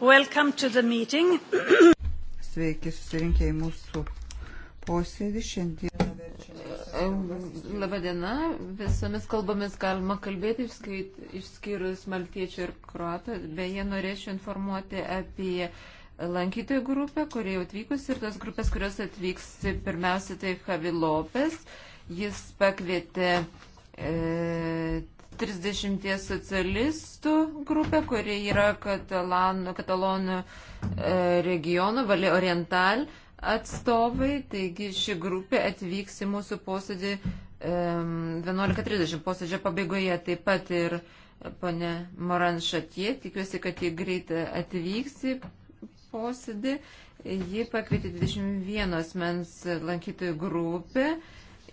Welcome to the meeting. Sveiki susirinkę į mūsų posėdį šiandien. Labadiena, visomis kalbomis galima kalbėti, išskyrus maltiečių ir kruatą. Beje, norėčiau informuoti apie lankytojų grupę, kurie jau atvykus ir tos grupės, kurios atvyks pirmiausia, tai Javi Lopes. Jis pakvietė e, 30 socialistų grupė, kuri yra katalonų, katalonų e, regionų, Valė Oriental atstovai. Taigi ši grupė atvyks į mūsų posėdį 11.30 e, posėdžio pabaigoje. Taip pat ir ponė Moran Šatie, tikiuosi, kad jie greitai atvyks į posėdį. Ji pakvietė 21 asmens lankytojų grupę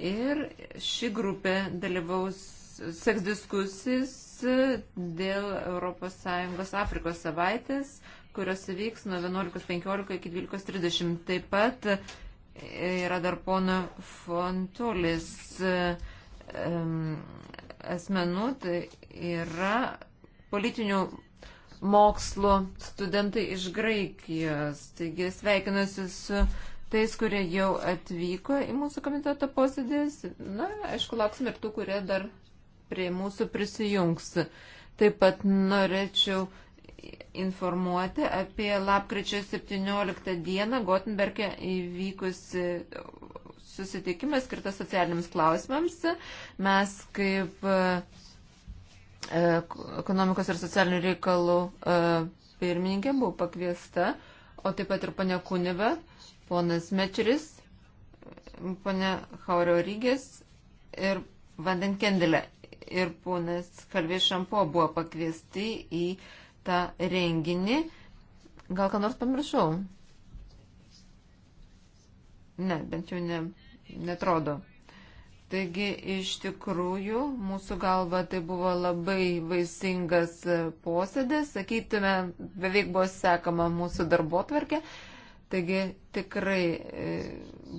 ir ši grupė dalyvaus seks diskusijas dėl ES Afrikos savaitės, kurios vyks nuo 11.15 iki 12.30. Taip pat e, yra dar pono Fontulis e, asmenų, tai yra politinių mokslo studentai iš Graikijos. Taigi sveikinuosi su tais, kurie jau atvyko į mūsų komiteto posėdės. Na, aišku, lauksim ir tų, kurie dar prie mūsų prisijungs. Taip pat norėčiau informuoti apie lapkričio 17 dieną Gotenberge įvykusi susitikimą skirtą socialiniams klausimams. Mes kaip e, e, ekonomikos ir socialinių reikalų e, pirmininkė buvo pakviesta, o taip pat ir ponia Kunive, ponas Mečeris, ponia Haurio Rygės ir Vandenkendelė ir ponas Kalvė Šampo buvo pakviesti į tą renginį. Gal ką nors pamiršau? Ne, bent jau ne, netrodo. Taigi iš tikrųjų mūsų galva tai buvo labai vaisingas e, posėdis, sakytume, beveik buvo sekama mūsų darbo tvarkė. Taigi tikrai e,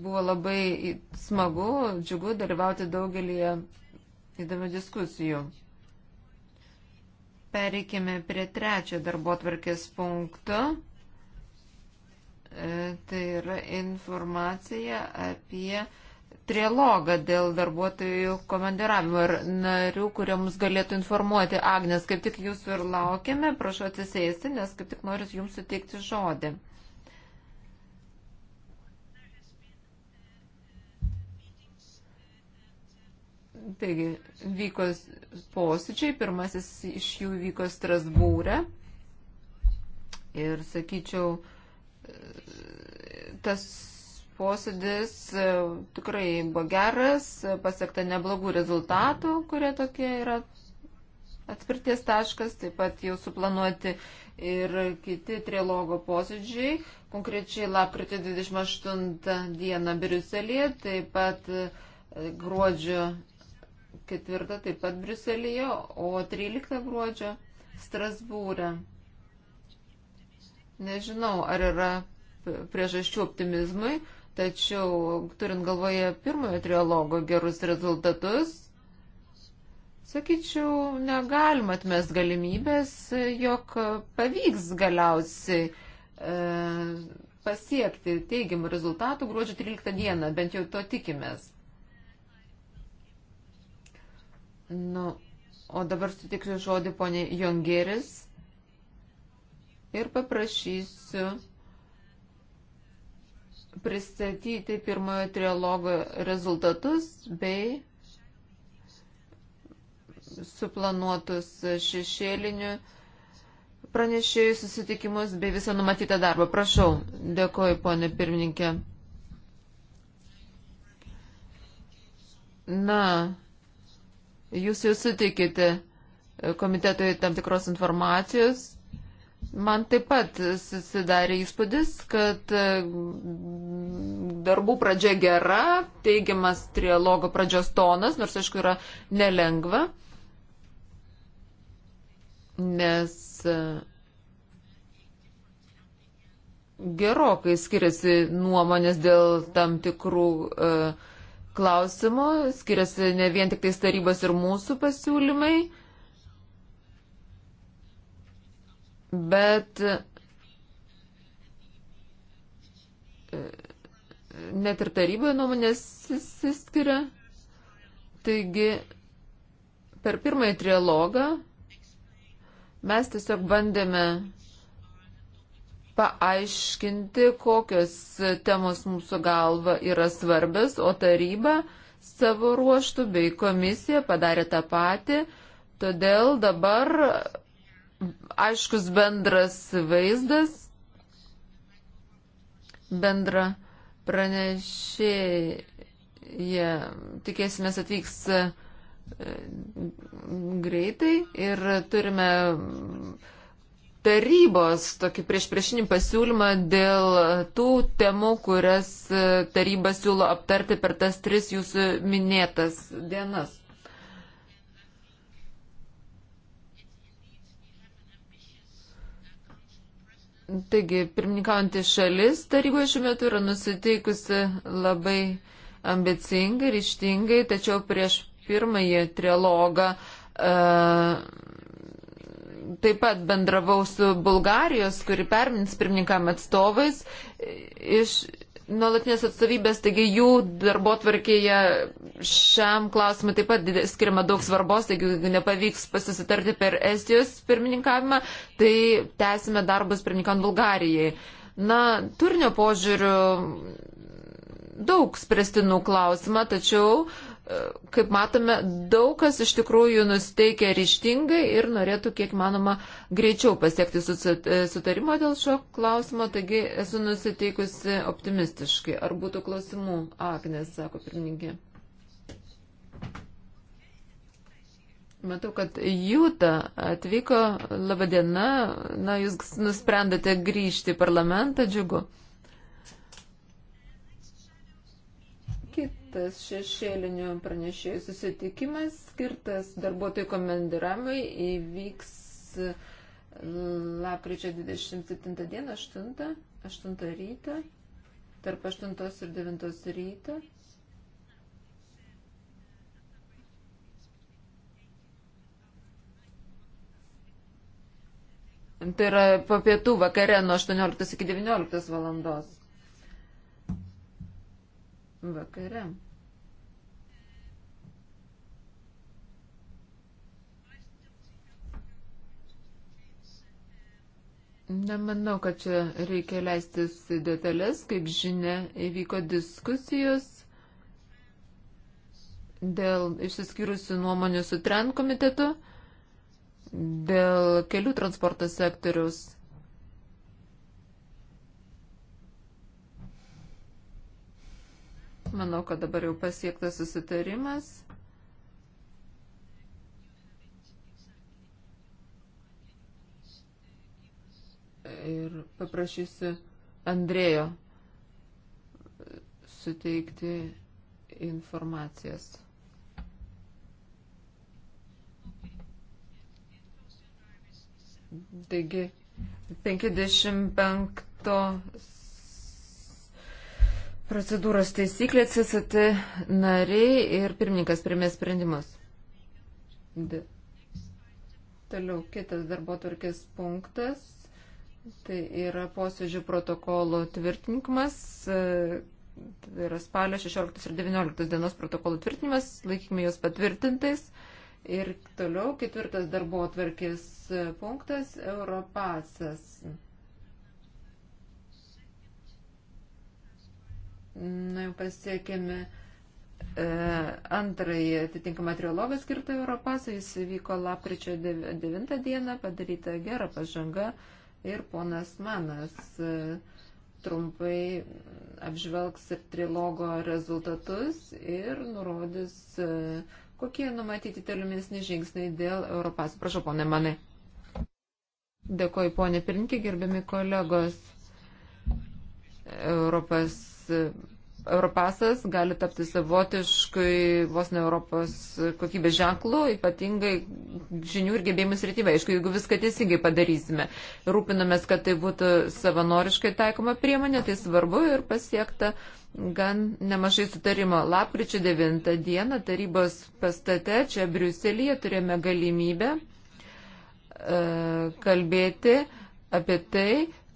buvo labai smagu, džiugu dalyvauti daugelį įdomių diskusijų. Pereikime prie trečio darbo tvarkės punkto. E, tai yra informacija apie trilogą dėl darbuotojų komandiravimo ir narių, kurie mus galėtų informuoti. Agnes, kaip tik jūsų ir laukiame, prašau atsisėsti, nes kaip tik noriu jums suteikti žodį. Taigi, vyko posėdžiai, pirmasis iš jų vyko Strasbūrė. Ir, sakyčiau, tas posėdis e, tikrai buvo geras, pasiekta neblogų rezultatų, kurie tokie yra atspirties taškas, taip pat jau suplanuoti ir kiti trilogo posėdžiai, konkrečiai lapkritį 28 dieną Briuselėje, taip pat e, gruodžio 24 taip pat Briuselėje, o 13 gruodžio Strasbūrė. Nežinau, ar yra priežasčių optimizmui, tačiau turint galvoje pirmojo trialogo gerus rezultatus, sakyčiau, negalima atmest galimybės, jog pavyks galiausiai e, pasiekti teigiamų rezultatų gruodžio 13 dieną, bent jau to tikimės. Nu, o dabar sutiksiu žodį ponė Jongeris ir paprašysiu pristatyti pirmojo trialogo rezultatus bei suplanuotus šešėlinių pranešėjų susitikimus bei visą numatytą darbą. Prašau, dėkoju, ponė pirmininkė. Na, Jūs jau sutikite e, komitetui tam tikros informacijos. Man taip pat susidarė įspūdis, kad e, darbų pradžia gera, teigiamas trialogo pradžios tonas, nors aišku yra nelengva, nes e, gerokai skiriasi nuomonės dėl tam tikrų uh, klausimų, skiriasi ne vien tik tais tarybos ir mūsų pasiūlymai, bet e, net ir taryboje nuomonės įsiskiria. Taigi, per pirmąjį trialogą mes tiesiog bandėme paaiškinti, kokios temos mūsų galva yra svarbios, o taryba savo ruoštų bei komisija padarė tą patį. Todėl dabar aiškus bendras vaizdas, bendra pranešėja, tikėsimės atvyks e, greitai ir turime tarybos tokį priešpriešinį pasiūlymą dėl tų temų, kurias e, taryba siūlo aptarti per tas tris jūsų minėtas dienas. Taigi, pirmininkaujantį šalis taryboje šiuo metu yra nusiteikusi labai ambicingai, ryštingai, tačiau prieš pirmąjį trilogą uh, taip pat bendravau su Bulgarijos, kuri permins pirmininkam atstovais e, iš nuolatinės atstovybės, taigi jų darbo tvarkėje šiam klausimui taip pat skiriama daug svarbos, taigi jeigu nepavyks pasisitarti per Estijos pirmininkavimą, tai tęsime darbus pirmininkant Bulgarijai. Na, turinio požiūriu daug spręstinų klausimą, tačiau uh, kaip matome, daug kas iš tikrųjų nusteikia ryštingai ir norėtų kiek manoma greičiau pasiekti e, sutarimo dėl šio klausimo, taigi esu nusiteikusi optimistiškai. Ar būtų klausimų? Agnes, sako pirmininkė. Matau, kad Jūta atvyko, labadiena, na, jūs nusprendėte grįžti į parlamentą, džiugu. surinktas šešėlinių pranešėjų susitikimas skirtas darbuotojų komandiramui įvyks e, lapkričio 27 dieną 8, 8 ryto, tarp 8 ir 9 ryto. Tai yra po pietų vakare nuo 18 iki 19 valandos. Vakare. Nemanau, kad čia reikia leistis į detalės. Kaip žinia, įvyko diskusijos dėl išsiskyrusių nuomonių su TREN komitetu, dėl kelių transporto sektoriaus. Manau, kad dabar jau pasiektas susitarimas. ir paprašysiu Andrėjo suteikti informacijas. Taigi, 55 procedūros taisyklė CST nariai ir pirmininkas primė sprendimus. D. Toliau kitas darbo turkės punktas. Tai yra posėdžių protokolo tvirtinimas, e, tai yra spalio 16 ir 19 dienos protokolo tvirtinimas, laikykime juos patvirtintais. Ir toliau ketvirtas darbo atvarkės e, punktas - Europasas. Na, jau pasiekėme e, antrąjį atitinkamą triologą skirtą Europasą. Jis vyko lapkričio 9 dieną, padaryta gera pažanga. E, ir ponas Manas e, trumpai apžvelgs ir trilogo rezultatus ir nurodys, e, kokie numatyti tolimesni žingsniai dėl Europas. Prašau, ponė Manai. Dėkoju, ponė Pirinkė, gerbiami kolegos. Europas Europasas gali tapti savotiškai vos ne Europos kokybės ženklų, ypatingai žinių ir gebėjimų srityje. Aišku, jeigu viską teisingai padarysime, rūpinamės, kad tai būtų savanoriškai taikoma priemonė, tai svarbu ir pasiekta gan nemažai sutarimo. Lapkričio 9 dieną tarybos pastate čia Briuselėje turėjome galimybę e, kalbėti apie tai,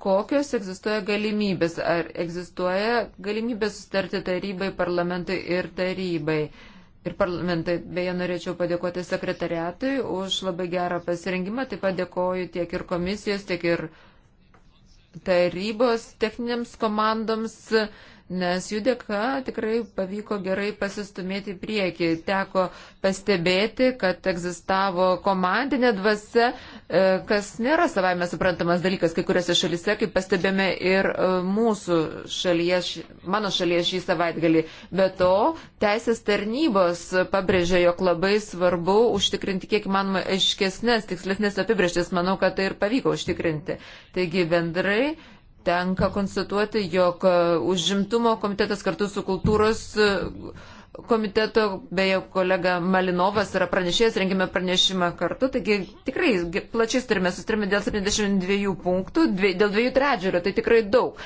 kokios egzistuoja galimybės, ar egzistuoja galimybė sustarti tarybai, parlamentai ir tarybai. Ir parlamentai, beje, norėčiau padėkoti sekretariatui už labai gerą pasirengimą, taip pat dėkoju tiek ir komisijos, tiek ir tarybos techniniams komandoms, nes jų dėka tikrai pavyko gerai pasistumėti į priekį. Teko pastebėti, kad egzistavo komandinė dvasia, e, kas nėra savame suprantamas dalykas kai kuriuose šalise, kaip pastebėme ir e, mūsų šalyje, mano šalyje šį savaitgalį. Be to, teisės tarnybos pabrėžė, jog labai svarbu užtikrinti kiek manoma aiškesnės, tikslesnės apibrieštis. Manau, kad tai ir pavyko užtikrinti. Taigi bendrai tenka konstatuoti, jog e, užimtumo komitetas kartu su kultūros e, komiteto, beje, kolega Malinovas yra pranešėjas, rengime pranešimą kartu, taigi tikrai plačiai turime sustarime dėl 72 punktų, dvi, dėl dviejų trečdžių, tai tikrai daug.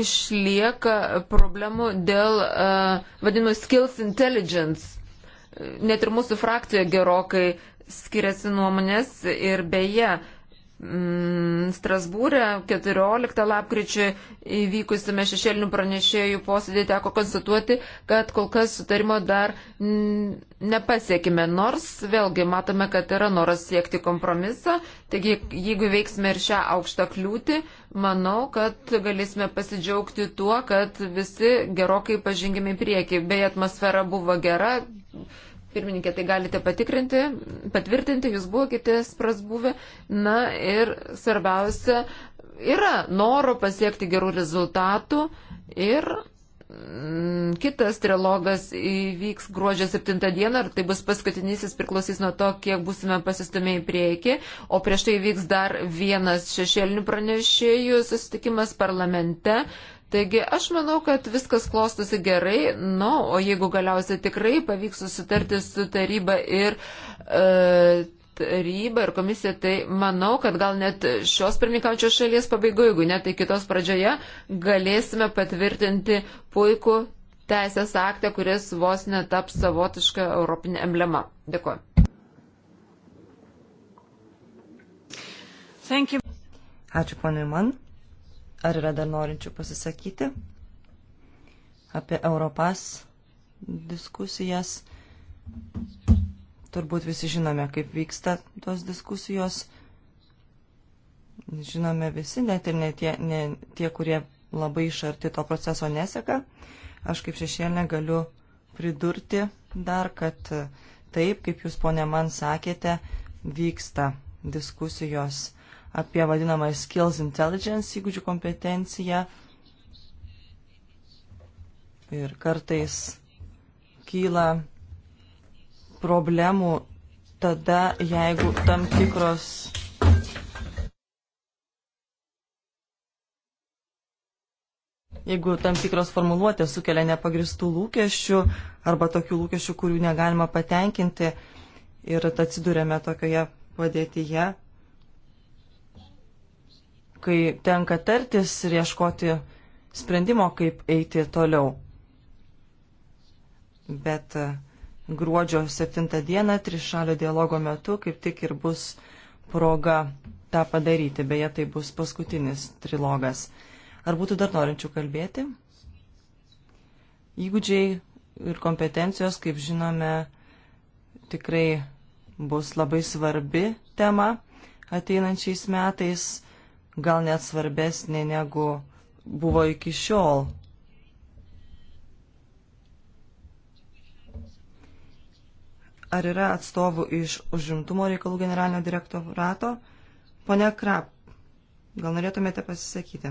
Išlieka problemų dėl uh, e, vadinamų skills intelligence. Net ir mūsų frakcijoje gerokai skiriasi nuomonės ir beje, uh, Mm, Strasbūrė 14 lapkričio įvykusime šešėlinių pranešėjų posėdį teko konstatuoti, kad kol kas sutarimo dar nepasiekime, nors vėlgi matome, kad yra noras siekti kompromisą, taigi jeigu veiksime ir šią aukštą kliūtį, manau, kad galėsime pasidžiaugti tuo, kad visi gerokai pažengėme į priekį, beje atmosfera buvo gera pirmininkė, tai galite patikrinti, patvirtinti, jūs buvote Strasbūvė. Na ir svarbiausia, yra noro pasiekti gerų rezultatų ir Mm, kitas trilogas įvyks gruodžio 7 dieną, ar tai bus paskutinysis priklausys nuo to, kiek būsime pasistumėję į priekį, o prieš tai vyks dar vienas šešėlinių pranešėjų susitikimas parlamente. Taigi aš manau, kad viskas klostosi gerai, nu, o jeigu galiausiai tikrai pavyks susitarti su taryba ir e, taryba ir komisija, tai manau, kad gal net šios pirmininkaujančios šalies pabaigoje, jeigu ne, tai kitos pradžioje galėsime patvirtinti puikų teisės aktą, kuris vos netaps savotišką europinę emblemą. Dėkuoju. Ačiū ponui man. Ar yra dar norinčių pasisakyti apie Europas diskusijas? Turbūt visi žinome, kaip vyksta tos diskusijos. Žinome visi, net ir ne tie, ne tie kurie labai iš arti to proceso neseka. Aš kaip šešėlė galiu pridurti dar, kad taip, kaip jūs ponė man sakėte, vyksta diskusijos apie vadinamą skills intelligence įgūdžių kompetenciją. Ir kartais kyla problemų tada, jeigu tam tikros jeigu tam tikros formuluotės sukelia nepagristų lūkesčių arba tokių lūkesčių, kurių negalima patenkinti ir atsidūrėme tokioje padėtyje, kai tenka tartis ir ieškoti sprendimo, kaip eiti toliau. Bet uh, gruodžio 7 dieną trišalio dialogo metu kaip tik ir bus proga tą padaryti. Beje, tai bus paskutinis trilogas. Ar būtų dar norinčių kalbėti? Įgūdžiai ir kompetencijos, kaip žinome, tikrai bus labai svarbi tema ateinančiais metais, gal net svarbesnė negu buvo iki šiol. Ar yra atstovų iš užimtumo reikalų generalinio direktorato? Pone Krap, gal norėtumėte pasisakyti?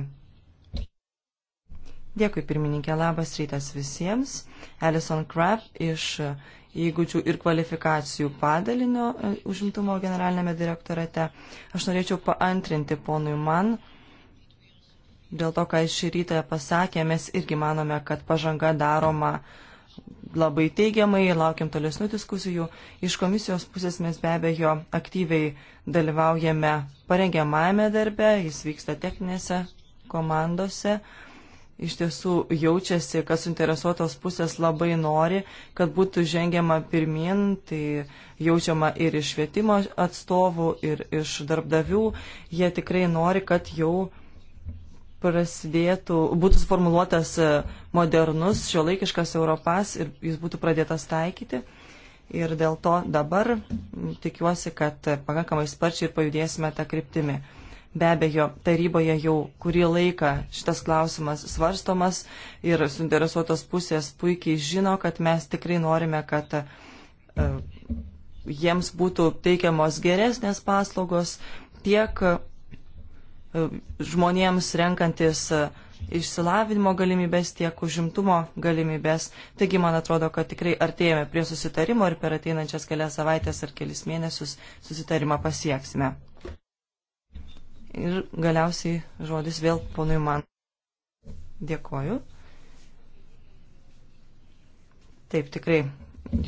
Dėkui, pirmininkė, labas rytas visiems. Alison Krap iš įgūdžių ir kvalifikacijų padalinio e, užimtumo generalinėme direktorate. Aš norėčiau paantrinti ponui man. Dėl to, ką iš ryto pasakė, mes irgi manome, kad pažanga daroma uh, labai teigiamai, laukiam tolesnių diskusijų. Iš komisijos pusės mes be abejo aktyviai dalyvaujame parengiamajame darbe, jis vyksta techninėse komandose. Iš tiesų jaučiasi, kad suinteresuotos pusės labai nori, kad būtų žengiama pirmin, tai jaučiama ir iš švietimo atstovų, ir iš darbdavių. Jie tikrai nori, kad jau prasidėtų, būtų sformuluotas e, modernus šiuolaikiškas Europas ir jis būtų pradėtas taikyti. Ir dėl to dabar tikiuosi, kad pakankamai sparčiai ir pajudėsime tą kryptimį. Be abejo, taryboje jau kurį laiką šitas klausimas svarstomas ir suinteresuotos pusės puikiai žino, kad mes tikrai norime, kad e, jiems būtų teikiamos geresnės paslaugos tiek žmonėms renkantis e, išsilavinimo galimybės, tiek užimtumo galimybės. Taigi, man atrodo, kad tikrai artėjame prie susitarimo ir per ateinančias kelias savaitės ar kelis mėnesius susitarimą pasieksime. Ir galiausiai žodis vėl ponui man. Dėkoju. Taip, tikrai,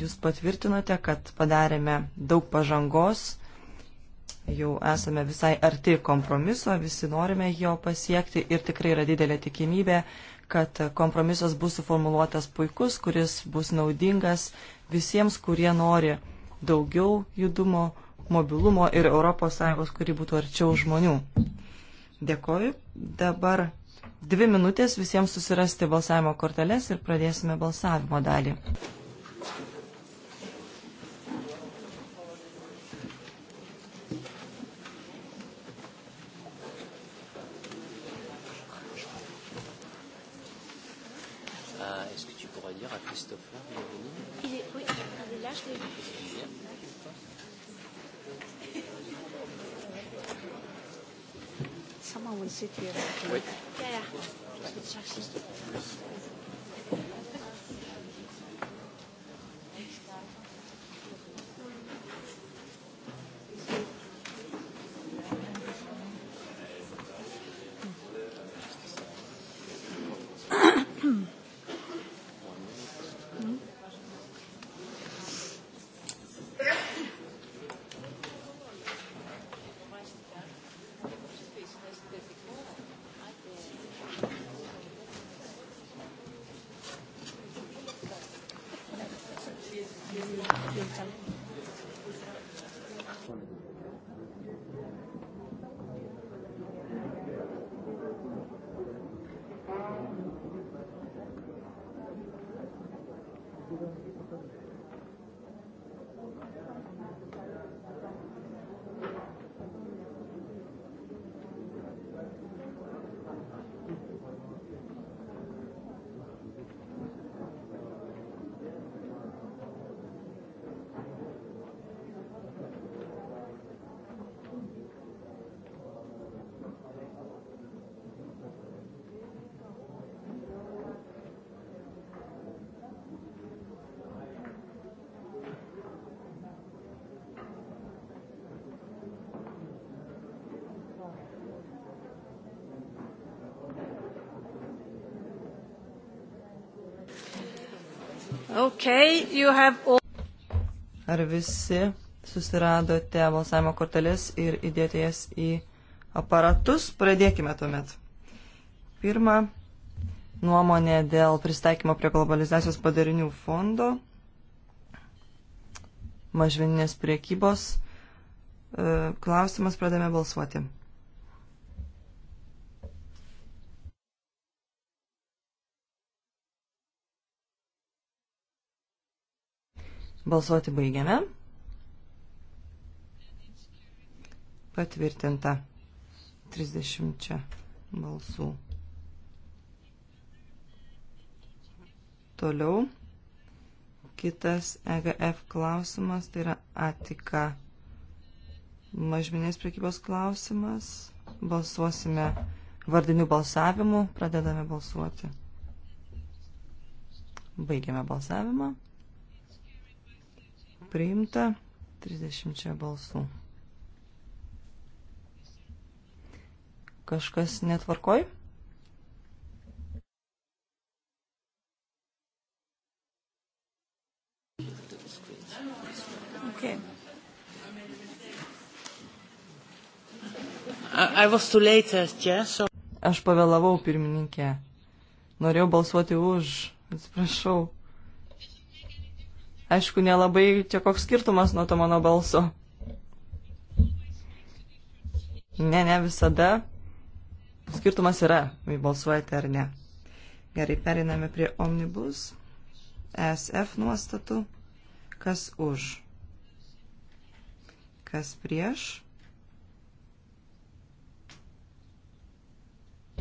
jūs patvirtinote, kad padarėme daug pažangos jau esame visai arti kompromiso, visi norime jo pasiekti ir tikrai yra didelė tikimybė, kad kompromisas bus suformuoluotas puikus, kuris bus naudingas visiems, kurie nori daugiau judumo, mobilumo ir ES, kuri būtų arčiau žmonių. Dėkoju. Dabar dvi minutės visiems susirasti balsavimo korteles ir pradėsime balsavimo dalį. sit here. Oui. Yeah, yeah. Okay, have... Ar visi susiradote balsavimo korteles ir įdėti jas į aparatus? Pradėkime tuomet. Pirma, nuomonė dėl pristaikymo prie globalizacijos padarinių fondo, mažvininės priekybos. E, klausimas pradame balsuoti. Balsuoti baigiame. Patvirtinta 30 balsų. Toliau kitas EGF klausimas, tai yra atika mažminės prekybos klausimas. Balsuosime vardiniu balsavimu, pradedame balsuoti. Baigiame balsavimą priimta 30 balsų. Kažkas netvarkoj? Okay. Uh, Aš pavėlavau pirmininkę. Norėjau balsuoti už. Atsiprašau. Aišku, nelabai čia koks skirtumas nuo to mano balso. Ne, ne visada. Skirtumas yra, jei balsuojate ar ne. Gerai, periname prie omnibus, SF nuostatų, kas už, kas prieš.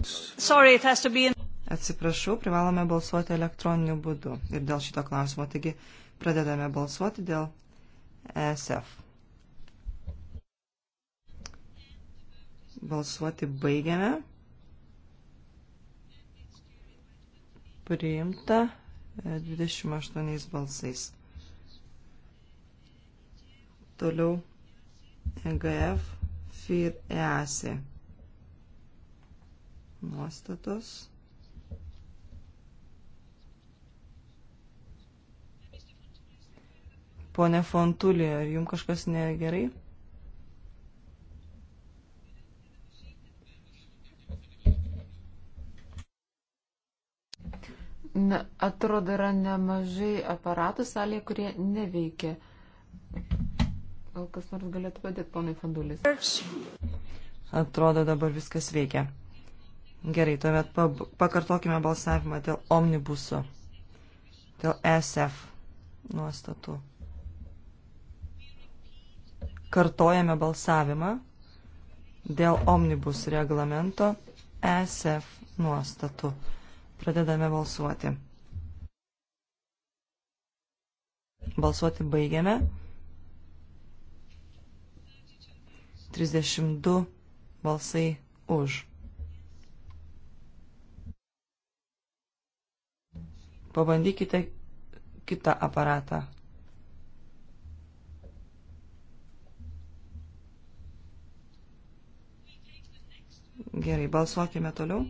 Sorry, it has to be in... Atsiprašau, privalome balsuoti elektroniniu būdu ir dėl šito klausimo. Taigi Pradedame balsuoti dėl ESF. Balsuoti baigiame. Priimta 28 e, balsais. Toliau EGF FIR EASI nuostatos. Pone Fontulė, ar jums kažkas negerai? Na, atrodo, yra nemažai aparatų salėje, kurie neveikia. Gal kas nors galėtų padėti, ponai Fandulis? Atrodo, dabar viskas veikia. Gerai, tuomet pakartokime balsavimą dėl omnibuso, dėl SF nuostatų. Kartojame balsavimą dėl omnibus reglamento ESF nuostatų. Pradedame balsuoti. Balsuoti baigiame. 32 balsai už. Pabandykite kitą aparatą. Gerai, balsuokime toliau.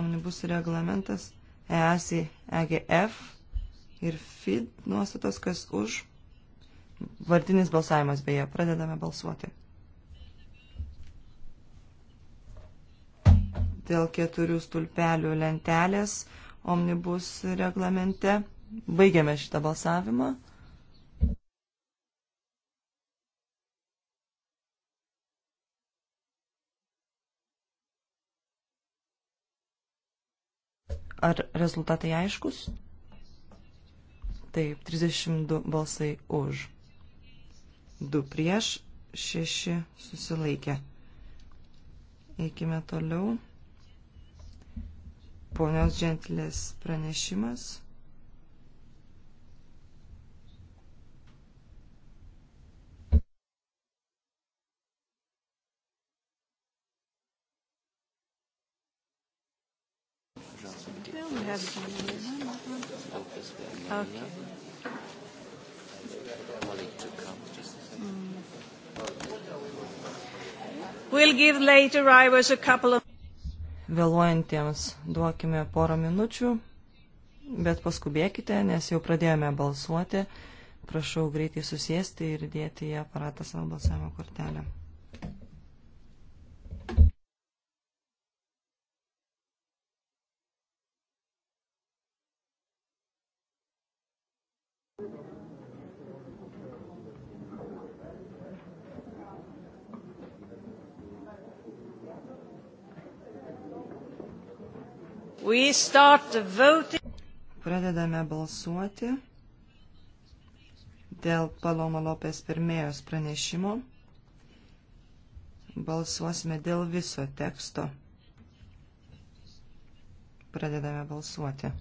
Omnibus reglamentas ES į EGF ir FID nuostatos, kas už. Vardinis balsavimas beje, pradedame balsuoti. Dėl keturių stulpelių lentelės omnibus reglamente. Baigiame šitą balsavimą. Ar rezultatai aiškus? Taip, 32 balsai už. 2 prieš, 6 susilaikė. Eikime toliau. Ponios žentlės pranešimas. you have Maria? Okay. Colleague to come, just a second. We'll give late arrivals a couple of Vėluojantiems duokime porą minučių, bet paskubėkite, nes jau pradėjome balsuoti. Prašau greitai susėsti ir dėti į aparatą savo balsavimo kortelę. Pradedame balsuoti dėl Paloma Lopės pirmėjos pranešimo. Balsuosime dėl viso teksto. Pradedame balsuoti.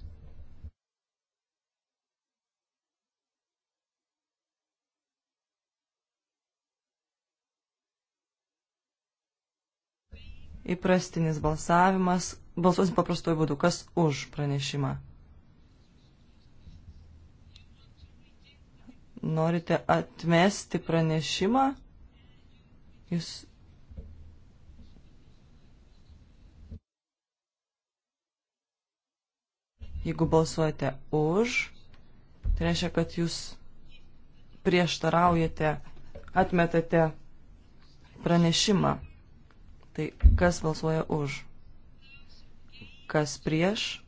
Įprastinis balsavimas, balsuosim paprastuoju būdu. Kas už pranešimą? Norite atmesti pranešimą? Jūs. Jeigu balsuojate už, tai reiškia, kad jūs prieštaraujate, atmetate pranešimą. Tai kas balsuoja už? kas prieš.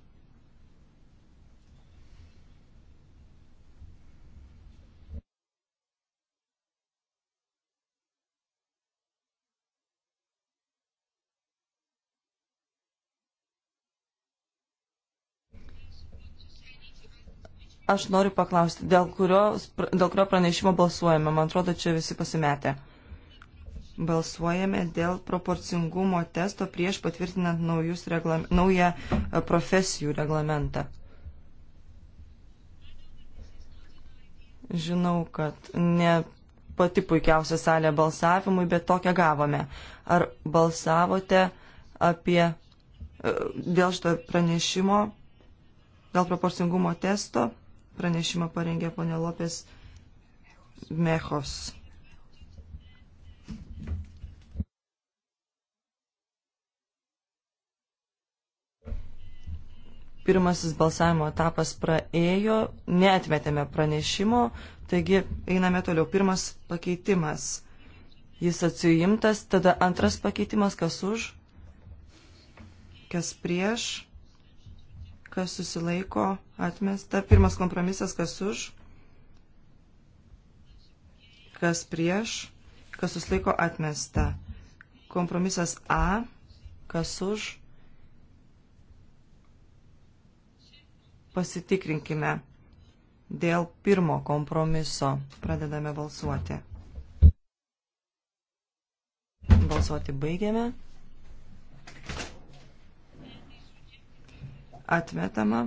Aš noriu paklausti, dėl, kurio, dėl kurio pranešimo balsuojame. Man atrodo, čia visi pasimetė balsuojame dėl proporcingumo testo prieš patvirtinant reglam, naują e, profesijų reglamentą. Žinau, kad ne pati puikiausia salė balsavimui, bet tokią gavome. Ar balsavote apie e, dėl šito pranešimo, dėl proporcingumo testo? Pranešimą parengė ponė Lopės Mechos. pirmasis balsavimo etapas praėjo, neatmetėme pranešimo, taigi einame toliau. Pirmas pakeitimas. Jis atsijimtas, tada antras pakeitimas, kas už, kas prieš, kas susilaiko, atmesta. Pirmas kompromisas, kas už, kas prieš, kas susilaiko, atmesta. Kompromisas A, kas už, Pasitikrinkime dėl pirmo kompromiso. Pradedame balsuoti. Balsuoti baigiame. Atmetama.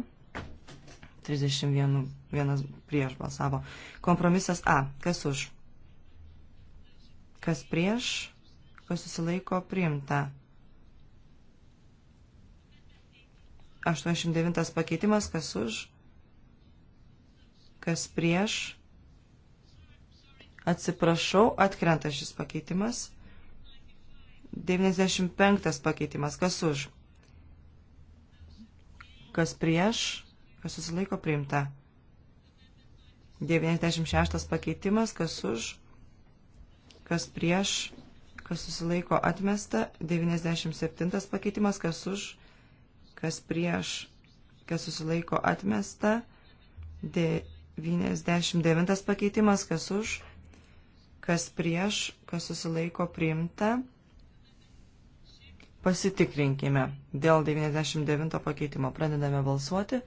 31 prieš balsavo. Kompromisas A. Kas už? Kas prieš? Kas susilaiko priimta? 89 pakeitimas, kas už, kas prieš. Atsiprašau, atkrenta šis pakeitimas. 95 pakeitimas, kas už, kas prieš, kas susilaiko priimta. 96 pakeitimas, kas už, kas prieš, kas susilaiko atmesta, 97 pakeitimas, kas už, kas prieš, kas susilaiko atmesta, 99 pakeitimas, kas už, kas prieš, kas susilaiko priimta. Pasitikrinkime dėl 99 pakeitimo. Pradedame balsuoti.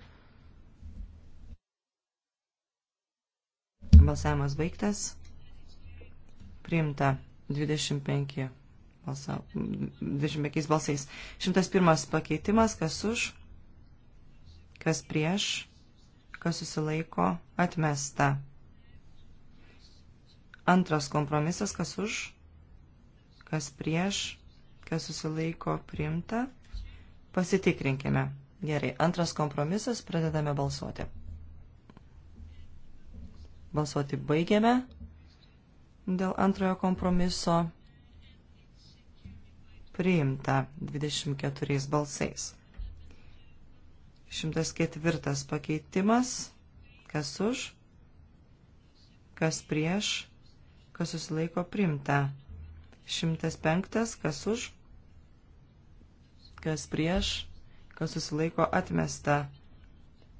Balsavimas baigtas. Priimta 25 balsa, 25 balsais. 101 pakeitimas, kas už, kas prieš, kas susilaiko, atmesta. Antras kompromisas, kas už, kas prieš, kas susilaiko, priimta. Pasitikrinkime. Gerai, antras kompromisas, pradedame balsuoti. Balsuoti baigiame dėl antrojo kompromiso priimta 24 balsais. 104 pakeitimas, kas už, kas prieš, kas susilaiko priimta. 105 kas už, kas prieš, kas susilaiko atmesta.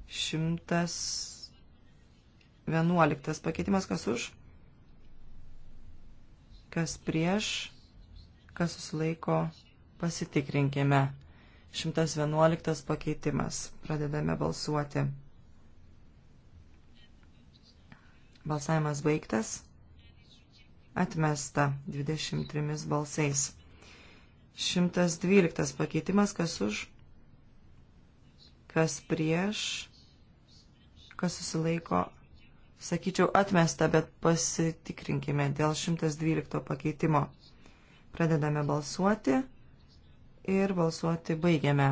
111 pakeitimas kas už, kas prieš, kas susilaiko, pasitikrinkime. 111 pakeitimas. Pradedame balsuoti. Balsavimas baigtas. Atmesta 23 balsais. 112 pakeitimas, kas už, kas prieš, kas susilaiko. Sakyčiau, atmesta, bet pasitikrinkime dėl 112 pakeitimo. Pradedame balsuoti ir balsuoti baigiame.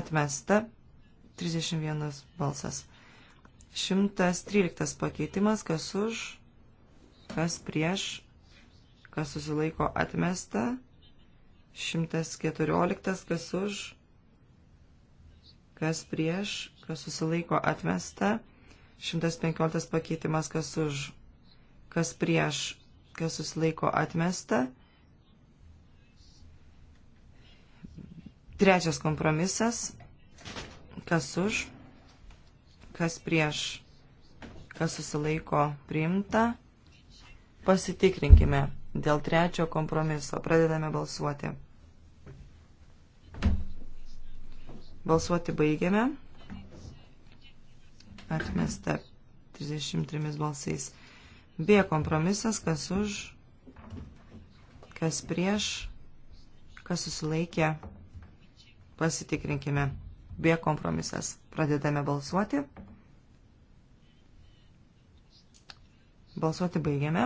Atmesta 31 balsas. 113 pakeitimas, kas už, kas prieš, kas susilaiko atmesta. 114, kas už, kas prieš, kas susilaiko atmesta. 115 pakeitimas, kas už, kas prieš, kas susilaiko atmesta. Trečias kompromisas, kas už, kas prieš, kas susilaiko priimta. Pasitikrinkime dėl trečio kompromiso. Pradedame balsuoti. Balsuoti baigiame. Atmesta 33 balsais. B kompromisas, kas už, kas prieš, kas susilaikė, pasitikrinkime. B kompromisas. Pradedame balsuoti. Balsuoti baigiame.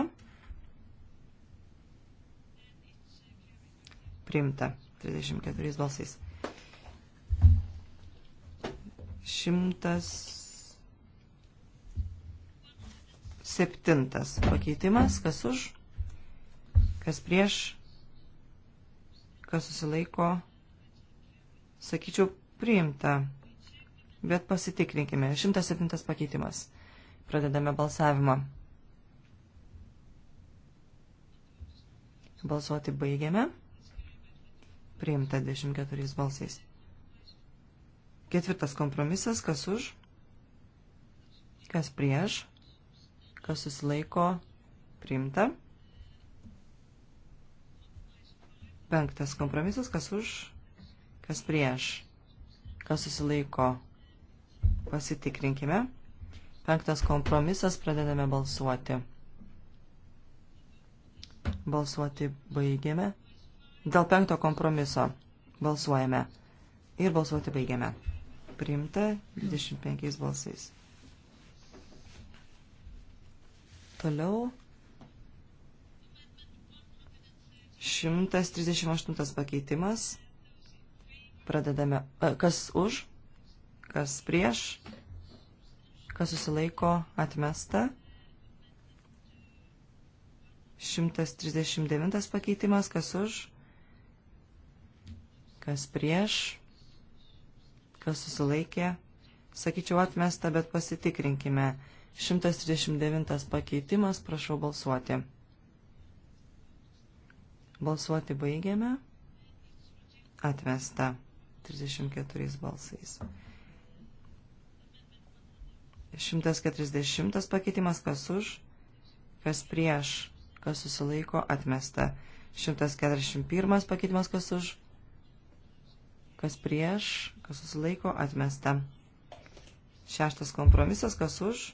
Priimta 34 balsais. 100. Septintas pakeitimas, kas už, kas prieš, kas susilaiko, sakyčiau, priimta. Bet pasitikrinkime. 107 pakeitimas. Pradedame balsavimą. Balsuoti baigiame. Priimta 24 balsais. Ketvirtas kompromisas, kas už, kas prieš, kas susilaiko, priimta. Penktas kompromisas, kas už, kas prieš, kas susilaiko, pasitikrinkime. Penktas kompromisas, pradedame balsuoti. Balsuoti baigiame. Dėl penkto kompromiso balsuojame. Ir balsuoti baigiame. Priimta 25 balsais. Toliau. 138 pakeitimas. Pradedame. E, kas už, kas prieš, kas susilaiko atmesta. 139 pakeitimas. Kas už, kas prieš, kas susilaikė. Sakyčiau atmesta, bet pasitikrinkime. 139 pakeitimas, prašau balsuoti. Balsuoti baigiame. Atvesta 34 balsais. 140 pakeitimas, kas už, kas prieš, kas susilaiko, atmesta. 141 pakeitimas, kas už, kas prieš, kas susilaiko, atmesta. Šeštas kompromisas, kas už,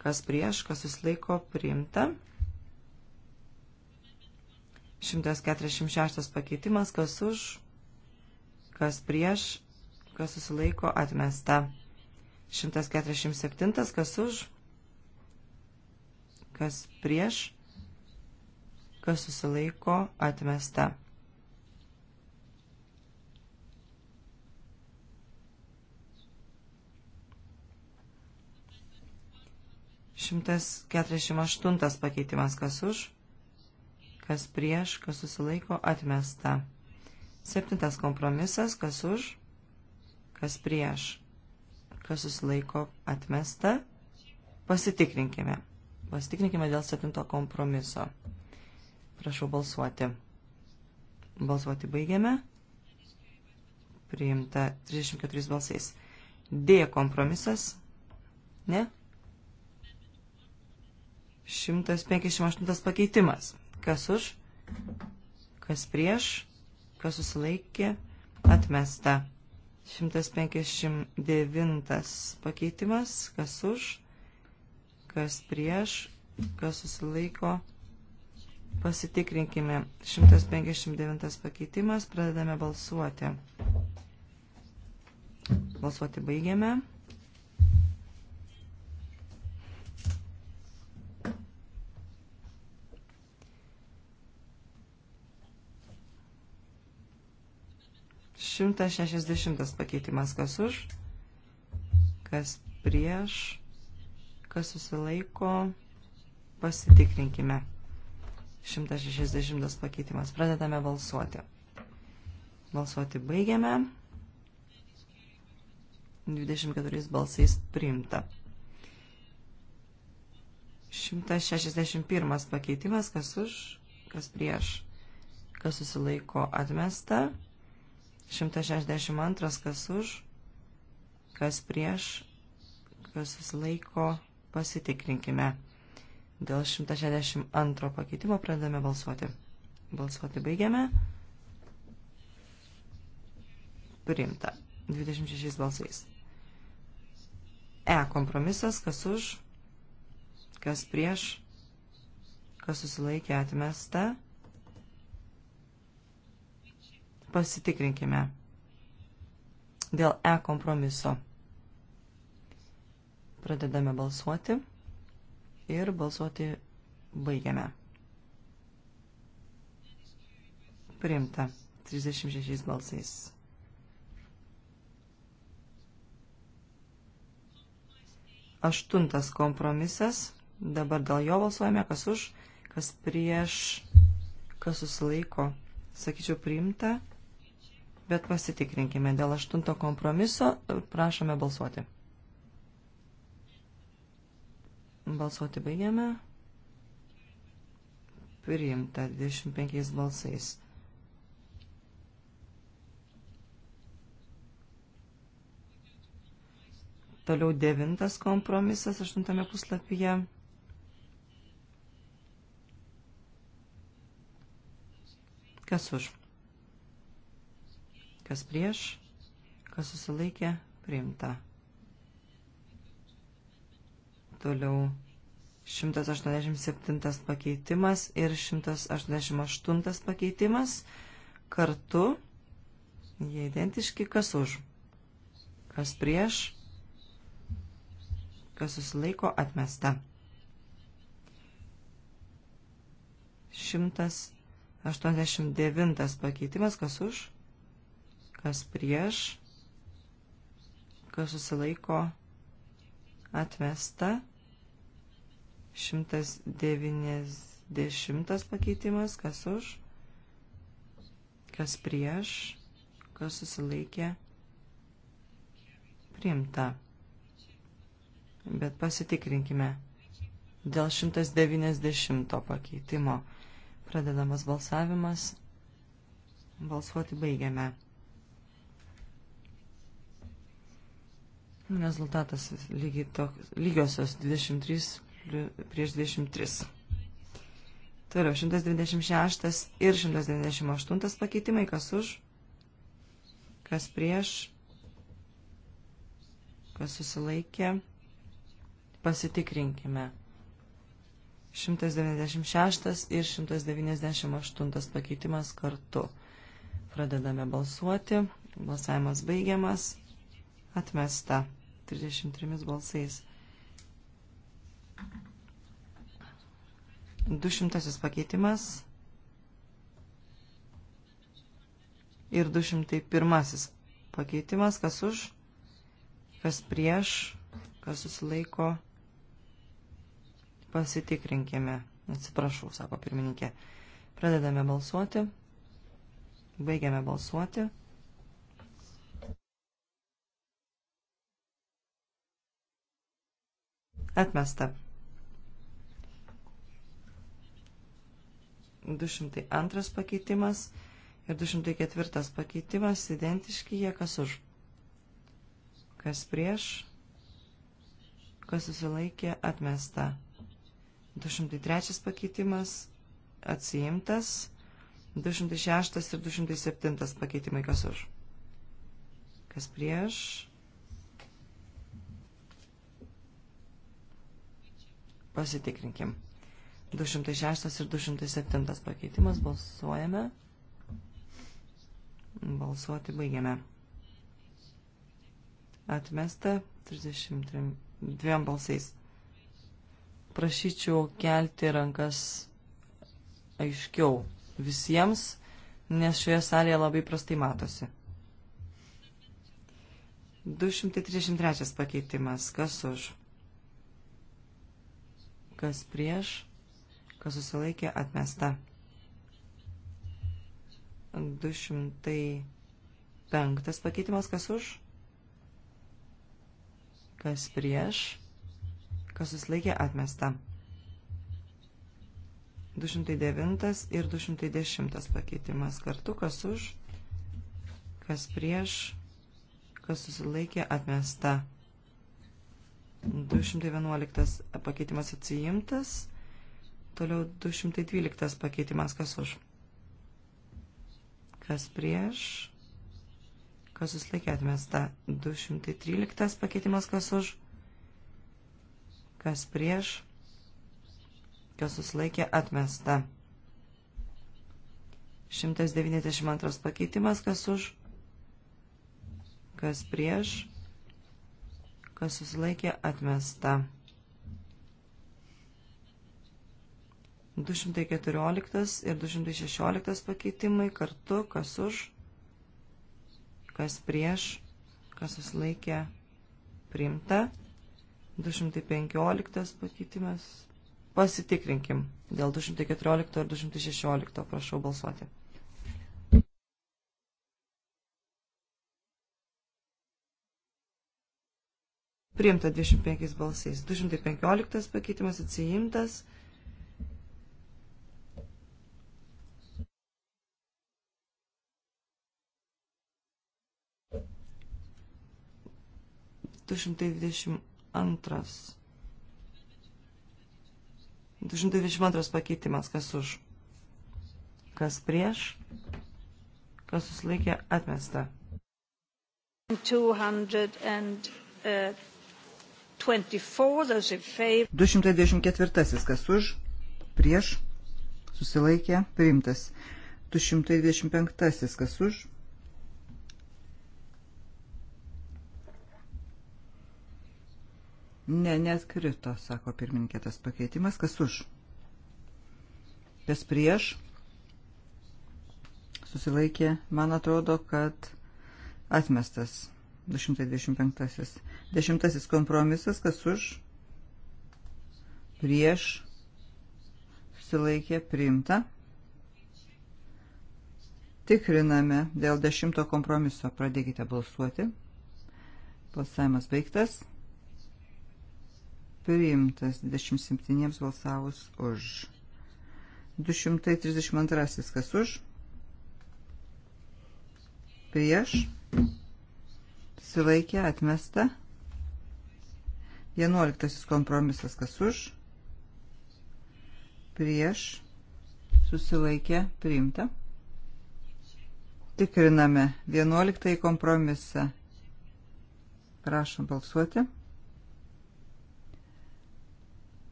kas prieš, kas susilaiko priimta. 146 pakeitimas, kas už, kas prieš, kas susilaiko atmesta. 147, kas už, kas prieš, kas susilaiko atmesta. 148 pakeitimas kas už, kas prieš, kas susilaiko atmesta. Septintas kompromisas kas už, kas prieš, kas susilaiko atmesta. Pasitikrinkime. Pasitikrinkime dėl septinto kompromiso. Prašau balsuoti. Balsuoti baigiame. Priimta 34 balsais. D kompromisas. Ne? 158 pakeitimas. Kas už, kas prieš, kas susilaikė, atmesta. 159 pakeitimas. Kas už, kas prieš, kas susilaiko. Pasitikrinkime. 159 pakeitimas. Pradedame balsuoti. Balsuoti baigiame. 160 pakeitimas, kas už, kas prieš, kas susilaiko, pasitikrinkime. 160 pakeitimas, pradedame balsuoti. Balsuoti baigiame. 24 balsais priimta. 161 pakeitimas, kas už, kas prieš, kas susilaiko atmesta. 162 kas už, kas prieš, kas susilaiko, pasitikrinkime. Dėl 162 pakeitimo pradame balsuoti. Balsuoti baigiame. Priimta. 26 balsais. E kompromisas, kas už, kas prieš, kas susilaikė atmesta. Pasitikrinkime dėl E kompromiso. Pradedame balsuoti ir balsuoti baigiame. Priimta 36 balsais. Aštuntas kompromisas. Dabar dėl jo balsuojame, kas už, kas prieš, kas susilaiko. Sakyčiau, priimta bet pasitikrinkime. Dėl aštunto kompromiso prašome balsuoti. Balsuoti baigiame. Priimta 25 balsais. Toliau devintas kompromisas aštuntame puslapyje. Kas už? kas prieš, kas susilaikė, priimta. Toliau 187 pakeitimas ir 188 pakeitimas kartu, jie identiški, kas už, kas prieš, kas susilaiko atmesta. 189 pakeitimas, kas už, kas prieš, kas susilaiko atmesta. 190 pakeitimas, kas už, kas prieš, kas susilaikė priimta. Bet pasitikrinkime. Dėl 190 pakeitimo pradedamas balsavimas. Balsuoti baigiame. Rezultatas lygiai toks, lygiosios 23 prieš 23. Toliau 126 ir 198 pakeitimai, kas už, kas prieš, kas susilaikė. Pasitikrinkime. 196 ir 198 pakeitimas kartu. Pradedame balsuoti. Balsavimas baigiamas. Atmesta. 33 balsais. 200 pakeitimas ir 201 pakeitimas, kas už, kas prieš, kas susilaiko, pasitikrinkime. Atsiprašau, sako pirmininkė. Pradedame balsuoti, baigiame balsuoti. Atmesta. 202 pakeitimas ir 204 pakeitimas identiški jie kas už. Kas prieš, kas susilaikė, atmesta. 203 pakeitimas atsiimtas. 206 ir 207 pakeitimai kas už. Kas prieš, Pasitikrinkim. 206 ir 207 pakeitimas. Balsuojame. Balsuoti baigiame. Atmesta 32 balsais. Prašyčiau kelti rankas aiškiau visiems, nes šioje salėje labai prastai matosi. 233 pakeitimas. Kas už? kas prieš, kas susilaikė atmesta. 205 pakeitimas, kas už, kas prieš, kas susilaikė atmesta. 209 ir 210 pakeitimas kartu, kas už, kas prieš, kas susilaikė atmesta. 211 pakeitimas atsiimtas. Toliau 212 pakeitimas kas už. Kas prieš. Kas susilaikė atmesta. 213 pakeitimas kas už. Kas prieš. Kas susilaikė atmesta. 192 pakeitimas kas už. Kas prieš kas susilaikė atmesta. 214 ir 216 pakeitimai kartu, kas už, kas prieš, kas susilaikė priimta. 215 pakeitimas. Pasitikrinkim dėl 214 ir 216, prašau balsuoti. priimta 25 balsais. 215 pakeitimas atsijimtas. Du šimtai dvidešimt antras. 222 pakeitimas, kas už, kas prieš, kas susilaikė atmesta. 200 and, uh, 224. Kas už? Prieš? Susilaikė? Priimtas. 225. Kas už? Ne, netkrito, sako pirmininkė tas pakeitimas. Kas už? Kas prieš? Susilaikė. Man atrodo, kad atmestas. 225. Dešimtasis kompromisas, kas už, prieš, susilaikė, priimta. Tikriname dėl dešimto kompromiso. Pradėkite balsuoti. Balsavimas baigtas. Priimtas 27 balsavus už. 232 kas už. Prieš. Prieš susilaikė atmesta. Vienuoliktasis kompromisas kas už, prieš, susilaikė priimta. Tikriname vienuoliktąjį kompromisą. Prašom balsuoti.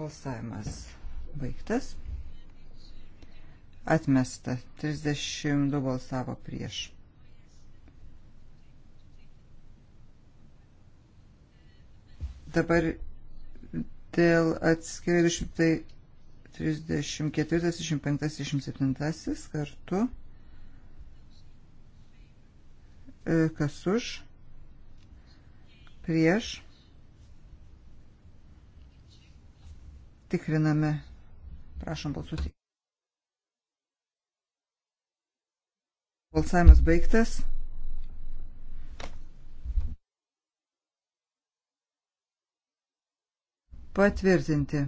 Balsavimas baigtas. Atmesta. 32 balsavo prieš. Dabar dėl atskirai 234, 35, 37 kartu. E, kas už? Prieš. Tikriname. Prašom balsuoti. Balsavimas baigtas. patvirtinti.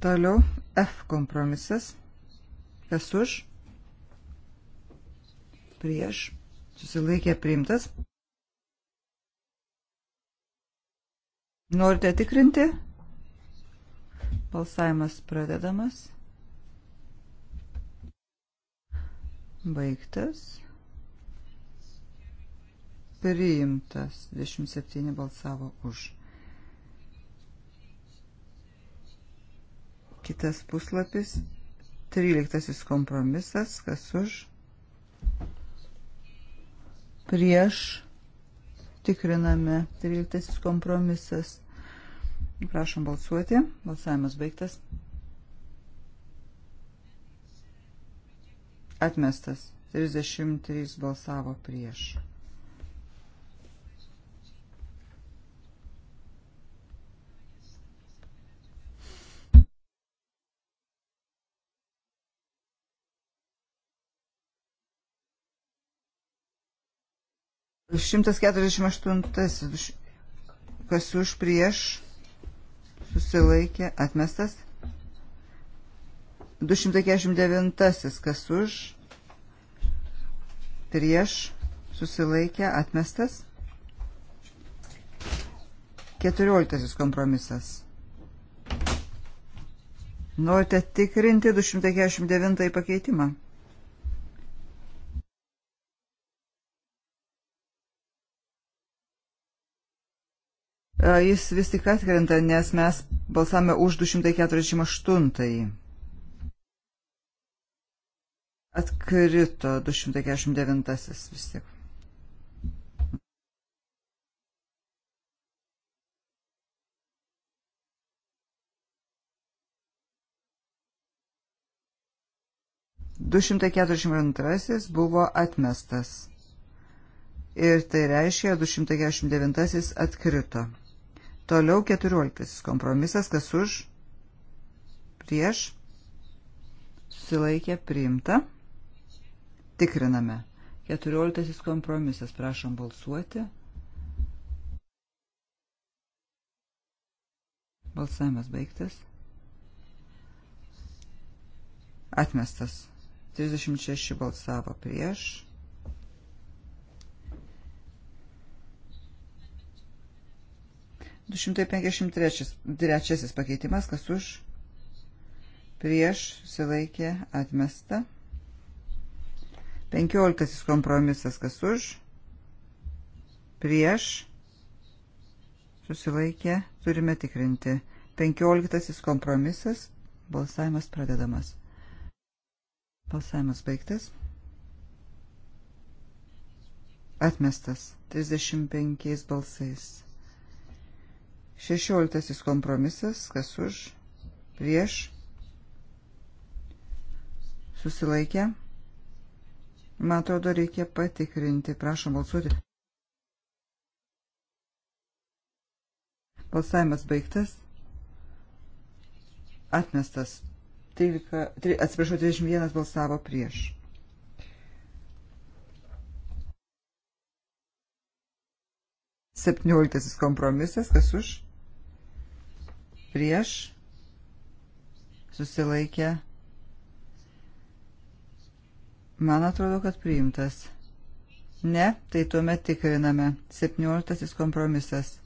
Toliau F kompromisas. Kas už? Prieš. Susilaikė priimtas. Norite tikrinti? Balsavimas pradedamas. Baigtas. Priimtas. 27 balsavo už. Kitas puslapis. 13 kompromisas. Kas už? Prieš tikriname 13 kompromisas. Prašom balsuoti. Balsavimas baigtas. Atmestas. 33 balsavo prieš. Šimtas keturiasdešimt aštuntasis, kas už prieš susilaikė, atmestas. 249 kas už, prieš, susilaikė, atmestas. 14 kompromisas. Norite tikrinti 249 pakeitimą? Jis vis tik atkrenta, nes mes balsame už 248. Atkrito 249 vis tik. Du šimtai keturiasdešimt antrasis buvo atmestas ir tai reiškia 249 atkrito. Toliau 14 kompromisas, kas už, prieš, susilaikė priimta. Tikriname. 14 kompromisas, prašom balsuoti. Balsavimas baigtas. Atmestas. 36 balsavo prieš. 253 pakeitimas, kas už, prieš, susilaikė, atmesta. 15 kompromisas, kas už, prieš, susilaikė, turime tikrinti. 15 kompromisas, balsavimas pradedamas. Balsavimas baigtas. Atmestas 35 balsais. Šešioliktasis kompromisas, kas už, prieš, susilaikė. Man atrodo, reikia patikrinti. Prašom balsuoti. Balsavimas baigtas. Atmestas. 13, 3, atsiprašau, 31 balsavo prieš. Septynioliktasis kompromisas, kas už? prieš, susilaikę. Man atrodo, kad priimtas. Ne, tai tuomet tikriname. 17 kompromisas.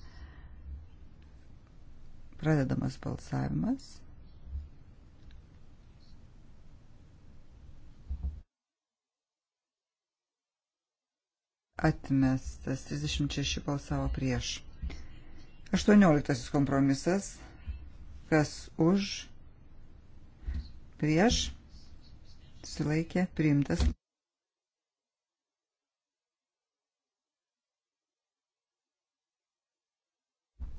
Pradedamas balsavimas. Atmestas 36 balsavo prieš. 18 kompromisas kas už, prieš, sulaikė, priimtas.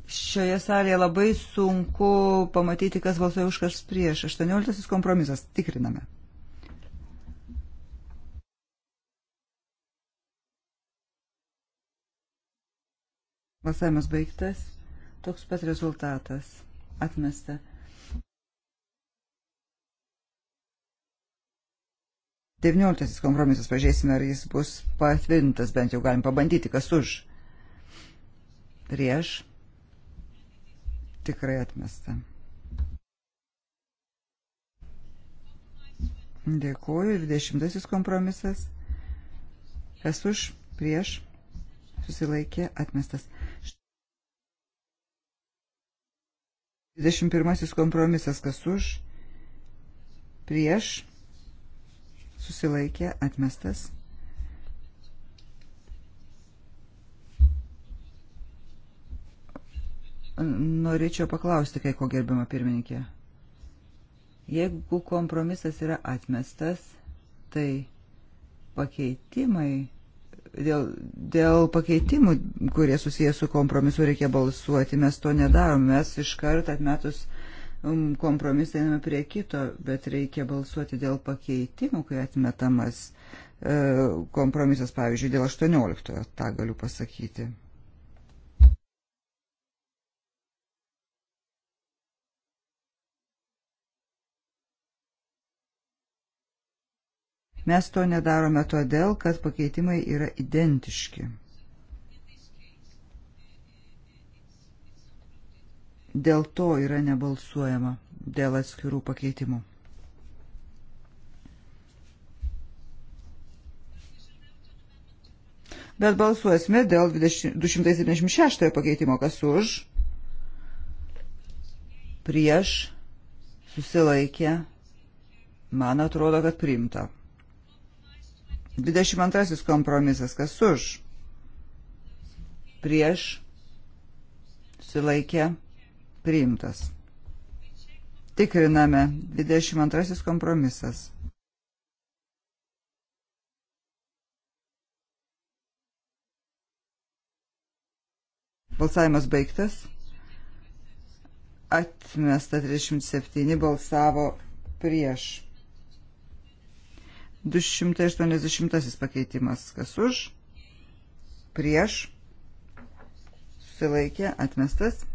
Šioje salėje labai sunku pamatyti, kas balsuoja už, kas prieš. 18 kompromisas. Tikriname. Balsavimas baigtas. Toks pat rezultatas atmesta. Devynioliktasis kompromisas, pažiūrėsime, ar jis bus patvirtintas, bent jau galim pabandyti, kas už. Prieš. Tikrai atmesta. Dėkuoju. Dvidešimtasis kompromisas. Kas už, prieš, susilaikė, atmestas. 21 kompromisas kas už, prieš, susilaikė, atmestas. Norėčiau paklausti, kai ko gerbiama pirmininkė. Jeigu kompromisas yra atmestas, tai pakeitimai dėl, dėl pakeitimų, kurie susijęs su kompromisu, reikia balsuoti. Mes to nedarom. Mes iškart atmetus um, kompromisą einame prie kito, bet reikia balsuoti dėl pakeitimų, kai atmetamas e, kompromisas, pavyzdžiui, dėl 18. Tą galiu pasakyti. Mes to nedarome todėl, kad pakeitimai yra identiški. Dėl to yra nebalsuojama, dėl atskirų pakeitimų. Bet balsuosime dėl 276 pakeitimo, kas už, prieš, susilaikę, man atrodo, kad primta. 22 kompromisas, kas už, prieš, sulaikė, priimtas. Tikriname 22 kompromisas. Balsavimas baigtas. Atmesta 37 balsavo prieš. 280 pakeitimas. Kas už? Prieš. Susilaikė. Atmestas.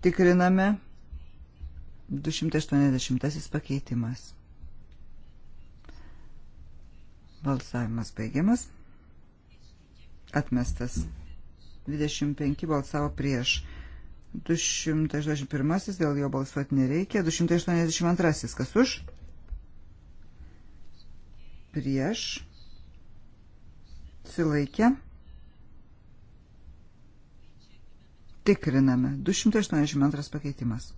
Tikriname 280 pakeitimas. Balsavimas baigiamas. Atmestas. 25 balsavo prieš. 281, dėl jo balsuoti nereikia. 282, kas už? Prieš. Silaikė. Tikriname. 282 pakeitimas.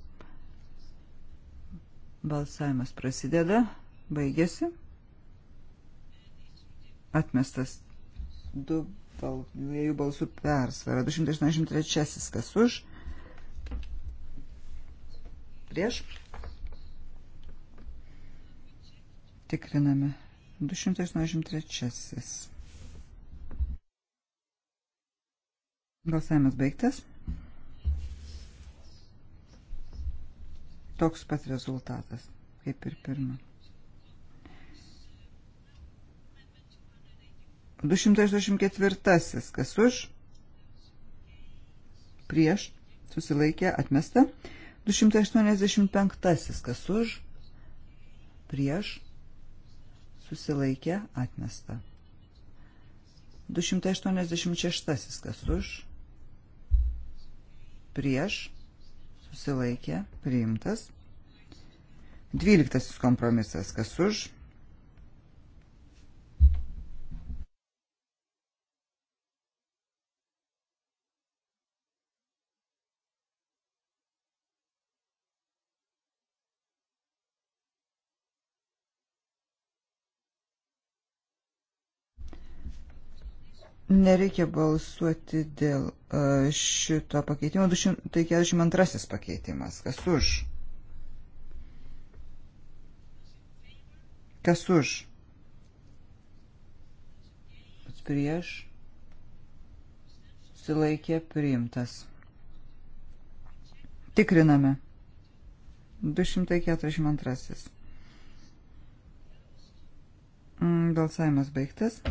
Balsavimas prasideda, baigėsi. Atmestas du dviejų balsų persvara. 283 kas už, prieš. Tikriname. 283. Balsavimas baigtas. Toks pat rezultatas, kaip ir pirma. 284. Kas už? Prieš. Susilaikė. Atmesta. 285. 285 kas už, prieš, susilaikė, atmesta. 286 kas už, prieš, susilaikė, priimtas. 12 kompromisas kas už, prieš Nereikia balsuoti dėl e, šito pakeitimo. 242 tai pakeitimas. Kas už? Kas už? Pats prieš. Silaikė priimtas. Tikriname. 242. Mm, balsavimas baigtas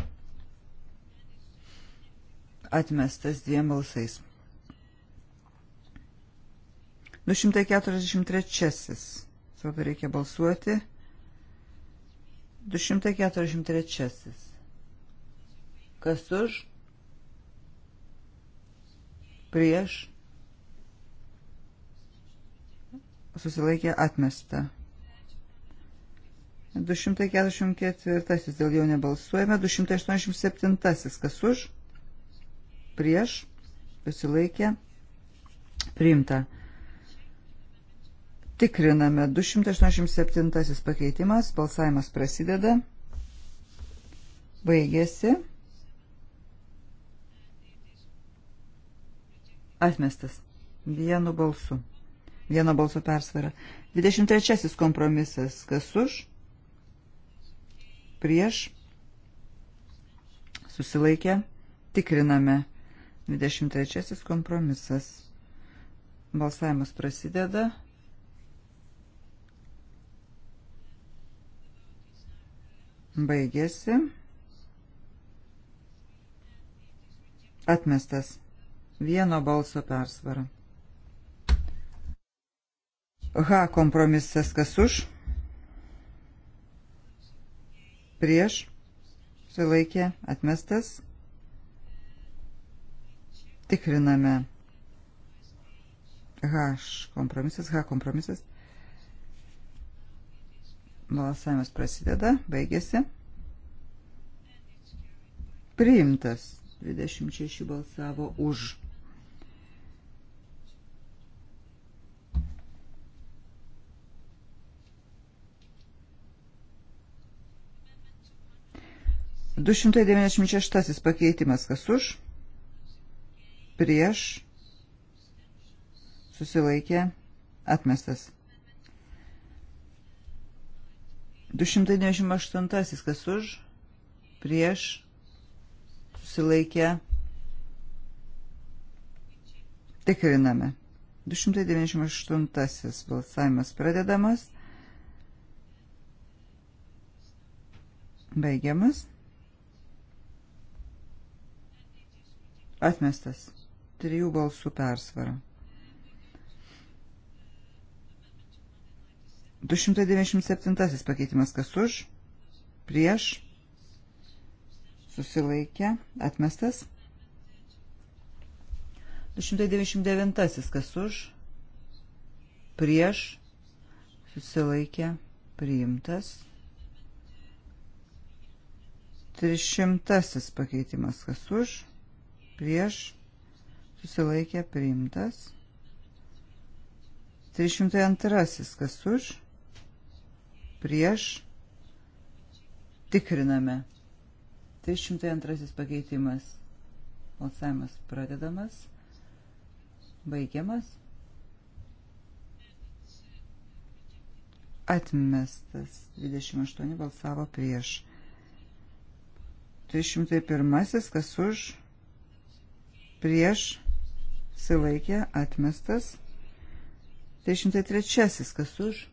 atmestas dviem balsais. 243. Svarbu tai reikia balsuoti. 243. Kas už? Prieš? Susilaikė atmesta. 244. Dėl jo nebalsuojame. 287. Kas už? prieš, susilaikė, priimta. Tikriname 287 pakeitimas, balsavimas prasideda, baigėsi, atmestas vienu balsu, vieno balso persvara. 23 kompromisas, kas už, prieš, susilaikė, tikriname 287. 23 kompromisas. Balsavimas prasideda. Baigėsi. Atmestas. Vieno balso persvara. H kompromisas kas už? Prieš. Sulaikė. Atmestas. Tikriname. H kompromisas, H kompromisas. Balsavimas prasideda, baigėsi. Priimtas. 26 balsavo už. Du šimtai devyniasdešimt šeštasis pakeitimas kas už? prieš, susilaikė, atmestas. 298, kas už, prieš, susilaikė, tikriname. 298 balsavimas pradedamas, baigiamas, atmestas trijų balsų persvarą. 297 pakeitimas kas už, prieš, susilaikė, atmestas. 299 kas už, prieš, susilaikė, priimtas. 300 pakeitimas kas už, prieš, susilaikė priimtas. 302 kas už, prieš, tikriname. 302 pakeitimas. Balsavimas pradedamas, baigiamas. Atmestas. 28 balsavo prieš. 301 kas už, prieš, susilaikė, atmestas. 303. Kas už?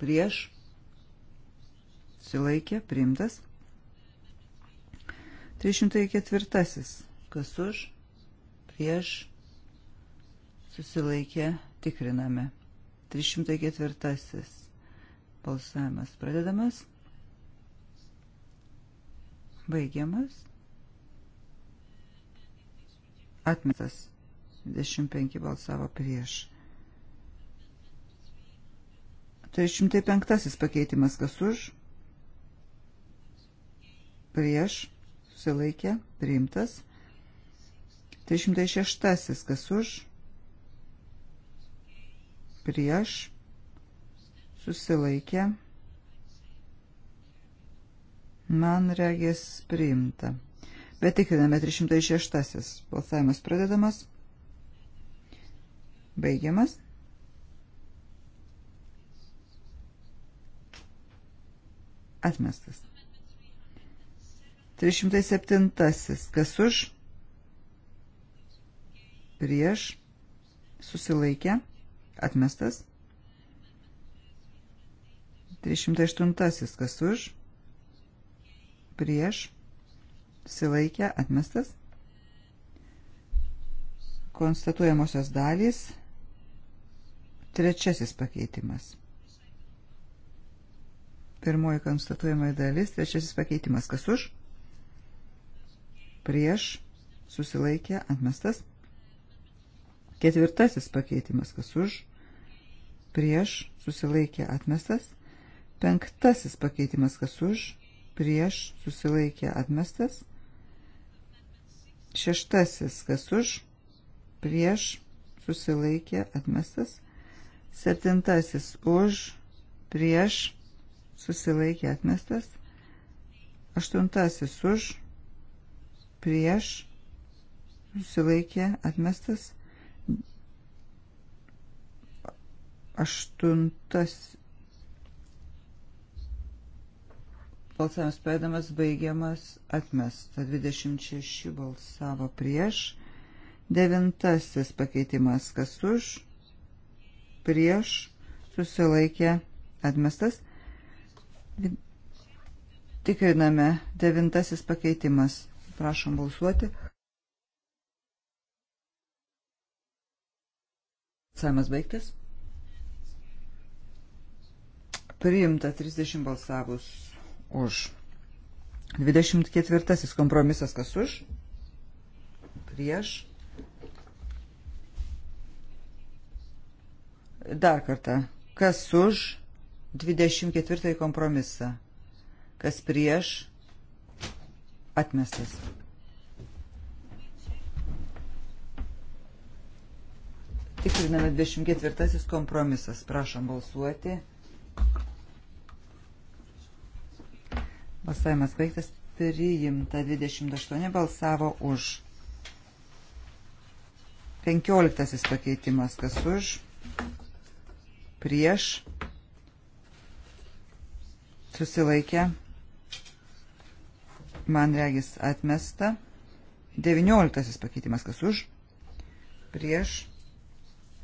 Prieš. Susilaikė, priimtas. 304. Kas už? Prieš. Susilaikė, tikriname. 304. Balsavimas pradedamas. Baigiamas. Atmestas. 25 balsavo prieš. 305 pakeitimas kas už, prieš, susilaikė, priimtas. 306 kas už, prieš, susilaikė, man regės priimta. Bet tikriname 306 balsavimas pradedamas. Baigiamas. Atmestas. 307. Kas už? Prieš. Susilaikė. Atmestas. 308. Kas už? Prieš. Susilaikė. Atmestas. Konstatuojamosios dalys. Trečiasis pakeitimas. Pirmoji konstatuojama dalis, trečiasis pakeitimas. Kas už? Prieš susilaikė atmestas. Ketvirtasis pakeitimas. Kas už? Prieš susilaikė atmestas. Penktasis pakeitimas. Kas už? Prieš susilaikė atmestas. Šeštasis. Kas už? Prieš susilaikė atmestas. Septintasis už, prieš, susilaikė atmestas. Aštuntasis už, prieš, susilaikė atmestas. Aštuntas. Balsavimas pradėdamas, baigiamas, atmesta. 26 balsavo prieš. Devintasis pakeitimas, kas už, prieš susilaikė atmestas. Tikriname devintasis pakeitimas. Prašom balsuoti. Saimas baigtas. Priimta 30 balsavus už. 24 kompromisas kas už? Prieš Dar kartą. Kas už 24 kompromisą? Kas prieš? Atmestas. Tikriname 24 kompromisas. Prašom balsuoti. Balsavimas baigtas. Priimta 28 balsavo už. 15 pakeitimas. Kas už? prieš, susilaikė, man regis atmesta, 19 pakeitimas kas už, prieš,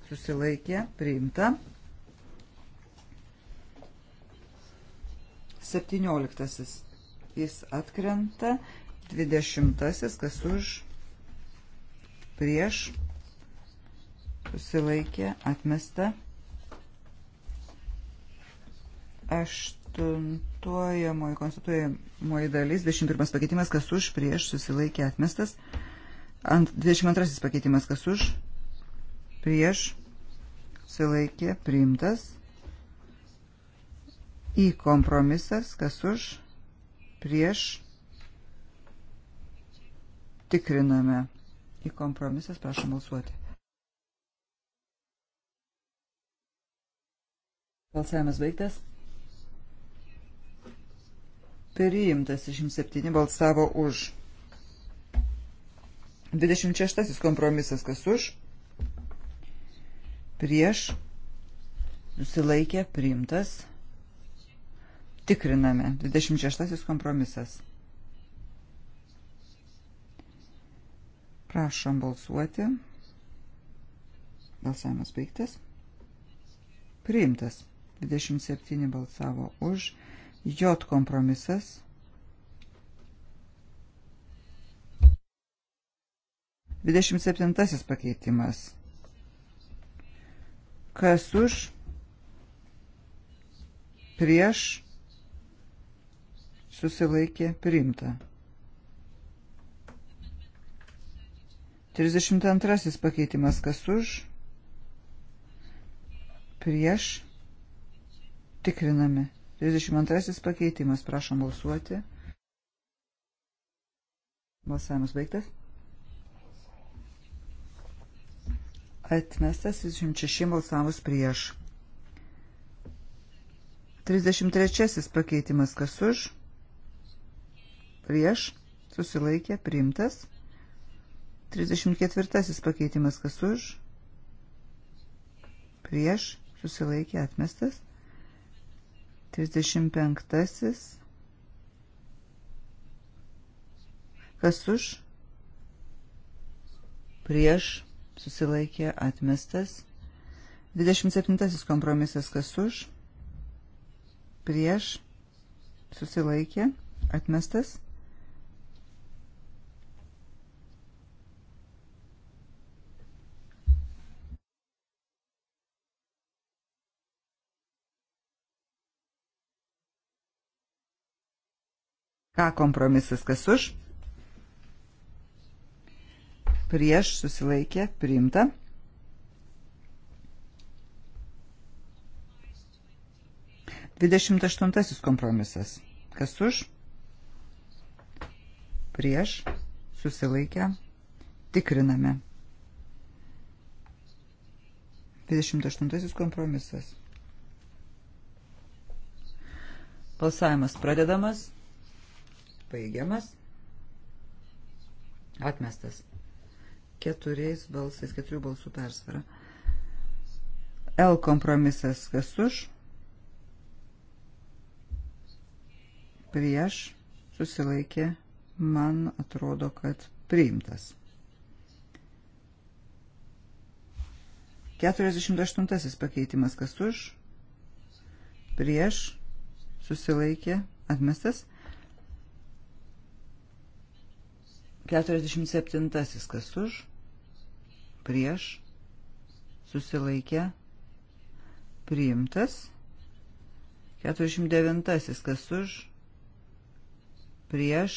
susilaikė, priimta, 17 jis atkrenta, 20 kas už, prieš, susilaikė, atmesta, 19 Aštuntojamoji konstatuojamoji dalis, 21 pakeitimas, kas už, prieš, susilaikė atmestas. Ant 22 pakeitimas, kas už, prieš, susilaikė, priimtas. Į kompromisas, kas už, prieš, tikriname. Į kompromisas, prašom balsuoti. Balsavimas baigtas priimtas, 67 balsavo už. 26 kompromisas kas už, prieš, susilaikė, priimtas. Tikriname. 26 kompromisas. Prašom balsuoti. Balsavimas baigtas. Priimtas. 27 balsavo už, J kompromisas. Dvidešimt septintasis pakeitimas. Kas už? Prieš? Susilaikė priimta. 32 pakeitimas kas už, prieš, tikriname. 32 pakeitimas. Prašom balsuoti. Balsavimas baigtas. Atmestas 26 balsavus prieš. 33 pakeitimas kas už. Prieš. Susilaikė. Priimtas. 34 pakeitimas kas už. Prieš. Susilaikė. Atmestas. 35. Kas už? Prieš susilaikė atmestas. 27. kompromisas kas už? Prieš susilaikė atmestas. Ką kompromisas, kas už? Prieš susilaikė, priimta. Dvidešimt aštuntasis kompromisas. Kas už? Prieš susilaikę. Tikriname. 28 kompromisas. Balsavimas pradedamas. Baigiamas. Atmestas. Keturiais balsais, keturių balsų persvara. L kompromisas kas už. Prieš susilaikė, man atrodo, kad priimtas. 48 pakeitimas kas už, prieš, susilaikė, atmestas. 47. Kas už? Prieš. Susilaikė. Priimtas. 49. Kas už? Prieš.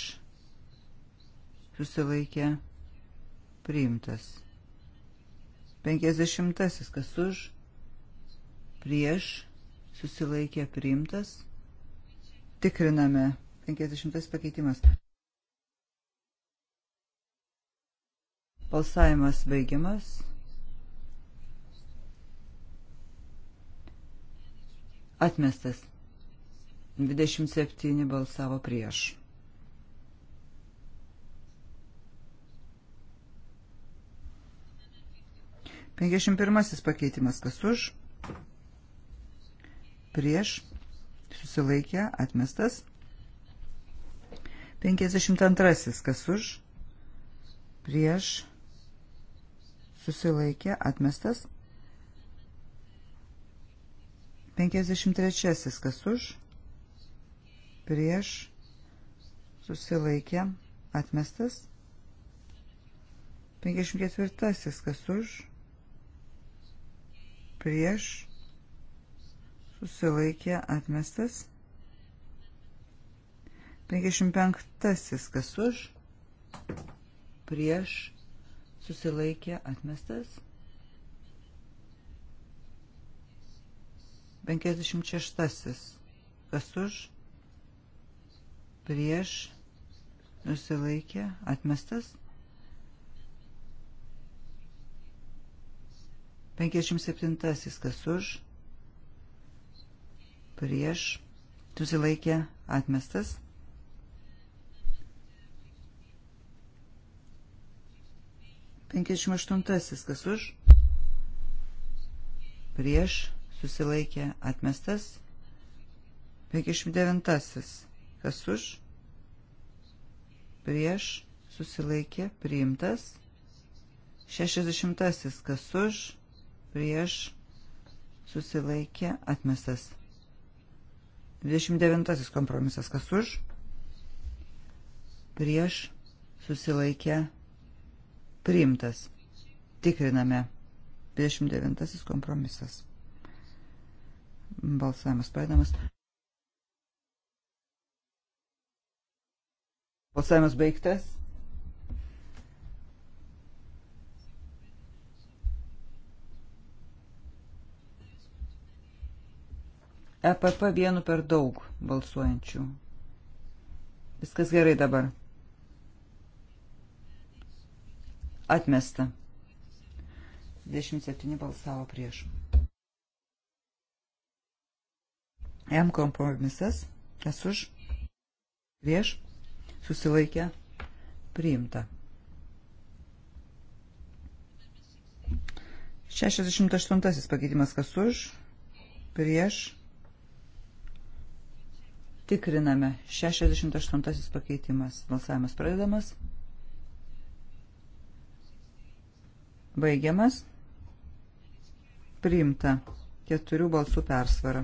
Susilaikė. Priimtas. 50. Kas už? Prieš. Susilaikė. Priimtas. Tikriname. 50 pakeitimas. Balsavimas baigiamas. Atmestas. 27 balsavo prieš. Penkiasdešimt pirmasis pakeitimas kas už? Prieš. Susilaikė. Atmestas. Penkiasdešimt antrasis kas už? Prieš susilaikė atmestas. 53 kas už, prieš, susilaikė atmestas. 54 kas už, prieš, susilaikė atmestas. 55 kas už, prieš, susilaikė atmestas. 56. Kas už, prieš, susilaikė atmestas. 57. Kas už, prieš, susilaikė atmestas. 58. Kas už? Prieš susilaikė atmestas. 59. Kas už? Prieš susilaikė priimtas. 60. Kas už? Prieš susilaikė atmestas. 29. Kompromisas. Kas už? Prieš susilaikė atmestas priimtas. Tikriname. 29 kompromisas. Balsavimas pradedamas. Balsavimas baigtas. EPP vienu per daug balsuojančių. Viskas gerai dabar. Atmesta. 27 balsavo prieš. M kompromisas. Kas už? Prieš. Susilaikė. Priimta. 68 pakeitimas kas už? Prieš. Tikriname. 68 pakeitimas. Balsavimas pradedamas. Baigiamas. Priimta. Keturių balsų persvara.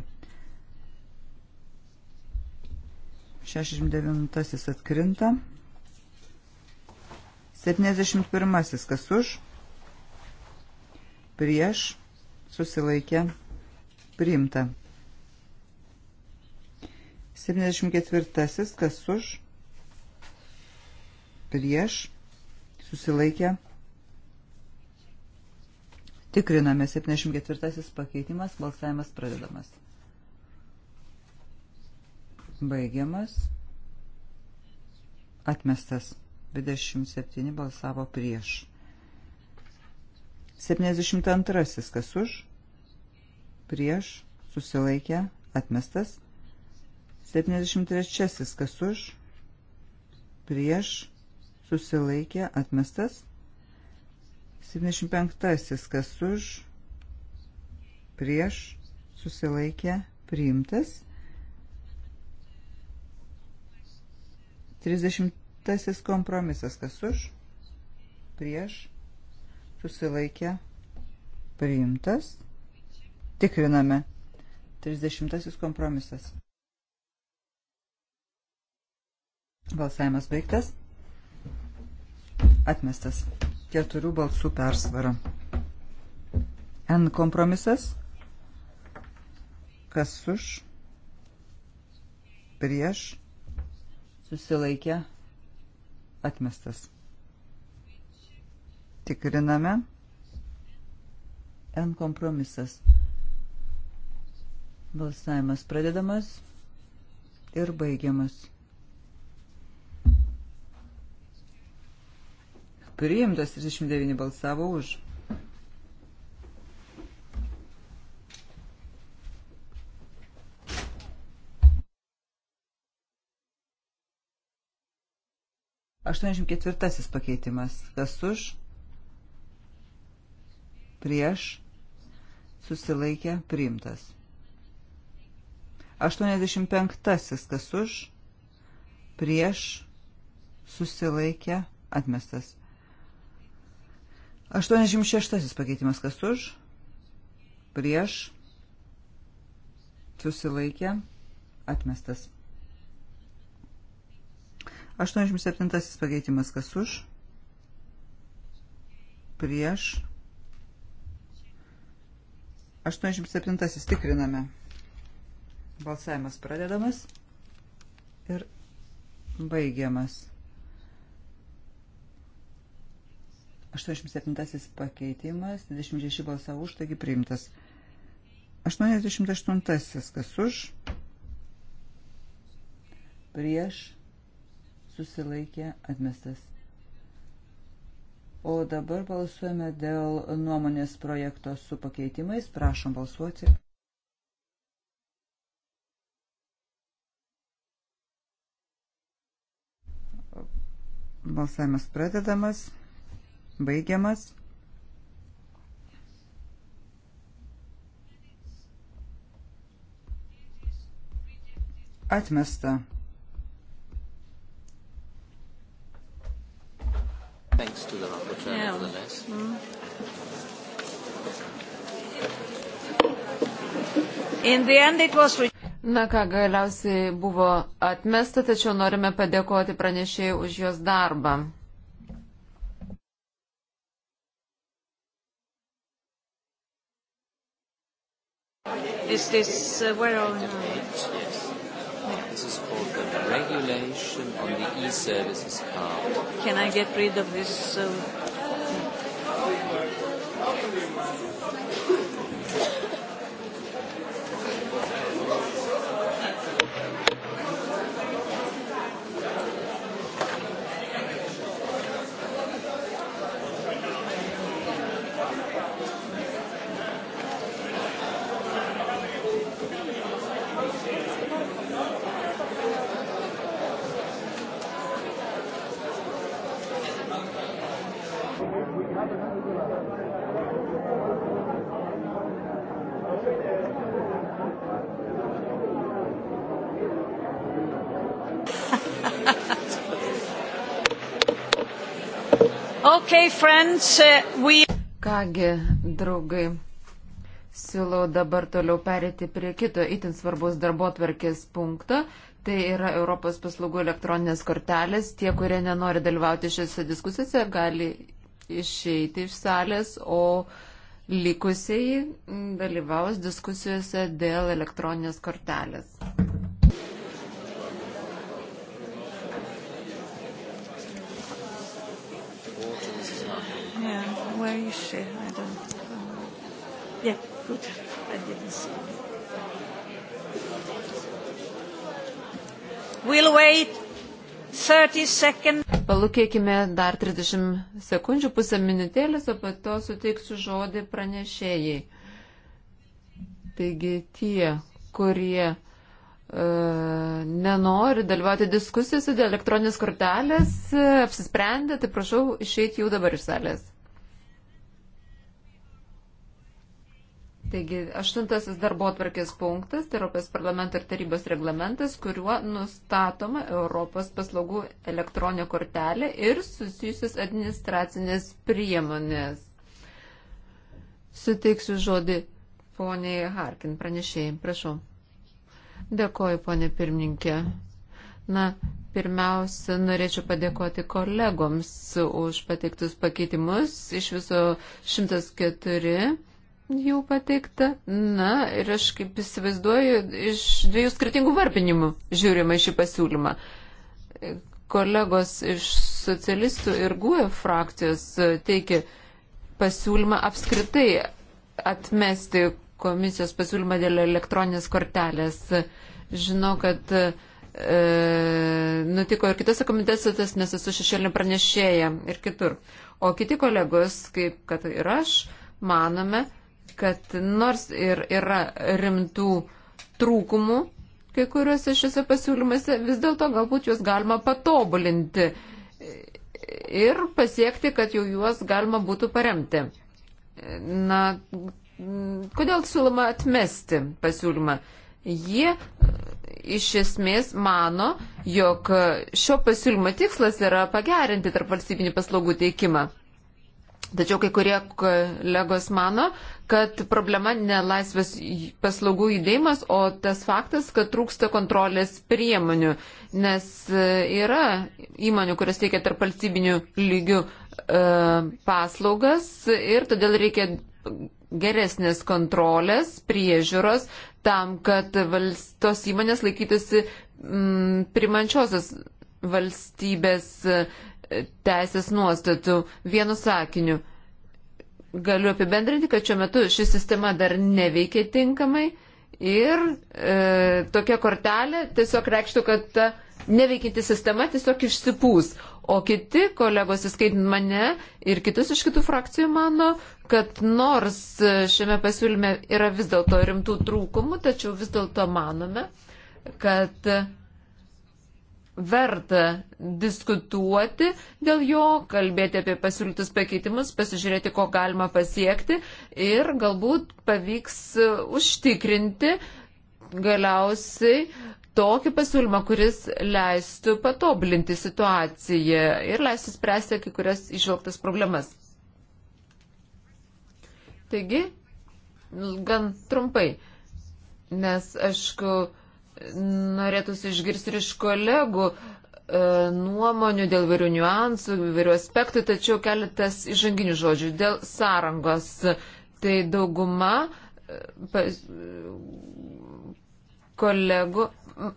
69 atkrinta. 71 kas už. Prieš. Susilaikė. Priimta. 74 kas už. Prieš. Susilaikė. Priimta Tikriname 74 pakeitimas, balsavimas pradedamas. Baigiamas. Atmestas. 27 balsavo prieš. 72 kas už, prieš, susilaikė, atmestas. 73 kas už, prieš, susilaikė, atmestas. 75. Kas už, prieš, susilaikė, priimtas. 30. kompromisas. Kas už, prieš, susilaikė, priimtas. Tikriname. 30. kompromisas. Balsavimas baigtas. Atmestas keturių balsų persvara. N kompromisas. Kas už? Prieš. Susilaikė. Atmestas. Tikriname. N kompromisas. Balsavimas pradedamas ir baigiamas. priimtas, 39 balsavo už. Aštuoniasdešimt ketvirtasis pakeitimas. Kas už? Prieš? Susilaikė? Priimtas. Aštuoniasdešimt penktasis. Kas už? Prieš? Susilaikė? Atmestas. 86 pakeitimas kas už, prieš, susilaikė, atmestas. 87 pakeitimas kas už, prieš, 87 tikriname. Balsavimas pradedamas ir baigiamas. 87 pakeitimas, 26 balsavo už, taigi priimtas. 88 kas už, prieš, susilaikė, atmestas. O dabar balsuojame dėl nuomonės projekto su pakeitimais. Prašom balsuoti. Balsavimas pradedamas. Baigiamas. Atmesta. Thanks to the rapporteur, yeah. nevertheless. Mm. In the end it was Na ką, galiausiai buvo atmesta, tačiau norime padėkoti pranešėjai už jos darbą. Is this uh, where on? Page, yes. This is called the regulation on the e-services card. Can I get rid of this? Uh, Okay, friends, uh, we... Kągi, draugai, siūlau dabar toliau perėti prie kito itin svarbus darbo tvarkės punkto. Tai yra Europos paslaugų elektroninės kortelės. Tie, kurie nenori dalyvauti šiose diskusijose, gali išeiti iš salės, o likusiai dalyvaus diskusijose dėl elektroninės kortelės. Fischer. I don't. Um, yeah, good. I didn't see. We'll wait 30 seconds. Palūkėkime dar 30 sekundžių, pusę minutėlės, o po to suteiksiu žodį pranešėjai. Taigi tie, kurie e, nenori dalyvauti diskusijose dėl elektroninės kortelės, e, apsisprendė, tai prašau išeiti jau dabar iš salės. Taigi, aštuntasis darbo atvarkės punktas tai - Europos parlamento ir tarybos reglamentas, kuriuo nustatoma Europos paslaugų elektroninė kortelė ir susijusios administracinės priemonės. Suteiksiu žodį poniai Harkin, pranešėjai, prašau. Dėkoju, ponė pirmininkė. Na, Pirmiausia, norėčiau padėkoti kolegoms už pateiktus pakeitimus. Iš viso 104 jau pateikta. Na, ir aš kaip įsivaizduoju, iš dviejų skirtingų varpinimų žiūrima šį pasiūlymą. Kolegos iš socialistų ir GUE frakcijos e, teikia pasiūlymą apskritai atmesti komisijos pasiūlymą dėl elektroninės kortelės. Žinau, kad e, nutiko ir kitose komitetuose, nes esu šešėlinė pranešėja ir kitur. O kiti kolegos, kaip kad ir aš, manome, kad nors ir yra rimtų trūkumų kai kuriuose šiuose pasiūlymuose, vis dėlto galbūt juos galima patobulinti ir pasiekti, kad jau juos galima būtų paremti. Na, kodėl siūloma atmesti pasiūlymą? Jie e, iš esmės mano, jog šio pasiūlymo tikslas yra pagerinti tarp valstybinį paslaugų teikimą. Tačiau kai kurie kolegos mano, kad problema ne laisvės paslaugų judėjimas, o tas faktas, kad trūksta kontrolės priemonių, nes e, yra įmonių, kurias teikia tarp valstybinių lygių e, paslaugas ir todėl reikia geresnės kontrolės, priežiūros tam, kad tos įmonės laikytųsi m, mm, primančiosios valstybės e, teisės nuostatų vienu sakiniu galiu apibendrinti, kad šiuo metu ši sistema dar neveikia tinkamai ir e, tokia kortelė tiesiog reikštų, kad ta neveikinti sistema tiesiog išsipūs. O kiti kolegos, įskaitant mane ir kitus iš kitų frakcijų, mano, kad nors šiame pasiūlyme yra vis dėlto rimtų trūkumų, tačiau vis dėlto manome, kad verta diskutuoti dėl jo, kalbėti apie pasiūlytus pakeitimus, pasižiūrėti, ko galima pasiekti ir galbūt pavyks užtikrinti galiausiai tokį pasiūlymą, kuris leistų patobulinti situaciją ir leistų spręsti kai kurias išvelgtas problemas. Taigi, gan trumpai, nes, aišku, norėtųsi išgirsti ir iš kolegų e, nuomonių dėl vairių niuansų, vairių aspektų, tačiau keletas įžanginių žodžių dėl sąrangos. Tai dauguma e, kolegų,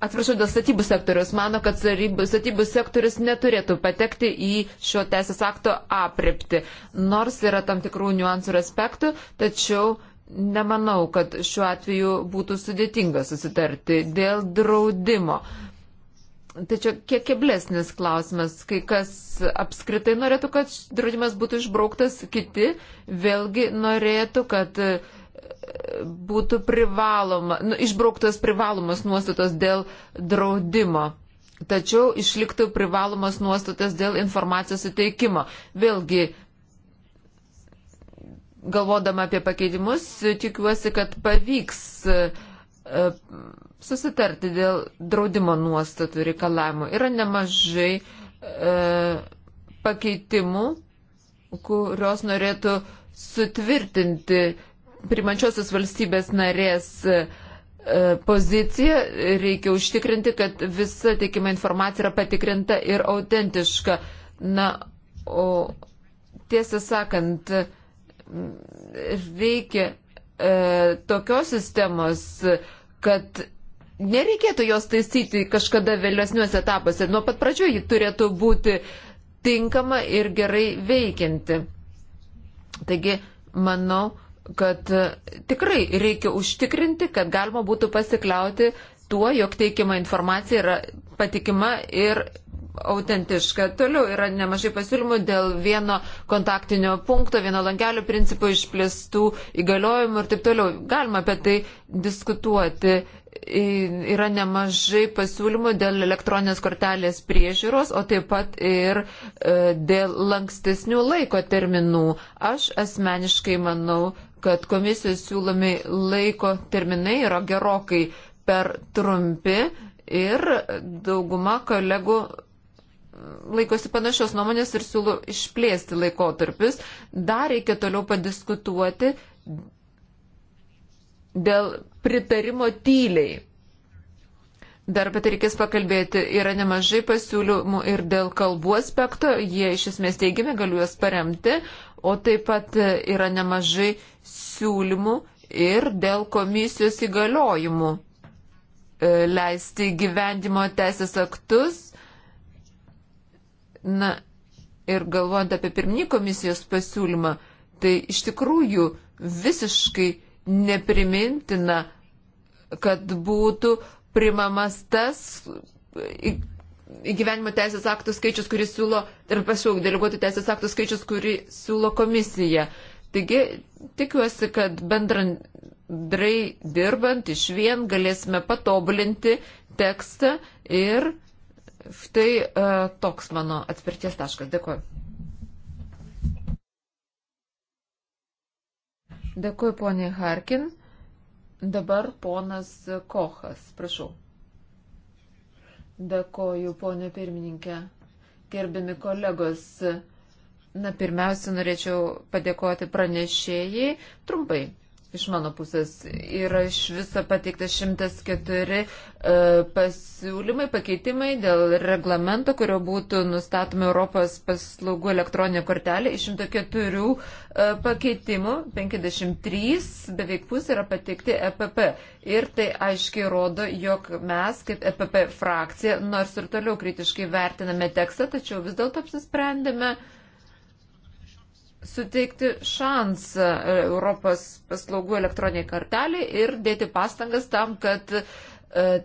atsiprašau, dėl statybų sektorius, mano, kad statybų sektorius neturėtų patekti į šio teisės akto aprepti. Nors yra tam tikrų niuansų ir aspektų, tačiau uh, nemanau, kad šiuo atveju būtų sudėtinga susitarti dėl draudimo. Tačiau kiek keblesnis klausimas, kai kas apskritai norėtų, kad draudimas būtų išbrauktas, kiti vėlgi norėtų, kad e, būtų privaloma, nu, išbrauktas privalomas nuostatos dėl draudimo. Tačiau išliktų privalomas nuostatas dėl informacijos suteikimo. Vėlgi, galvodama apie pakeitimus, tikiuosi, kad pavyks e, e, susitarti dėl draudimo nuostatų reikalavimų. Yra nemažai e, pakeitimų, kurios norėtų sutvirtinti primančiosios valstybės narės poziciją, reikia užtikrinti, kad visa teikima informacija yra patikrinta ir autentiška. Na, o tiesą sakant, veikia e, tokios sistemos, kad nereikėtų jos taisyti kažkada vėlesniuose etapuose. Nuo pat pradžių ji turėtų būti tinkama ir gerai veikianti. Taigi, manau, kad e, tikrai reikia užtikrinti, kad galima būtų pasikliauti tuo, jog teikiama informacija yra patikima ir autentiška. Toliau yra nemažai pasiūlymų dėl vieno kontaktinio punkto, vieno langelio principų išplėstų įgaliojimų ir taip toliau. Galima apie tai diskutuoti. Yra nemažai pasiūlymų dėl elektroninės kortelės priežiūros, o taip pat ir e, dėl lankstesnių laiko terminų. Aš asmeniškai manau, kad komisijos siūlomi laiko terminai yra gerokai per trumpi ir dauguma kolegų laikosi panašios nuomonės ir siūlo išplėsti laikotarpius. Dar reikia toliau padiskutuoti dėl pritarimo tyliai. Dar apie tai reikės pakalbėti. Yra nemažai pasiūlymų ir dėl kalbų aspekto. Jie iš esmės teigiami, galiu juos paremti. O taip pat yra nemažai siūlymų ir dėl komisijos įgaliojimų e, leisti gyvendimo teisės aktus Na ir galvojant apie pirminį komisijos pasiūlymą, tai iš tikrųjų visiškai neprimintina, kad būtų primamas tas įgyvenimo teisės aktų skaičius, kurį siūlo, ir pasiūlau, deleguotų teisės aktų skaičius, kurį siūlo komisija. Taigi, tikiuosi, kad bendrai dirbant iš vien galėsime patobulinti tekstą ir Štai e, toks mano atspirties taškas. Dėkuoju. Dėkuoju, ponė Harkin. Dabar ponas Kochas, prašau. Dėkuoju, ponė pirmininkė. Gerbiami kolegos. Na, pirmiausia, norėčiau padėkoti pranešėjai. Trumpai iš mano pusės. Yra iš viso pateikta 104 e, pasiūlymai, pakeitimai dėl reglamento, kurio būtų nustatoma Europos paslaugų elektroninė kortelė. Iš 104 e, pakeitimų 53 beveik pusė yra pateikti EPP. Ir tai aiškiai rodo, jog mes kaip EPP frakcija, nors ir toliau kritiškai vertiname tekstą, tačiau vis dėlto apsisprendėme. E, suteikti šansą e, Europos paslaugų elektroniniai kartelį ir dėti pastangas tam, kad e,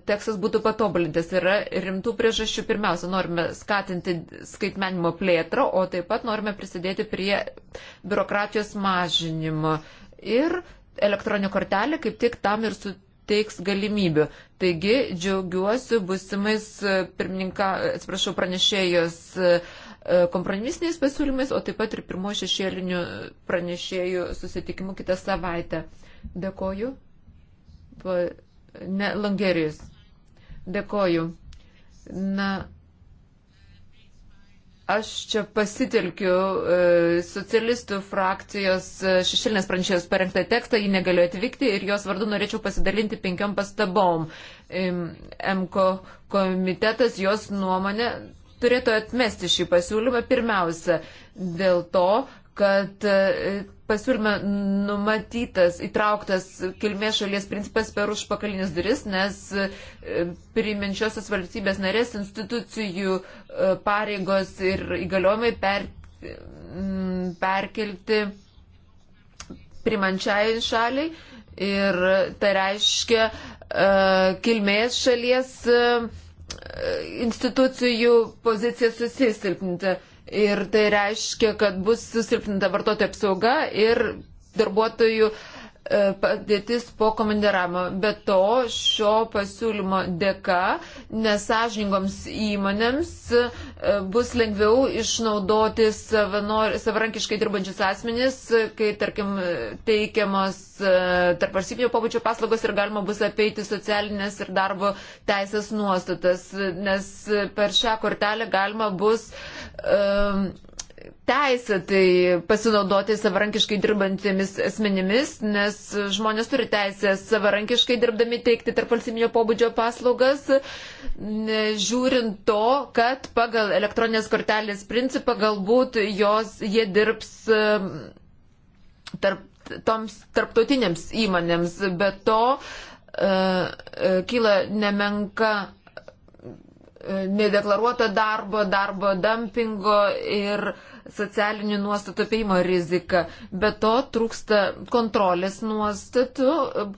tekstas būtų patobulintas. Yra rimtų priežasčių. Pirmiausia, norime skatinti skaitmenimo plėtrą, o taip pat norime prisidėti prie biurokratijos mažinimo. Ir elektroninė kortelė kaip tik tam ir suteiks galimybių. Taigi džiaugiuosi busimais e, pirmininką, atsiprašau, pranešėjos uh, kompromisiniais pasiūlymais, o taip pat ir pirmo šešėlinių pranešėjų susitikimu kitą savaitę. Dėkoju. Ne, Langerijus. Dėkoju. Na, aš čia pasitelkiu e, socialistų frakcijos e, šešėlinės pranešėjos parengtą tekstą, ji negaliu atvykti ir jos vardu norėčiau pasidalinti penkiom pastabom. E, MKO komitetas jos nuomonė turėtų atmesti šį pasiūlymą pirmiausia dėl to, kad e, pasiūlyme numatytas, įtrauktas kilmės šalies principas per užpakalinius duris, nes e, priminčiosios valstybės narės institucijų e, pareigos ir įgaliojimai per, perkelti primančiai šaliai ir tai reiškia kilmės šalies institucijų pozicija susisilpninta. Ir tai reiškia, kad bus susilpninta vartotojų apsauga ir darbuotojų uh, E, padėtis po komandiravimo. Be to, šio pasiūlymo dėka nesažingoms įmonėms e, bus lengviau išnaudoti savarankiškai dirbančius asmenys, kai, tarkim, teikiamos e, tarp valstybinio pabudžio paslaugos ir galima bus apeiti socialinės ir darbo teisės nuostatas, nes per šią kortelę galima bus um, teisę tai pasinaudoti savarankiškai dirbantiemis asmenimis, nes žmonės turi teisę savarankiškai dirbdami teikti tarp valstybinio pobūdžio paslaugas, žiūrint to, kad pagal elektroninės kortelės principą galbūt jos, jie dirbs um, tarp, toms tarptautinėms įmonėms, bet to uh, uh, kyla nemenka uh, nedeklaruoto darbo, darbo dumpingo ir uh, socialinių nuostatų peimo rizika, bet to trūksta kontrolės nuostatų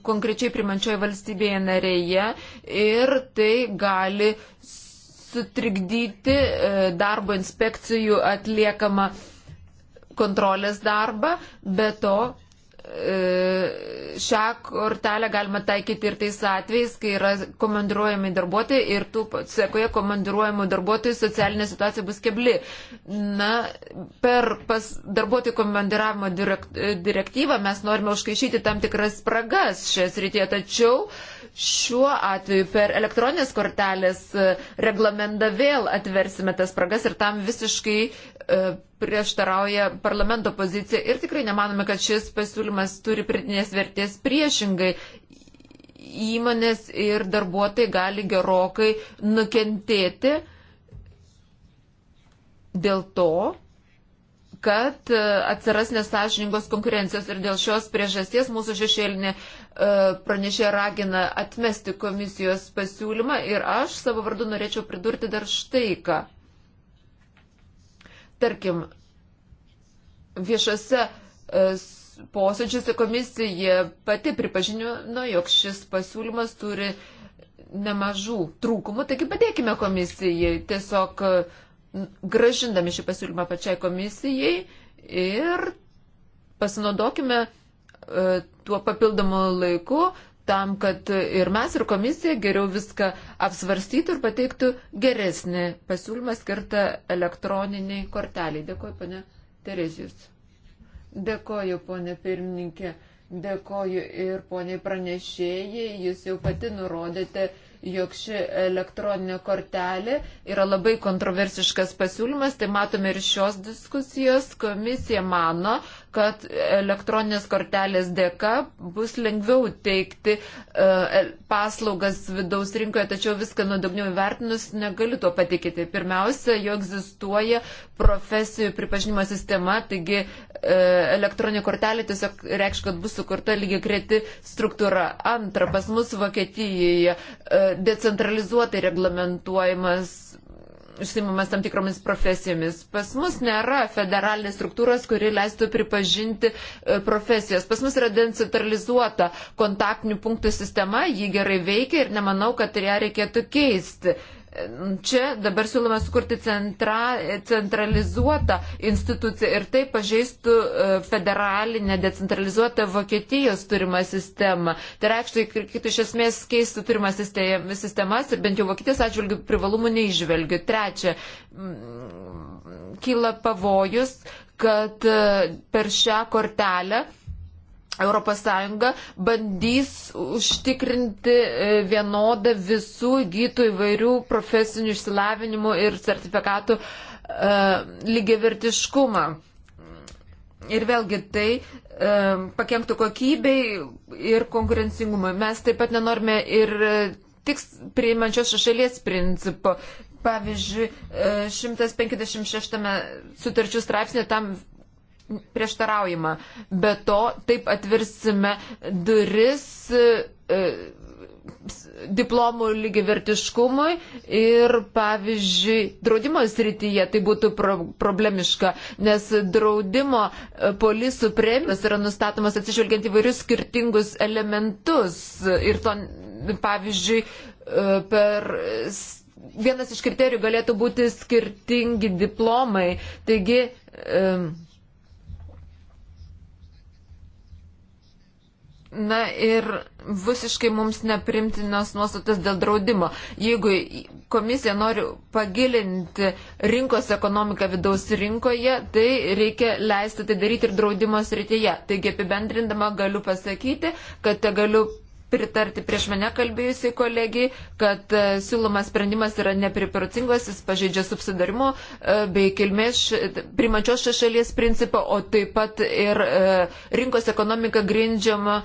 konkrečiai primančioje valstybėje narėje ir tai gali sutrikdyti e, darbo inspekcijų atliekamą kontrolės darbą, bet to E, šią kortelę galima taikyti ir tais atvejais, kai yra komandiruojami darbuotojai ir tų sekoje komandiruojamų darbuotojų socialinė situacija bus kebli. Na, per pas darbuotojų komandiravimo direktyvą mes norime užkaišyti tam tikras spragas šioje srityje, tačiau šiuo atveju per elektroninės kortelės e, reglamentą vėl atversime tas spragas ir tam visiškai E, prieštarauja parlamento pozicija ir tikrai nemanome, kad šis pasiūlymas turi pritinės vertės priešingai. Įmonės ir darbuotojai gali gerokai nukentėti dėl to, kad e, atsiras nesažiningos konkurencijos ir dėl šios priežasties mūsų šešėlinė e, pranešė ragina atmesti komisijos pasiūlymą ir aš savo vardu norėčiau pridurti dar štai ką. Tarkim, viešose e, posėdžiuose komisija pati pripažino, jog šis pasiūlymas turi nemažų trūkumų, taigi padėkime komisijai, tiesiog gražindami šį pasiūlymą pačiai komisijai ir pasinaudokime e, tuo papildomu laiku, tam, kad ir mes, ir komisija geriau viską apsvarstytų ir pateiktų geresnį pasiūlymą skirtą elektroniniai korteliai. Dėkuoju, ponė Terezijus. Dėkuoju, ponė pirmininkė. Dėkoju ir poniai pranešėjai, jūs jau pati nurodėte, jog ši elektroninė kortelė yra labai kontroversiškas pasiūlymas, tai matome ir šios diskusijos, komisija mano, kad elektroninės kortelės dėka bus lengviau teikti e, paslaugas vidaus rinkoje, tačiau viską nuodugniau įvertinus negaliu to patikėti. Pirmiausia, jo egzistuoja profesijų pripažinimo sistema, taigi e, elektroninė kortelė tiesiog reikš, kad bus sukurta lygiai kreti struktūra. Antra, pas mus Vokietijoje e, decentralizuotai reglamentuojamas užsimamas tam tikromis profesijomis. Pas mus nėra federalinės struktūros, kuri leistų pripažinti e, profesijas. Pas mus yra decentralizuota kontaktinių punktų sistema, ji gerai veikia ir nemanau, kad ją reikėtų keisti. Čia dabar siūloma sukurti centra, centralizuotą instituciją ir tai pažeistų e, federalinę decentralizuotą Vokietijos turimą sistemą. Tai reikštų, kad iš esmės keistų turimą sistemas ir bent jau Vokietijos atžvilgių privalumų neižvelgiu. Trečia, kyla pavojus, kad e, per šią kortelę ES bandys užtikrinti e, vienodą visų gytų įvairių profesinių išsilavinimų ir sertifikatų e, lygiavertiškumą. Ir vėlgi tai e, pakenktų kokybei ir konkurencingumui. Mes taip pat nenorime ir tik priimančios šalies principo. Pavyzdžiui, 156 sutarčių straipsnė tam prieštaraujama. Be to, taip atversime duris e, e, diplomų lygivertiškumui ir, pavyzdžiui, draudimo srityje tai būtų pro problemiška, nes draudimo e, polisų premijos yra nustatomas atsižvelgiant įvairius skirtingus elementus ir to, pavyzdžiui, per. Vienas iš kriterijų galėtų būti skirtingi diplomai. Taigi, um, Na ir visiškai mums neprimtinas nuostatas dėl draudimo. Jeigu komisija nori pagilinti rinkos ekonomiką vidaus rinkoje, tai reikia leisti tai daryti ir draudimo srityje. Taigi apibendrindama galiu pasakyti, kad galiu pritarti prieš mane kalbėjusiai kolegijai, kad e, siūlomas sprendimas yra nepriprotingas, jis pažeidžia subsidarimo e, bei kilmės primačios šalies principą, o taip pat ir e, rinkos ekonomika grindžiama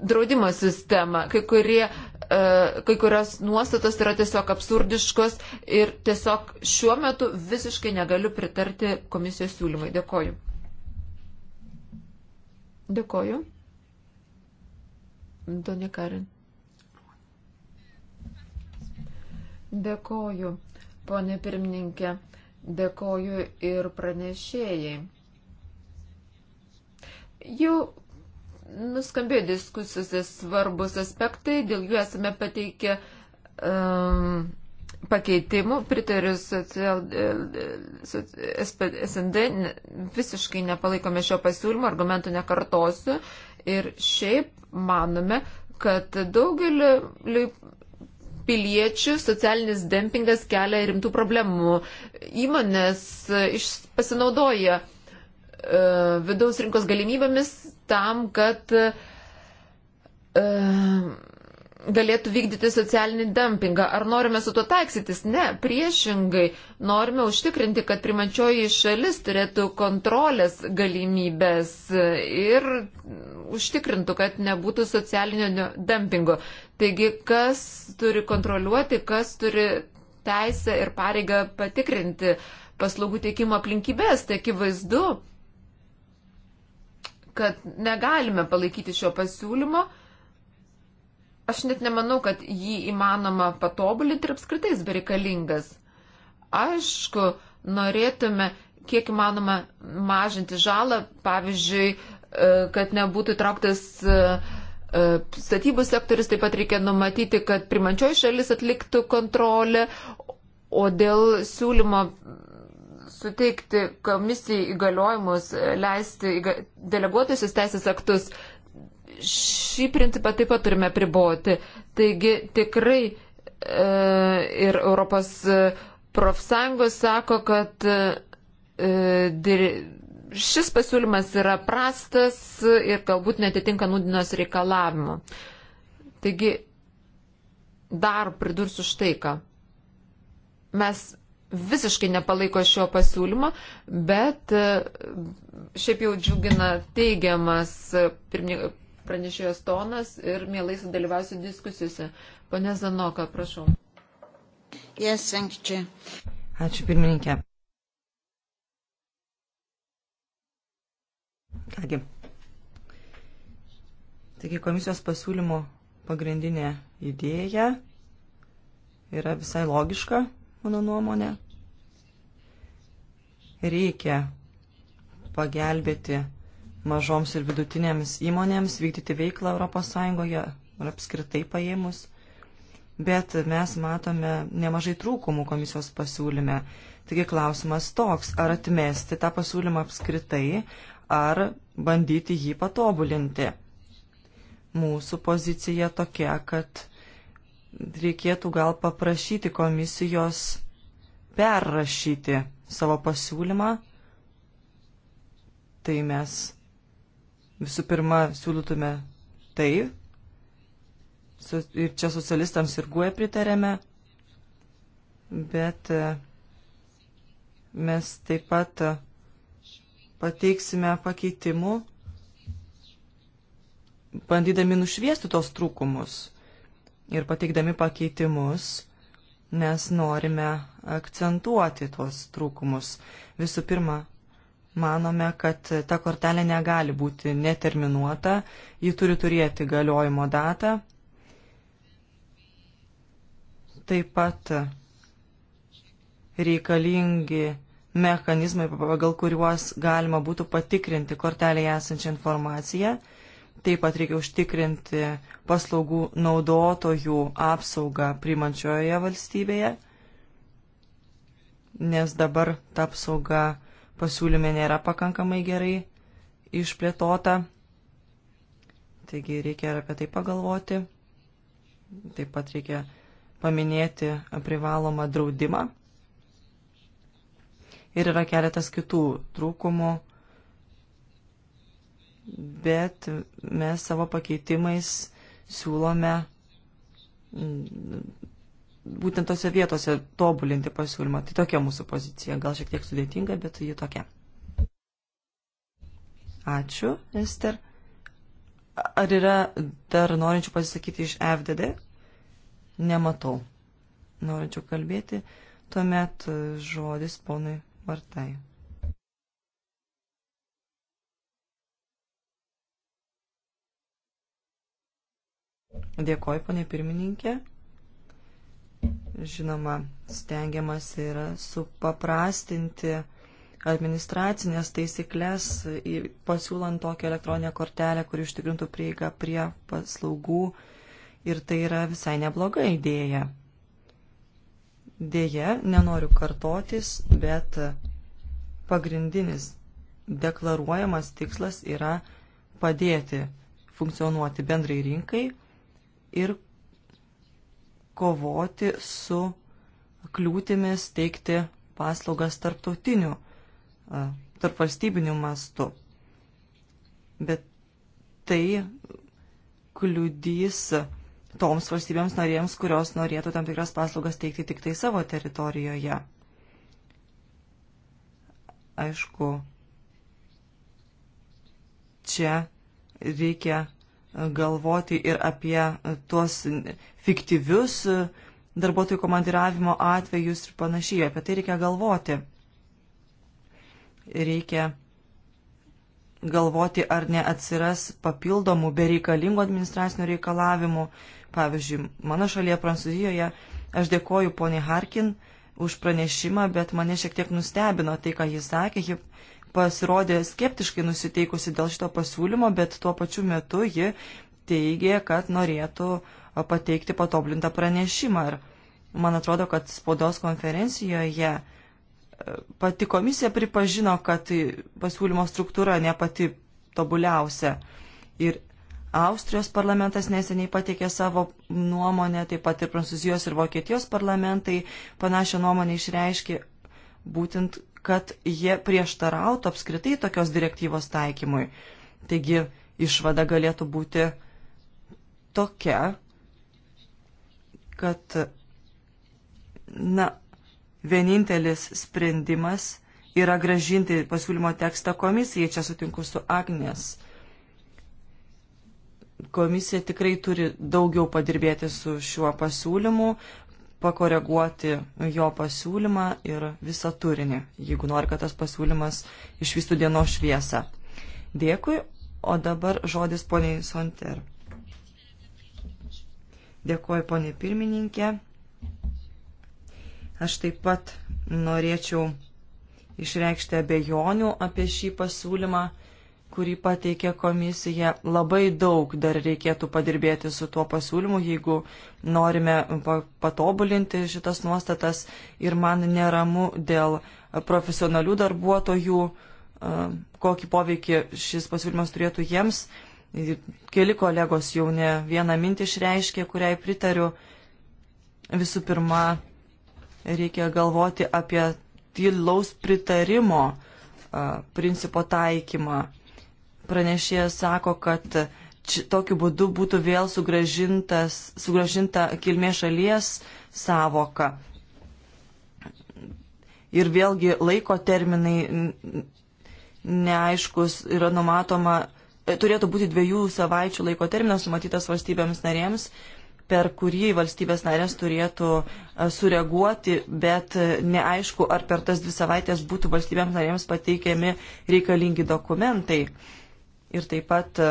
draudimo sistema. Kai, kurie, kai kurios nuostatos yra tiesiog absurdiškos ir tiesiog šiuo metu visiškai negaliu pritarti komisijos siūlymui. Dėkoju. Dėkoju. Donė Karin. Dėkoju, ponė pirmininkė, dėkoju ir pranešėjai. Jau nuskambėjo diskusijose svarbus aspektai, dėl jų esame pateikę um, pakeitimų, pritariu social, eh, eh, SND, visiškai nepalaikome šio pasiūlymo, argumentų nekartosiu, Ir šiaip manome, kad daugeliu piliečių socialinis dempingas kelia rimtų problemų. Įmonės e, pasinaudoja e, vidaus rinkos galimybėmis tam, kad e, galėtų vykdyti socialinį dumpingą. Ar norime su tuo taiksytis? Ne, priešingai norime užtikrinti, kad primančioji šalis turėtų kontrolės galimybės ir užtikrintų, kad nebūtų socialinio dumpingo. Taigi, kas turi kontroliuoti, kas turi teisę ir pareigą patikrinti paslaugų teikimo aplinkybės, tai akivaizdu, kad negalime palaikyti šio pasiūlymo Aš net nemanau, kad jį įmanoma patobulinti ir apskritai jis bereikalingas. Aišku, norėtume kiek įmanoma mažinti žalą, pavyzdžiui, e, kad nebūtų įtrauktas e, e, statybų sektorius, taip pat reikia numatyti, kad primančioji šalis atliktų kontrolę, o dėl siūlymo suteikti komisijai įgaliojimus, leisti deleguotusius teisės aktus, šį principą taip pat turime priboti. Taigi tikrai e, ir Europos profsąjungos sako, kad e, dir, šis pasiūlymas yra prastas ir galbūt netitinka nudinos reikalavimo. Taigi dar pridursiu štai ką. Mes visiškai nepalaiko šio pasiūlymo, bet e, šiaip jau džiugina teigiamas pirmininkas pranešėjos tonas ir mielai sudalyvausiu diskusijose. Pane Zanoka, prašau. Yes, Ačiū pirmininkė. Kągi. Taigi komisijos pasiūlymo pagrindinė idėja yra visai logiška, mano nuomonė. Reikia pagelbėti mažoms ir vidutinėms įmonėms vykdyti veiklą ES ir apskritai paėmus. Bet mes matome nemažai trūkumų komisijos pasiūlyme. Taigi klausimas toks, ar atmesti tą pasiūlymą apskritai, ar bandyti jį patobulinti. Mūsų pozicija tokia, kad reikėtų gal paprašyti komisijos perrašyti savo pasiūlymą. Tai mes Visų pirma, siūlytume tai, ir čia socialistams ir guoja pritarėme, bet e, mes taip pat e, pateiksime pakeitimų, bandydami nušviesti tos trūkumus ir pateikdami pakeitimus mes norime akcentuoti tuos trūkumus. Visų pirma, manome, kad ta kortelė negali būti neterminuota, ji turi turėti galiojimo datą. Taip pat reikalingi mechanizmai, pagal kuriuos galima būtų patikrinti kortelėje esančią informaciją. Taip pat reikia užtikrinti paslaugų naudotojų apsaugą primančioje valstybėje, nes dabar ta apsauga pasiūlyme nėra pakankamai gerai išplėtota. Taigi reikia ir apie tai pagalvoti. Taip pat reikia paminėti privalomą draudimą. Ir yra keletas kitų trūkumų, bet mes savo pakeitimais siūlome būtent tose vietose tobulinti pasiūlymą. Tai tokia mūsų pozicija. Gal šiek tiek sudėtinga, bet ji tokia. Ačiū, Ester. Ar yra dar norinčių pasisakyti iš FDD? Nematau. Norinčių kalbėti. Tuomet žodis ponui Martai. Dėkoju, ponė pirmininkė. Žinoma, stengiamas yra supaprastinti administracinės taisyklės, pasiūlant tokią elektroninę kortelę, kuri užtikrintų prieigą prie paslaugų. Ir tai yra visai nebloga idėja. Deja, nenoriu kartotis, bet pagrindinis deklaruojamas tikslas yra padėti funkcionuoti bendrai rinkai ir kovoti su kliūtimis teikti paslaugas tarptautiniu, tarp valstybiniu mastu. Bet tai kliudys toms valstybėms narėms, kurios norėtų tam tikras paslaugas teikti tik tai savo teritorijoje. Aišku, čia reikia galvoti ir apie tuos fiktyvius darbuotojų komandiravimo atvejus ir panašiai. Apie tai reikia galvoti. Reikia galvoti, ar neatsiras papildomų bereikalingų administracinių reikalavimų. Pavyzdžiui, mano šalyje Prancūzijoje aš dėkoju poniai Harkin už pranešimą, bet mane šiek tiek nustebino tai, ką jis sakė pasirodė skeptiškai nusiteikusi dėl šito pasiūlymo, bet tuo pačiu metu ji teigė, kad norėtų pateikti patoblintą pranešimą. Ir man atrodo, kad spaudos konferencijoje pati komisija pripažino, kad tai pasiūlymo struktūra ne pati tobuliausia. Ir Austrijos parlamentas neseniai pateikė savo nuomonę, taip pat ir Prancūzijos ir Vokietijos parlamentai panašią nuomonę išreiškė būtent kad jie prieštarautų apskritai tokios direktyvos taikymui. Taigi išvada galėtų būti tokia, kad, na, vienintelis sprendimas yra gražinti pasiūlymo tekstą komisijai. Čia sutinku su Agnes. Komisija tikrai turi daugiau padirbėti su šiuo pasiūlymu pakoreguoti jo pasiūlymą ir visą turinį, jeigu nori, kad tas pasiūlymas išvystų dienos šviesą. Dėkui, o dabar žodis poniai Sonter. Dėkuoju, poniai pirmininkė. Aš taip pat norėčiau išreikšti abejonių apie šį pasiūlymą kurį pateikė komisija. Labai daug dar reikėtų padirbėti su tuo pasiūlymu, jeigu norime patobulinti šitas nuostatas ir man neramu dėl profesionalių darbuotojų, kokį poveikį šis pasiūlymas turėtų jiems. Keli kolegos jau ne vieną mintį išreiškė, kuriai pritariu. Visų pirma, reikia galvoti apie tylaus pritarimo principo taikymą pranešėjas sako, kad či, tokiu būdu būtų vėl sugražinta kilmės šalies savoka. Ir vėlgi laiko terminai neaiškus yra numatoma, e, turėtų būti dviejų savaičių laiko terminas numatytas valstybėms narėms, per kurį valstybės narės turėtų e, sureaguoti, bet e, neaišku, ar per tas dvi savaitės būtų valstybėms narėms pateikiami reikalingi dokumentai ir taip pat e,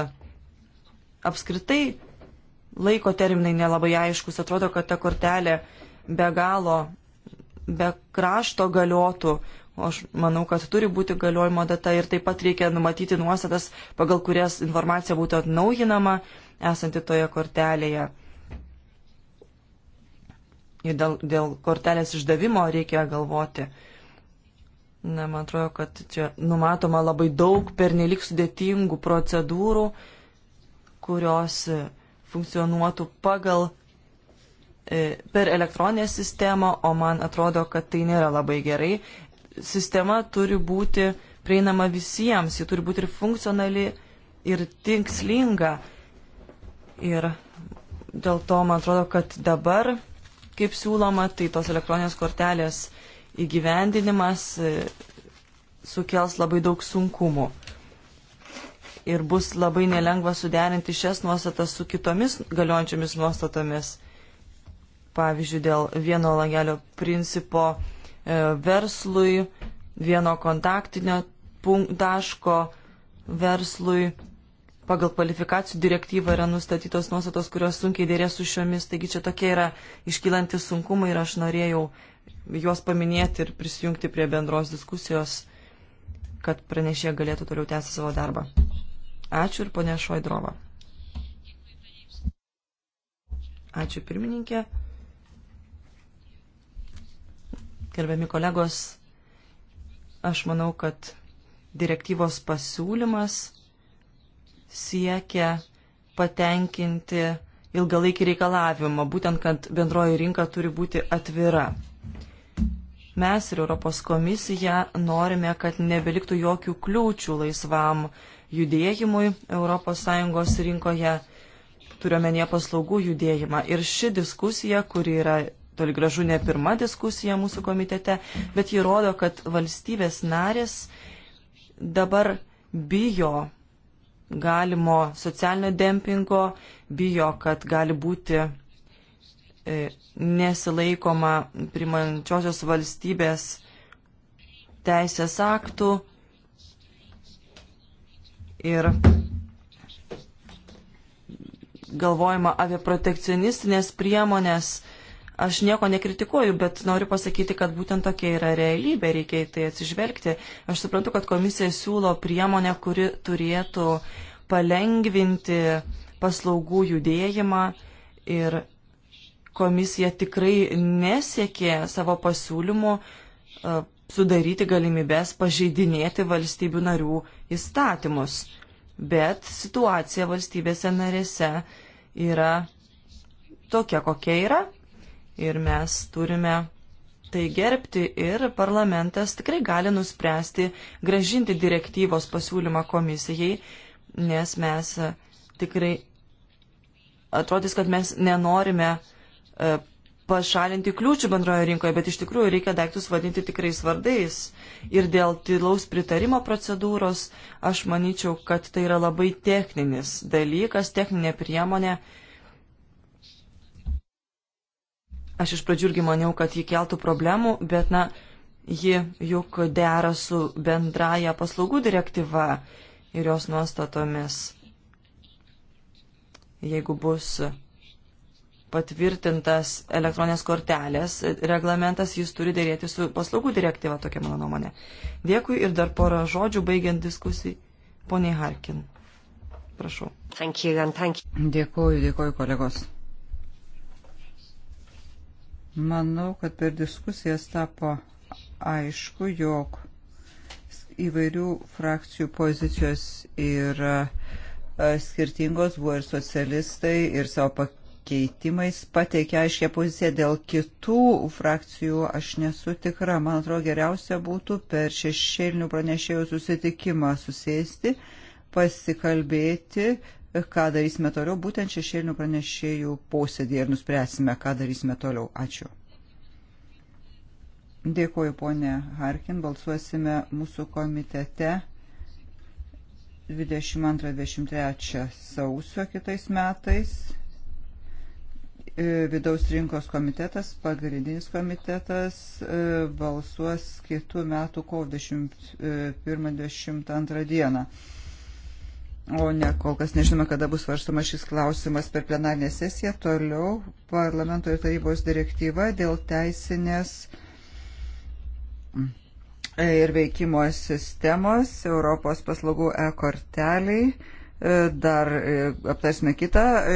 apskritai laiko terminai nelabai aiškus. Atrodo, kad ta kortelė be galo, be krašto galiotų. O aš manau, kad turi būti galiojimo data ir taip pat reikia numatyti nuostatas, pagal kurias informacija būtų atnaujinama esanti toje kortelėje. Ir dėl, dėl kortelės išdavimo reikia galvoti. Uh, Na, man atrodo, kad čia numatoma labai daug pernelik sudėtingų procedūrų, kurios e, funkcionuotų pagal e, per elektroninę sistemą, o man atrodo, kad tai nėra labai gerai. Sistema turi būti prieinama visiems, ji turi būti ir funkcionali, ir tikslinga. Ir dėl to man atrodo, kad dabar, kaip siūloma, tai tos elektroninės kortelės uh, įgyvendinimas e, sukels labai daug sunkumų. Ir bus labai nelengva suderinti šias nuostatas su kitomis galiojančiomis nuostatomis. Pavyzdžiui, dėl vieno langelio principo e, verslui, vieno kontaktinio taško verslui. Pagal kvalifikacijų direktyvą yra nustatytos nuostatos, kurios sunkiai dėrės su šiomis. Taigi čia tokie yra iškylantis sunkumai ir aš norėjau uh, juos paminėti ir prisijungti prie bendros diskusijos, kad pranešė galėtų toliau tęsti savo darbą. Ačiū ir ponė Šoidrova. Ačiū pirmininkė. Gerbiami kolegos, aš manau, kad direktyvos pasiūlymas siekia patenkinti ilgalaikį reikalavimą, būtent, kad bendroji rinka turi būti atvira. Mes ir Europos komisija norime, kad nebeliktų jokių kliūčių laisvam judėjimui ES rinkoje, turiuomenė paslaugų judėjimą. Ir ši diskusija, kuri yra toli gražu ne pirma diskusija mūsų komitete, bet ji rodo, kad valstybės narės dabar bijo galimo socialinio dempingo, bijo, kad gali būti E, nesilaikoma primančiosios valstybės teisės aktų ir galvojama apie protekcionistinės priemonės. Aš nieko nekritikuoju, bet noriu pasakyti, kad būtent tokia yra realybė, reikia į tai atsižvelgti. Aš suprantu, kad komisija siūlo priemonę, kuri turėtų palengvinti paslaugų judėjimą ir komisija tikrai nesiekė savo pasiūlymų e, sudaryti galimybės pažeidinėti valstybių narių įstatymus. Bet situacija valstybėse narėse yra tokia, kokia yra. Ir mes turime tai gerbti ir parlamentas tikrai gali nuspręsti gražinti direktyvos pasiūlymą komisijai, nes mes tikrai atrodys, kad mes nenorime uh, E, pašalinti kliūčių bendroje rinkoje, bet iš tikrųjų reikia daiktus vadinti tikrais vardais. Ir dėl tylaus pritarimo procedūros aš manyčiau, kad tai yra labai techninis dalykas, techninė priemonė. Aš iš pradžių irgi maniau, kad jį keltų problemų, bet na, ji juk dera su bendraja paslaugų direktyva ir jos nuostatomis. Jeigu bus patvirtintas elektroninės kortelės reglamentas, jis turi dėrėti su paslaugų direktyva, tokia mano nuomonė. Dėkui ir dar porą žodžių baigiant diskusijai. Poniai Harkin, prašau. Thank you, thank you. Dėkuoju, dėkuoju kolegos. Manau, kad per diskusijas tapo aišku, jog įvairių frakcijų pozicijos yra e, skirtingos, buvo ir socialistai, ir savo pakeitimais pateikė aiškę poziciją dėl kitų frakcijų, aš nesu tikra. Man atrodo, geriausia būtų per šešėlinių pranešėjų susitikimą susėsti, pasikalbėti, ką darysime toliau, būtent šešėlinių pranešėjų posėdį ir nuspręsime, ką darysime toliau. Ačiū. Dėkuoju, ponė Harkin, balsuosime mūsų komitete 22-23 sausio kitais metais. E, vidaus rinkos komitetas, pagrindinis komitetas, e, balsuos kitų metų kovo 21-22 e, dieną. O ne, kol kas nežinome, kada bus svarstama šis klausimas per plenarinę sesiją. Toliau parlamento ir tarybos direktyva dėl teisinės ir veikimo sistemos Europos paslaugų e-korteliai E, dar e, aptarsime kitą e,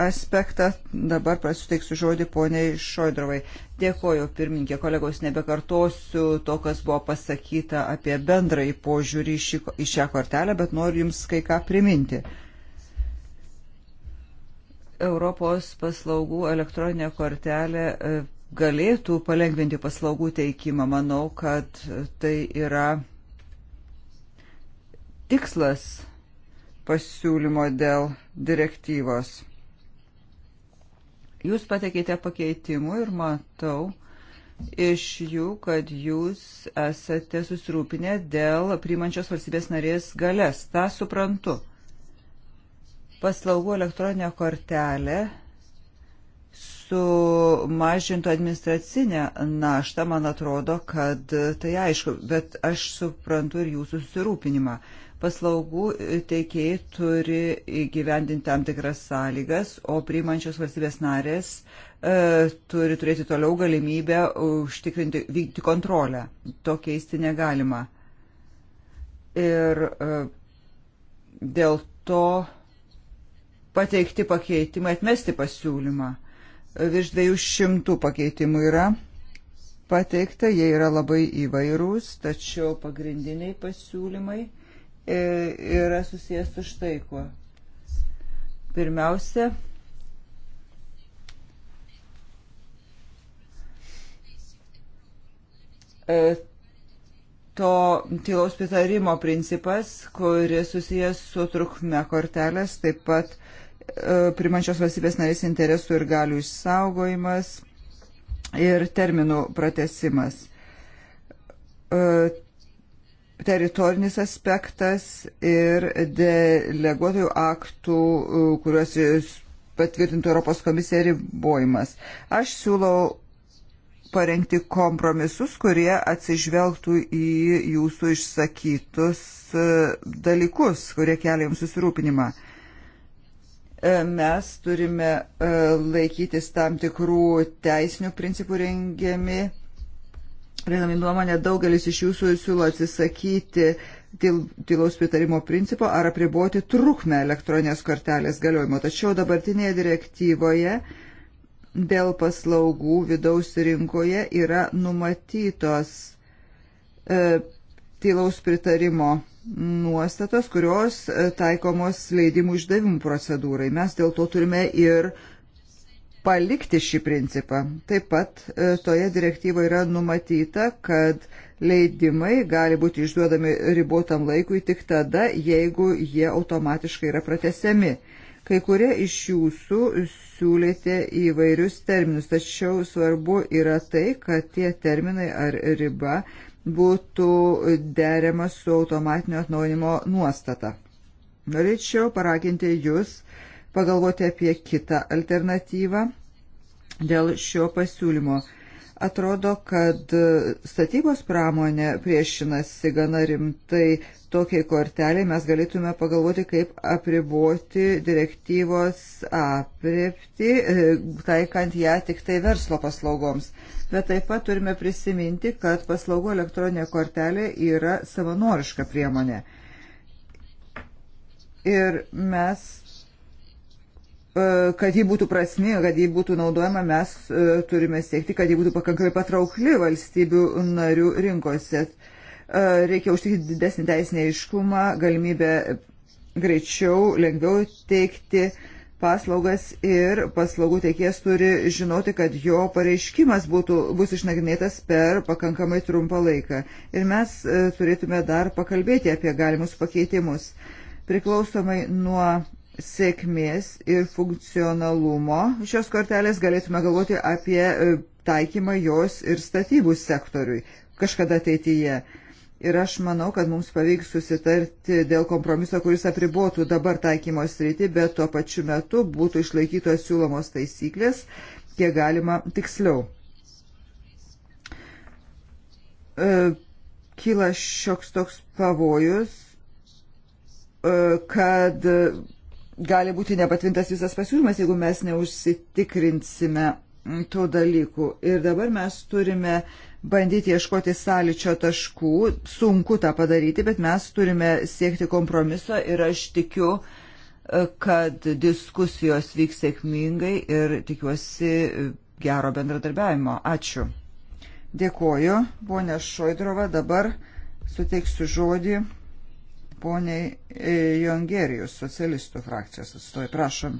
aspektą. Dabar pasiteiksiu žodį poniai Šoidrovai. Dėkoju, pirmininkė, kolegos, nebekartosiu to, kas buvo pasakyta apie bendrąjį požiūrį į šią kortelę, bet noriu Jums kai ką priminti. Europos paslaugų elektroninė kortelė galėtų palengvinti paslaugų teikimą. Manau, kad tai yra tikslas pasiūlymo dėl direktyvos. Jūs pateikėte pakeitimų ir matau iš jų, kad jūs esate susirūpinę dėl priimančios valstybės narės galės. Ta suprantu. Paslaugų elektroninė kortelė sumažintų administracinę naštą, man atrodo, kad tai aišku, bet aš suprantu ir jūsų susirūpinimą. Paslaugų e, teikėjai turi įgyvendinti tam tikras sąlygas, o priimančios valstybės narės e, turi turėti toliau galimybę užtikrinti, vykdyti kontrolę. To keisti negalima. Ir e, dėl to pateikti pakeitimą, atmesti pasiūlymą. E, virš 200 pakeitimų yra pateikta, jie yra labai įvairūs, tačiau pagrindiniai pasiūlymai E, yra susijęs su štai kuo. Pirmiausia, e, to tylaus pritarimo principas, kuris susijęs su trukme kortelės, taip pat e, primančios valstybės narės interesų ir galių išsaugojimas ir terminų pratesimas. E, teritorinis aspektas ir deleguotojų aktų, kuriuos patvirtintų Europos komisija ribojimas. Aš siūlau parengti kompromisus, kurie atsižvelgtų į jūsų išsakytus e, dalykus, kurie kelia jums susirūpinimą. E, mes turime e, laikytis tam tikrų teisinių principų rengiami prieinami nuomonę, daugelis iš jūsų siūlo atsisakyti tylaus pritarimo principo ar apriboti trukmę elektroninės kortelės galiojimo. Tačiau dabartinėje direktyvoje dėl paslaugų vidaus rinkoje yra numatytos e, tylaus pritarimo nuostatos, kurios e, taikomos leidimų išdavimų procedūrai. Mes dėl to turime ir e, palikti šį principą. Taip pat e, toje direktyvoje yra numatyta, kad leidimai gali būti išduodami ribotam laikui tik tada, jeigu jie automatiškai yra pratesiami. Kai kurie iš jūsų siūlėte įvairius terminus, tačiau svarbu yra tai, kad tie terminai ar riba būtų derima su automatinio atnaujinimo nuostata. Norėčiau paraginti jūs uh, pagalvoti apie kitą alternatyvą dėl šio pasiūlymo. Atrodo, kad statybos pramonė priešinasi gana rimtai tokiai korteliai, mes galėtume pagalvoti, kaip apriboti direktyvos apriepti, e, taikant ją tik tai verslo paslaugoms. Bet taip pat turime prisiminti, kad paslaugų elektroninė kortelė yra savanoriška priemonė. Ir mes E, kad ji būtų prasminga, kad ji būtų naudojama, mes e, turime siekti, kad ji būtų pakankamai patraukli valstybių narių rinkose. E, reikia užtikrinti didesnį teisinį aiškumą, galimybę greičiau, lengviau teikti paslaugas ir paslaugų teikėjas turi žinoti, kad jo pareiškimas būtų, bus išnagrinėtas per pakankamai trumpą laiką. Ir mes turėtume dar pakalbėti apie galimus pakeitimus. Priklausomai nuo sėkmės ir funkcionalumo šios kortelės galėtume galvoti apie e, taikymą jos ir statybų sektoriui kažkada ateityje. Ir aš manau, kad mums pavyks susitarti dėl kompromiso, kuris apribotų dabar taikymo sritį, bet tuo pačiu metu būtų išlaikytos siūlomos taisyklės, kiek galima tiksliau. E, kyla šioks toks pavojus, e, kad gali būti nepatvintas visas pasiūlymas, jeigu mes neužsitikrinsime tų dalykų. Ir dabar mes turime bandyti ieškoti sąlyčio taškų. Sunku tą padaryti, bet mes turime siekti kompromiso ir aš tikiu, e, kad diskusijos vyks sėkmingai ir tikiuosi gero bendradarbiavimo. Ačiū. Dėkoju, ponė Šoidrova, dabar suteiksiu žodį poniai e, Jongerijus, socialistų frakcijos atstovai. Prašom.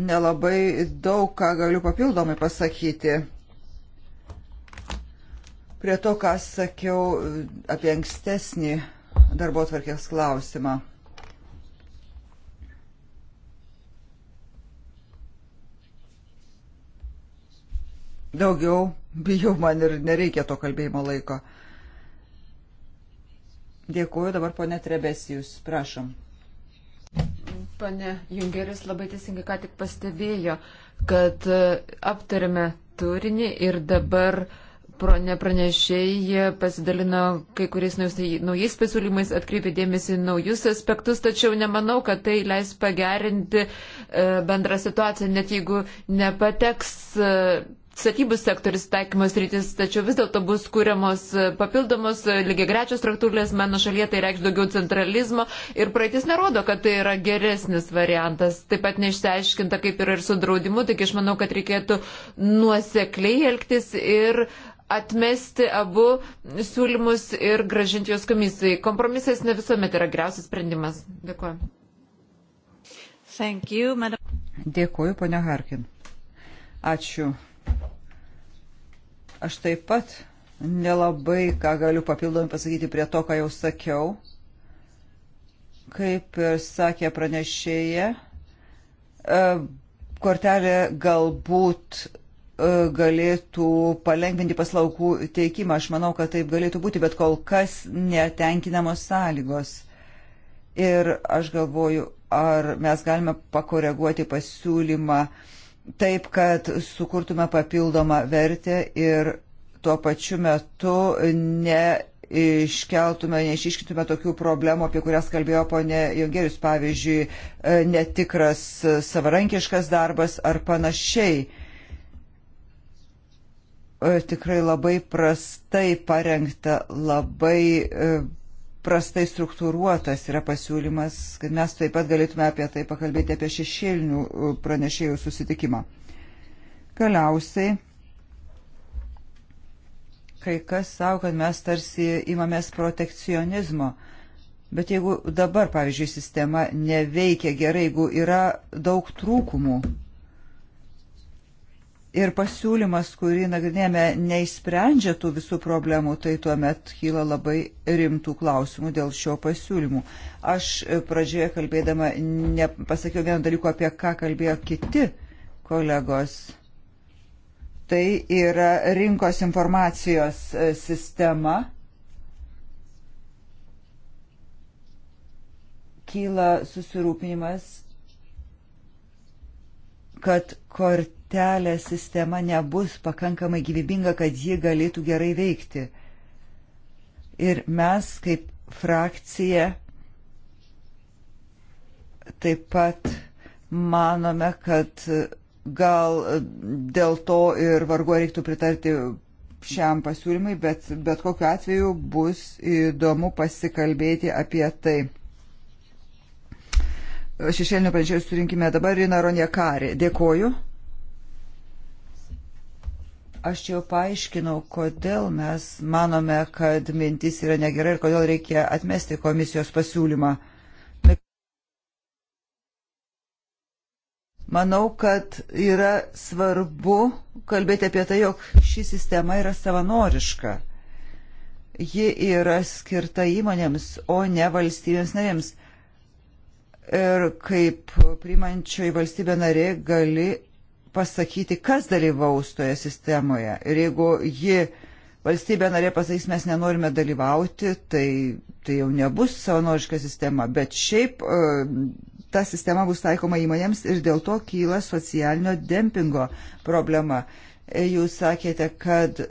Nelabai daug ką galiu papildomai pasakyti. Prie to, ką sakiau apie ankstesnį darbo tvarkės klausimą. Daugiau bijau man ir nereikia to kalbėjimo laiko. Dėkuoju dabar ponė Trebesijus. Prašom. Pane Jungeris labai teisingai ką tik pastebėjo, kad e, aptarėme turinį ir dabar nepranešėjai pasidalino kai kuriais naujais pasiūlymais, atkreipė dėmesį naujus aspektus, tačiau nemanau, kad tai leis pagerinti e, bendrą situaciją, net jeigu nepateks e, statybų sektorius taikymos rytis, tačiau vis dėlto bus kūriamos e, papildomos e, lygiai grečios struktūrės, mano šalyje tai reikš daugiau centralizmo ir praeitis nerodo, kad tai yra geresnis variantas. Taip pat neišsiaiškinta, kaip yra ir su draudimu, tik aš manau, kad reikėtų nuosekliai elgtis ir atmesti abu siūlymus ir gražinti juos komisijai. Kompromisas ne visuomet yra geriausias sprendimas. Dėkuoju. Thank you, madam. Dėkuoju, ponia Harkin. Ačiū, Aš taip pat nelabai ką galiu papildomai pasakyti prie to, ką jau sakiau. Kaip ir sakė pranešėja, e, kortelė galbūt e, galėtų palengvinti paslaugų teikimą. Aš manau, kad taip galėtų būti, bet kol kas netenkinamos sąlygos. Ir aš galvoju, ar mes galime pakoreguoti pasiūlymą uh, taip, kad sukurtume papildomą vertę ir tuo pačiu metu neiškeltume, neišiškintume tokių problemų, apie kurias kalbėjo ponė Jungerius, pavyzdžiui, e, netikras savarankiškas darbas ar panašiai e, tikrai labai prastai parengta, labai e, prastai struktūruotas yra pasiūlymas, kad mes taip pat galėtume apie tai pakalbėti apie šešėlinių uh, pranešėjų susitikimą. Galiausiai, kai kas savo, kad mes tarsi imamės protekcionizmo, bet jeigu dabar, pavyzdžiui, sistema neveikia gerai, jeigu yra daug trūkumų, ir pasiūlymas, kurį nagrinėjame, neįsprendžia tų visų problemų, tai tuomet kyla labai rimtų klausimų dėl šio pasiūlymų. Aš e, pradžioje kalbėdama nepasakiau vieno dalyko, apie ką kalbėjo kiti kolegos. Tai yra rinkos informacijos e, sistema. Kyla susirūpinimas, kad kortelė kortelės sistema nebus pakankamai gyvybinga, kad ji galėtų gerai veikti. Ir mes kaip frakcija taip pat manome, kad gal dėl to ir vargu reiktų pritarti šiam pasiūlymui, bet bet kokiu atveju bus įdomu pasikalbėti apie tai. Šešėlinio pranešėjų surinkime dabar Rina Ronjakari. Dėkoju. Aš jau paaiškinau, kodėl mes manome, kad mintis yra negera ir kodėl reikia atmesti komisijos pasiūlymą. Manau, kad yra svarbu kalbėti apie tai, jog ši sistema yra savanoriška. Ji yra skirta įmonėms, o ne valstybėms narėms. Ir kaip primančioji valstybė narė gali pasakyti, kas dalyvaus toje sistemoje. Ir jeigu ji valstybė narė pasakys, mes nenorime dalyvauti, tai, tai jau nebus savanoriška sistema. Bet šiaip e, ta sistema bus taikoma įmonėms ir dėl to kyla socialinio dempingo problema. E, jūs sakėte, kad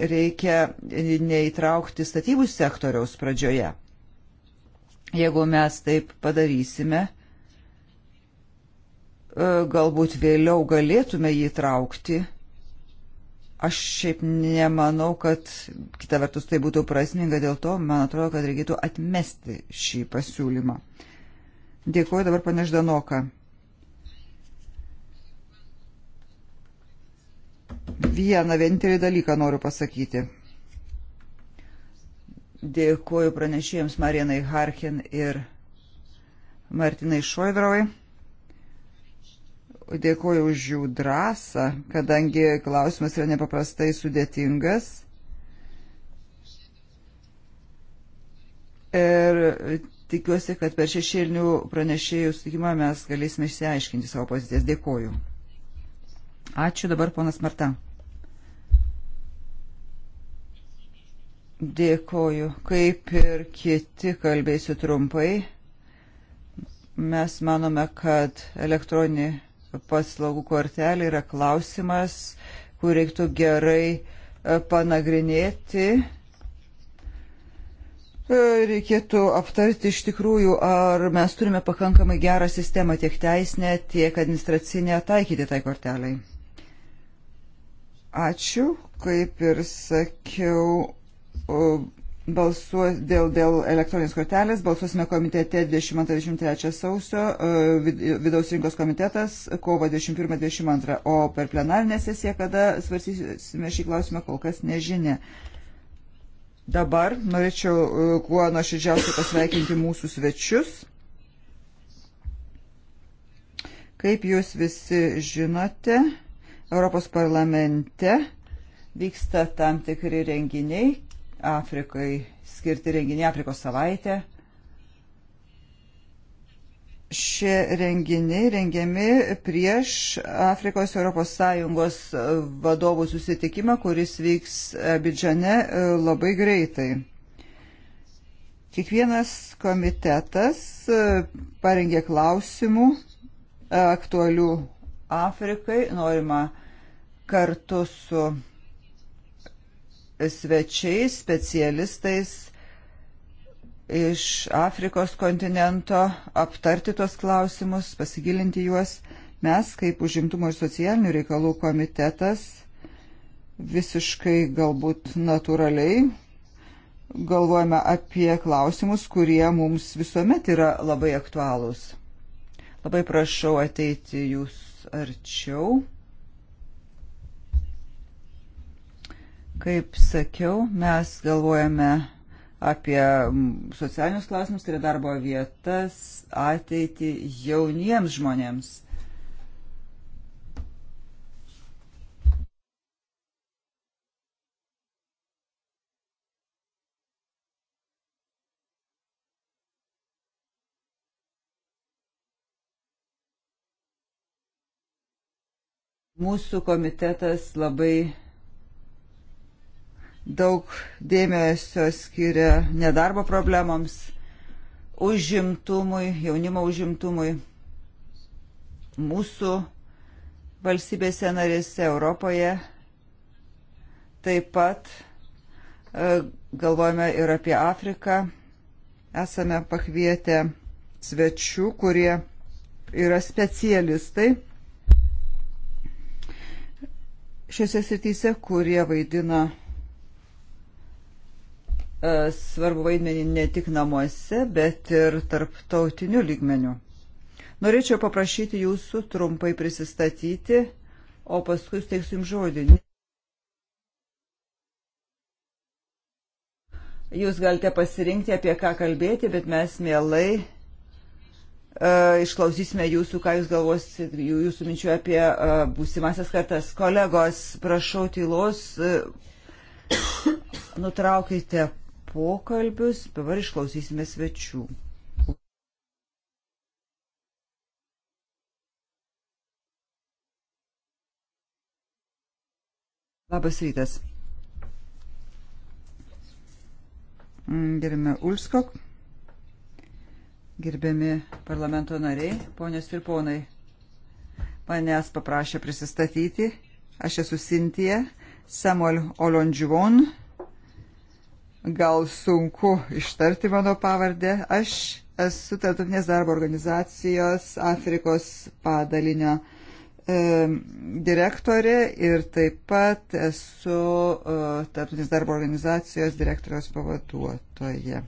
reikia neįtraukti statybų sektoriaus pradžioje. Jeigu mes taip padarysime, E, galbūt vėliau galėtume jį traukti. Aš šiaip nemanau, kad kita vertus tai būtų prasminga, dėl to man atrodo, kad reikėtų atmesti šį pasiūlymą. Dėkuoju dabar paneždanoką. Vieną vienintelį dalyką noriu pasakyti. Dėkuoju pranešėjams Marienai Harkin ir Martinai Šoidrovai dėkoju už jų drąsą, kadangi klausimas yra nepaprastai sudėtingas. Ir tikiuosi, kad per šešėlinių pranešėjų sutikimą mes galėsime išsiaiškinti savo pozicijas. Dėkoju. Ačiū dabar, ponas Marta. Dėkoju. Kaip ir kiti, kalbėsiu trumpai mes manome, kad elektroninė paslaugų kortelė yra klausimas, kur reiktų gerai e, panagrinėti. E, reikėtų aptarti iš tikrųjų, ar mes turime pakankamai gerą sistemą tiek teisinę, tiek administracinę taikyti tai korteliai. Ačiū, kaip ir sakiau, balsuos dėl, dėl elektroninės kortelės, balsuosime komitete 22-23 sausio, e, vidaus rinkos komitetas kovo 21-22, o per plenarinę sesiją, kada svarstysime šį klausimą, kol kas nežinia. Dabar norėčiau e, kuo nuoširdžiausiai pasveikinti mūsų svečius. Kaip jūs visi žinote, Europos parlamente vyksta tam tikri renginiai, Afrikai skirti renginį Afrikos savaitę. Šie renginiai rengiami prieš Afrikos ES vadovų susitikimą, kuris vyks Abidžane labai greitai. Kiekvienas komitetas parengė klausimų aktualių Afrikai, norima kartu su svečiais, specialistais iš Afrikos kontinento, aptarti tos klausimus, pasigilinti juos. Mes, kaip užimtumo ir socialinių reikalų komitetas, visiškai galbūt natūraliai galvojame apie klausimus, kurie mums visuomet yra labai aktualūs. Labai prašau ateiti jūs arčiau. Kaip sakiau, mes galvojame apie socialinius klausimus, tai yra darbo vietas, ateitį jauniems žmonėms. Mūsų komitetas labai daug dėmesio skiria nedarbo problemams, užimtumui, jaunimo užimtumui. Mūsų valstybėse narėse Europoje taip pat e, galvojame ir apie Afriką. Esame pakvietę svečių, kurie yra specialistai šiuose srityse, kurie vaidina E, svarbu vaidmenį ne tik namuose, bet ir tarptautiniu lygmeniu. Norėčiau paprašyti jūsų trumpai prisistatyti, o paskui steiksiu jums žodį. Jūs galite pasirinkti, apie ką kalbėti, bet mes mielai e, išklausysime jūsų, ką jūs galvosit, jūsų minčių apie e, būsimasias kartas. Kolegos, prašau tylos, e, nutraukite pokalbius, dabar išklausysime svečių. Labas rytas. Mm, Gerime Ulskok, gerbiami parlamento nariai, ponios ir ponai. Manęs paprašė prisistatyti. Aš esu Sintija Samuel Olondžiuvon, gal sunku ištarti mano pavardę. Aš esu Tartutinės darbo organizacijos Afrikos padalinio e, direktorė ir taip pat esu e, Tartutinės darbo organizacijos direktoriaus pavaduotoje.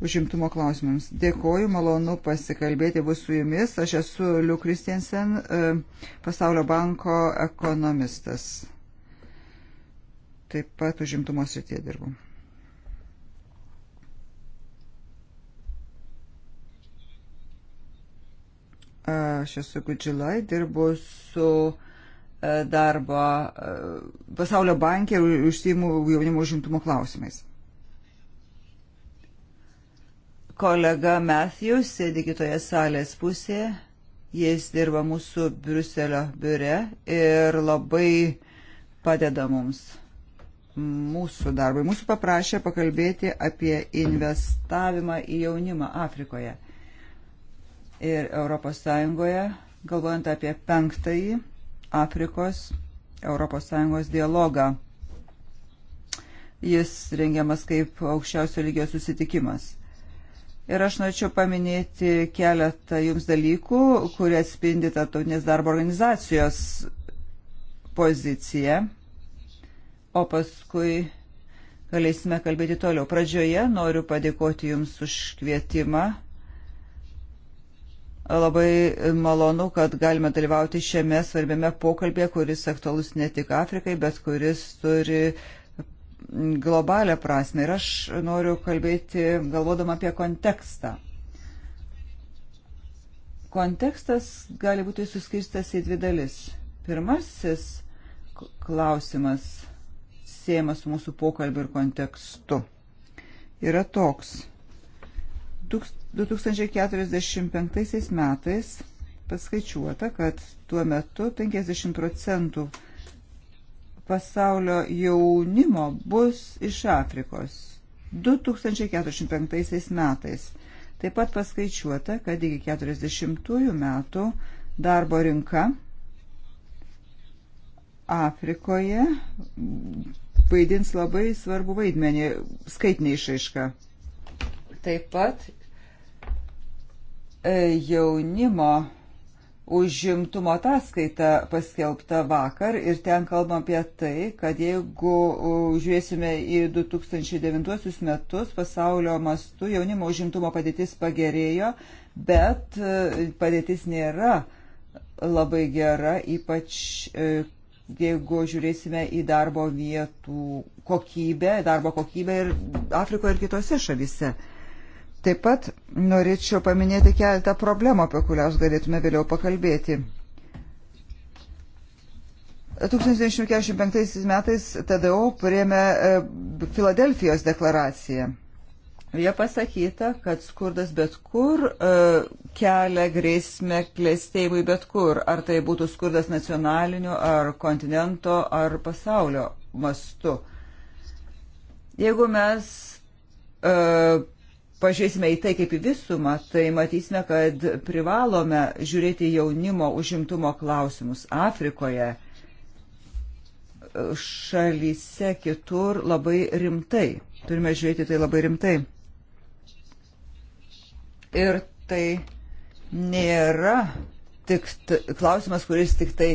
Užimtumo klausimams. Dėkoju, malonu pasikalbėti bus su jumis. Aš esu Liu Kristiansen, e, Pasaulio banko ekonomistas. Taip pat užimtumo srityje dirbu. Aš esu Gudžilai, dirbu su e, darbo e, pasaulio bankė ir užsiimu jaunimo užimtumo klausimais. Kolega Matthews sėdi kitoje salės pusėje, jis dirba mūsų Briuselio biure ir labai padeda mums mūsų darbui. Mūsų paprašė pakalbėti apie investavimą į jaunimą Afrikoje ir ES, galvojant apie penktąjį Afrikos ES dialogą. Jis rengiamas kaip aukščiausio lygio susitikimas. Ir aš norėčiau paminėti keletą jums dalykų, kurie atspindi Tartautinės darbo organizacijos poziciją, o paskui galėsime kalbėti toliau. Pradžioje noriu padėkoti Jums už kvietimą Labai malonu, kad galime dalyvauti šiame svarbiame pokalbėje, kuris aktualus ne tik Afrikai, bet kuris turi globalią prasme. Ir aš noriu kalbėti galvodama apie kontekstą. Kontekstas gali būti suskirstas į dvi dalis. Pirmasis klausimas siejamas su mūsų pokalbiu ir kontekstu yra toks. Tūkst... 2045 metais paskaičiuota, kad tuo metu 50 procentų pasaulio jaunimo bus iš Afrikos. 2045 metais. Taip pat paskaičiuota, kad iki 40 metų darbo rinka Afrikoje vaidins labai svarbu vaidmenį skaitinį išaišką. Taip pat jaunimo užimtumo ataskaita paskelbta vakar ir ten kalbam apie tai, kad jeigu žiūrėsime į 2009 metus, pasaulio mastu jaunimo užimtumo padėtis pagerėjo, bet e, padėtis nėra labai gera, ypač e, jeigu žiūrėsime į darbo vietų kokybę, darbo kokybę ir Afrikoje ir kitose šalyse. Taip pat norėčiau paminėti keletą problemų, apie kurias galėtume vėliau pakalbėti. 1945 metais TDO priėmė e, Filadelfijos deklaraciją. Jie pasakyta, kad skurdas bet kur e, kelia grėsmę klėstėjimui bet kur, ar tai būtų skurdas nacionaliniu, ar kontinento, ar pasaulio mastu. Jeigu mes e, pažiūrėsime į tai kaip į visumą, tai matysime, kad privalome žiūrėti jaunimo užimtumo klausimus Afrikoje, šalyse kitur labai rimtai. Turime žiūrėti tai labai rimtai. Ir tai nėra tik klausimas, kuris tik tai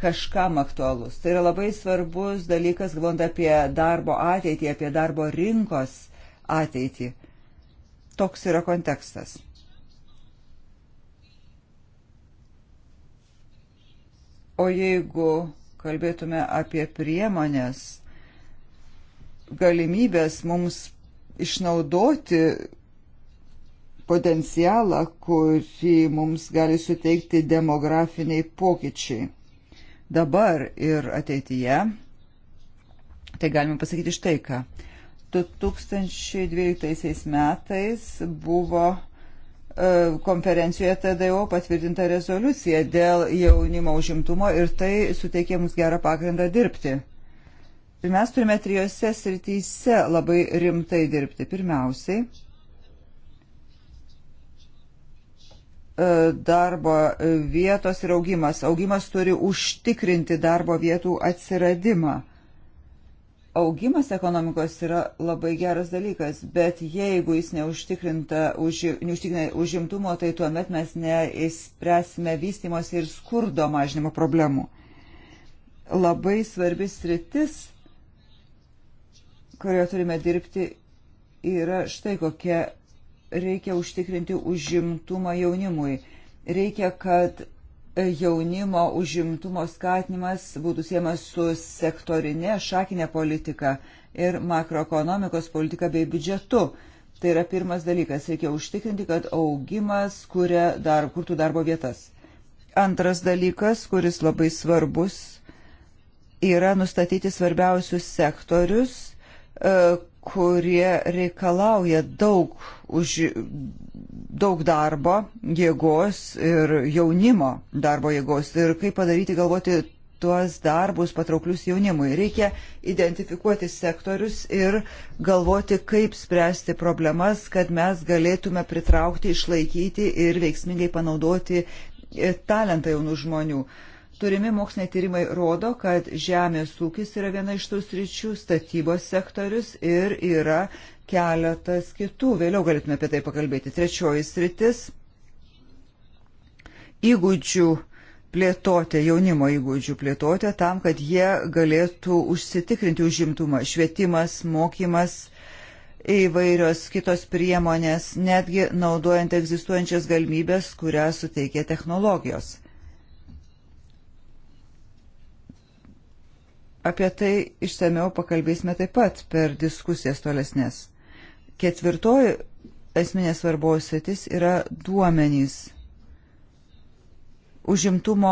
kažkam aktualus. Tai yra labai svarbus dalykas, galvojant apie darbo ateitį, apie darbo rinkos ateitį. Toks yra kontekstas. O jeigu kalbėtume apie priemonės, galimybės mums išnaudoti potencialą, kurį mums gali suteikti demografiniai pokyčiai. Dabar ir ateityje, tai galime pasakyti štai ką. 2012 metais buvo e, konferencijoje TDO patvirtinta rezoliucija dėl jaunimo užimtumo ir tai suteikė mums gerą pagrindą dirbti. Ir mes turime trijose srityse labai rimtai dirbti. Pirmiausiai, e, darbo vietos ir augimas. Augimas turi užtikrinti darbo vietų atsiradimą augimas ekonomikos yra labai geras dalykas, bet jeigu jis neužtikrinta, už, neužtikrina užimtumo, tai tuomet mes neįspręsime vystimos ir skurdo mažinimo problemų. Labai svarbis rytis, kurioje turime dirbti, yra štai kokia reikia užtikrinti užimtumą jaunimui. Reikia, kad jaunimo užimtumo skatinimas būtų siemas su sektorinė, šakinė politika ir makroekonomikos politika bei biudžetu. Tai yra pirmas dalykas. Reikia užtikrinti, kad augimas kuria dar, kurtų darbo vietas. Antras dalykas, kuris labai svarbus, yra nustatyti svarbiausius sektorius, e, kurie reikalauja daug, už, daug darbo, jėgos ir jaunimo darbo jėgos. Ir kaip padaryti, galvoti tuos darbus patrauklius jaunimui. Reikia identifikuoti sektorius ir galvoti, kaip spręsti problemas, kad mes galėtume pritraukti, išlaikyti ir veiksmingai panaudoti talentą jaunų žmonių. Uh, turimi moksliniai tyrimai rodo, kad žemės ūkis yra viena iš tų sričių, statybos sektorius ir yra keletas kitų. Vėliau galėtume apie tai pakalbėti. Trečioji sritis - įgūdžių plėtotė, jaunimo įgūdžių plėtotė, tam, kad jie galėtų užsitikrinti užimtumą. Švietimas, mokymas, įvairios kitos priemonės, netgi naudojant egzistuojančias galimybės, kurias suteikia technologijos. Apie tai išsameu pakalbėsime taip pat per diskusijas tolesnės. Ketvirtoji esminės svarbos sėtis yra duomenys. Užimtumo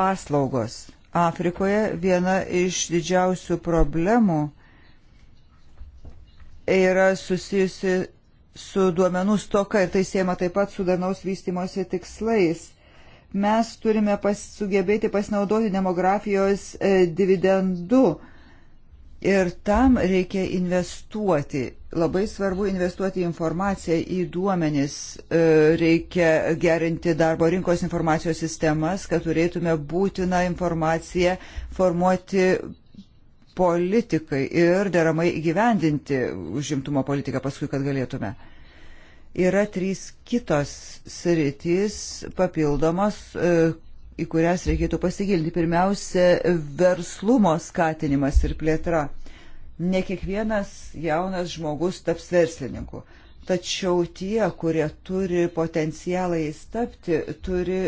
paslaugos. Afrikoje viena iš didžiausių problemų yra susijusi su duomenų stoka ir tai siema taip pat su darnaus vystimosi tikslais mes turime pas, sugebėti pasinaudoti demografijos e, dividendu. Ir tam reikia investuoti. Labai svarbu investuoti į informaciją, į duomenis. E, reikia gerinti darbo rinkos informacijos sistemas, kad turėtume būtiną informaciją formuoti politikai ir deramai įgyvendinti užimtumo politiką paskui, kad galėtume. E, Yra trys kitos sritys papildomos, e, į kurias reikėtų pasigilinti. Pirmiausia, verslumo skatinimas ir plėtra. Ne kiekvienas jaunas žmogus taps verslininku. Tačiau tie, kurie turi potencialą įstapti, turi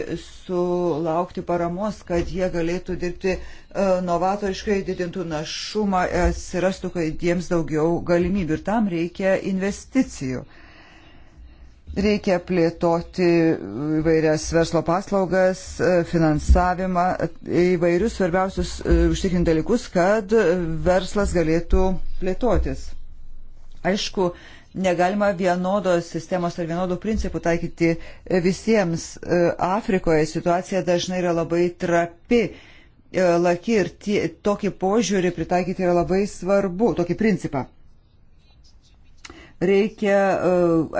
sulaukti paramos, kad jie galėtų dirbti e, novatoriškai, didintų našumą, e, atsirastų jiems daugiau galimybių. Ir tam reikia investicijų. Uh, Reikia plėtoti įvairias verslo paslaugas, finansavimą, įvairius svarbiausius e, užtikrinti dalykus, kad verslas galėtų plėtotis. Aišku, negalima vienodos sistemos ar vienodų principų taikyti visiems. E, Afrikoje situacija dažnai yra labai trapi, e, laki ir tie, tokį požiūrį pritaikyti yra labai svarbu, tokį principą reikia e,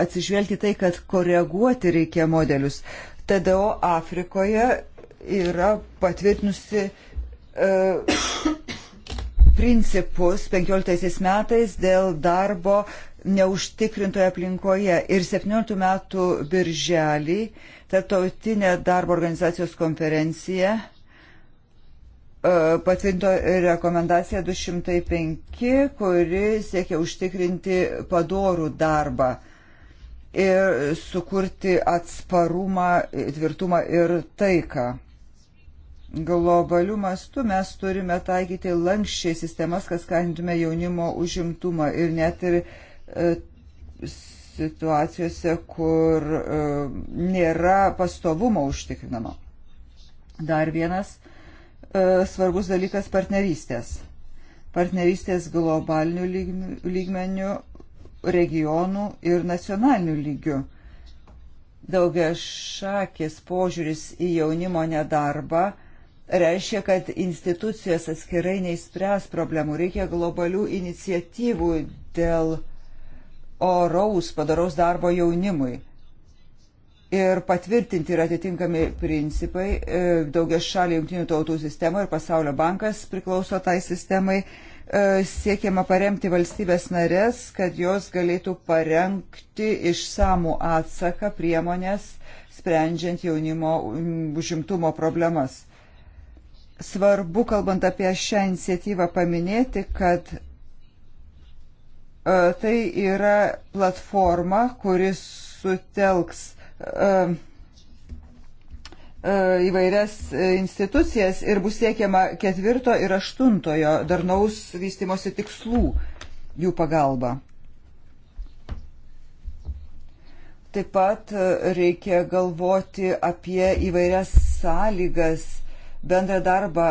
atsižvelgti tai, kad koreguoti reikia modelius. TDO Afrikoje yra patvirtinusi e, principus 15 metais dėl darbo neužtikrintoje aplinkoje ir 17 metų birželį Tartautinė darbo organizacijos konferencija E, patvirtinto rekomendacija 205, kuri siekia užtikrinti padorų darbą ir sukurti atsparumą, tvirtumą ir taiką. Globalių mastų mes turime taikyti lankščiai sistemas, kas skatintume jaunimo užimtumą ir net ir e, situacijose, kur e, nėra pastovumo užtikrinama. Dar vienas e, E, svarbus dalykas partnerystės. Partnerystės globalinių lygmenių, regionų ir nacionalinių lygių. Daugia šakis požiūris į jaunimo nedarbą reiškia, kad institucijos atskirai neįspręs problemų. Reikia globalių iniciatyvų dėl oraus, padaraus darbo jaunimui ir patvirtinti yra atitinkami principai. E, daugia šaliai jungtinių tautų sistema ir pasaulio bankas priklauso tai sistemai. E, siekiama paremti valstybės narės, kad jos galėtų parengti išsamų atsaką priemonės, sprendžiant jaunimo mm, užimtumo problemas. Svarbu, kalbant apie šią iniciatyvą, paminėti, kad e, tai yra platforma, kuris sutelks E, e, įvairias institucijas ir bus siekiama ketvirto ir aštuntojo darnaus vystimosi tikslų jų pagalba. Taip pat reikia galvoti apie įvairias sąlygas, bendrą darbą,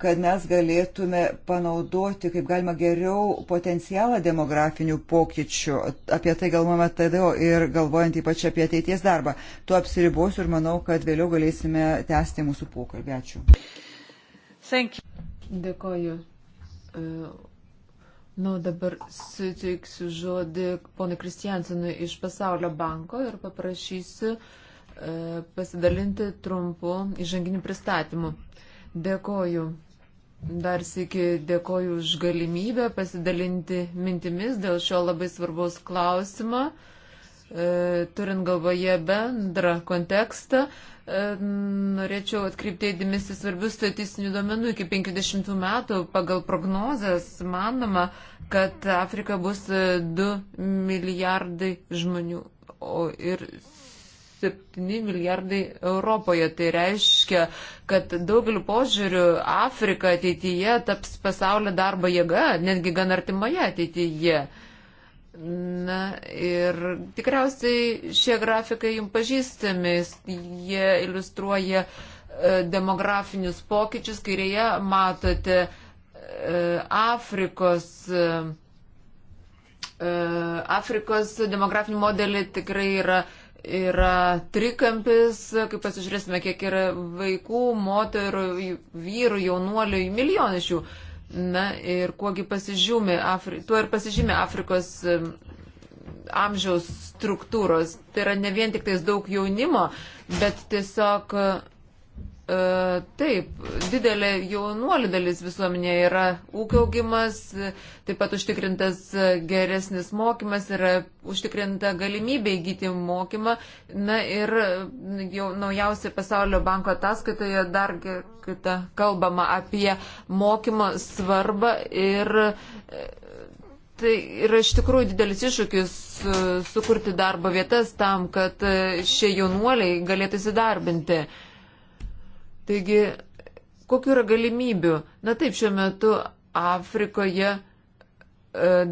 kad mes galėtume panaudoti kaip galima geriau potencialą demografinių pokyčių. Apie tai galvojame tada ir galvojant ypač apie ateities darbą. Tuo apsiribosiu ir manau, kad vėliau galėsime tęsti mūsų pokalbį. Ačiū. Dėkoju. E, Na, nu, dabar suteiksiu žodį ponui Kristiansenui iš Pasaulio banko ir paprašysiu e, pasidalinti trumpu įžanginiu pristatymu. Dėkoju. Dar sėki dėkoju už galimybę pasidalinti mintimis dėl šio labai svarbaus klausimo, e, turint galvoje bendrą kontekstą. E, norėčiau atkreipti įdėmėsi svarbių statistinių duomenų. Iki 50 metų pagal prognozes manoma, kad Afrika bus 2 milijardai žmonių o, ir 7 milijardai Europoje. Tai reiškia, kad daugeliu požiūrių Afrika ateityje taps pasaulio darbo jėga, netgi gan artimoje ateityje. Na ir tikriausiai šie grafikai jums pažįstami, jie iliustruoja e, demografinius pokyčius. Kairėje matote e, Afrikos e, Afrikos demografinį modelį tikrai yra yra trikampis, kaip pasižiūrėsime, kiek yra vaikų, moterų, vyrų, jaunuolių, milijonai šių. Na ir kuogi pasižymė, Afri... tuo ir pasižymė Afrikos amžiaus struktūros. Tai yra ne vien tik tais daug jaunimo, bet tiesiog E, taip, didelė jaunuolį dalis visuomenėje yra ūkio augimas, taip pat užtikrintas geresnis mokymas, yra užtikrinta galimybė įgyti mokymą. Na ir jau naujausia pasaulio banko ataskaitoje dar kita kalbama apie mokymo svarbą ir e, tai yra iš tikrųjų didelis iššūkis sukurti darbo vietas tam, kad e, šie jaunuoliai galėtų įsidarbinti. Taigi, kokiu yra galimybių? Na taip, šiuo metu Afrikoje e,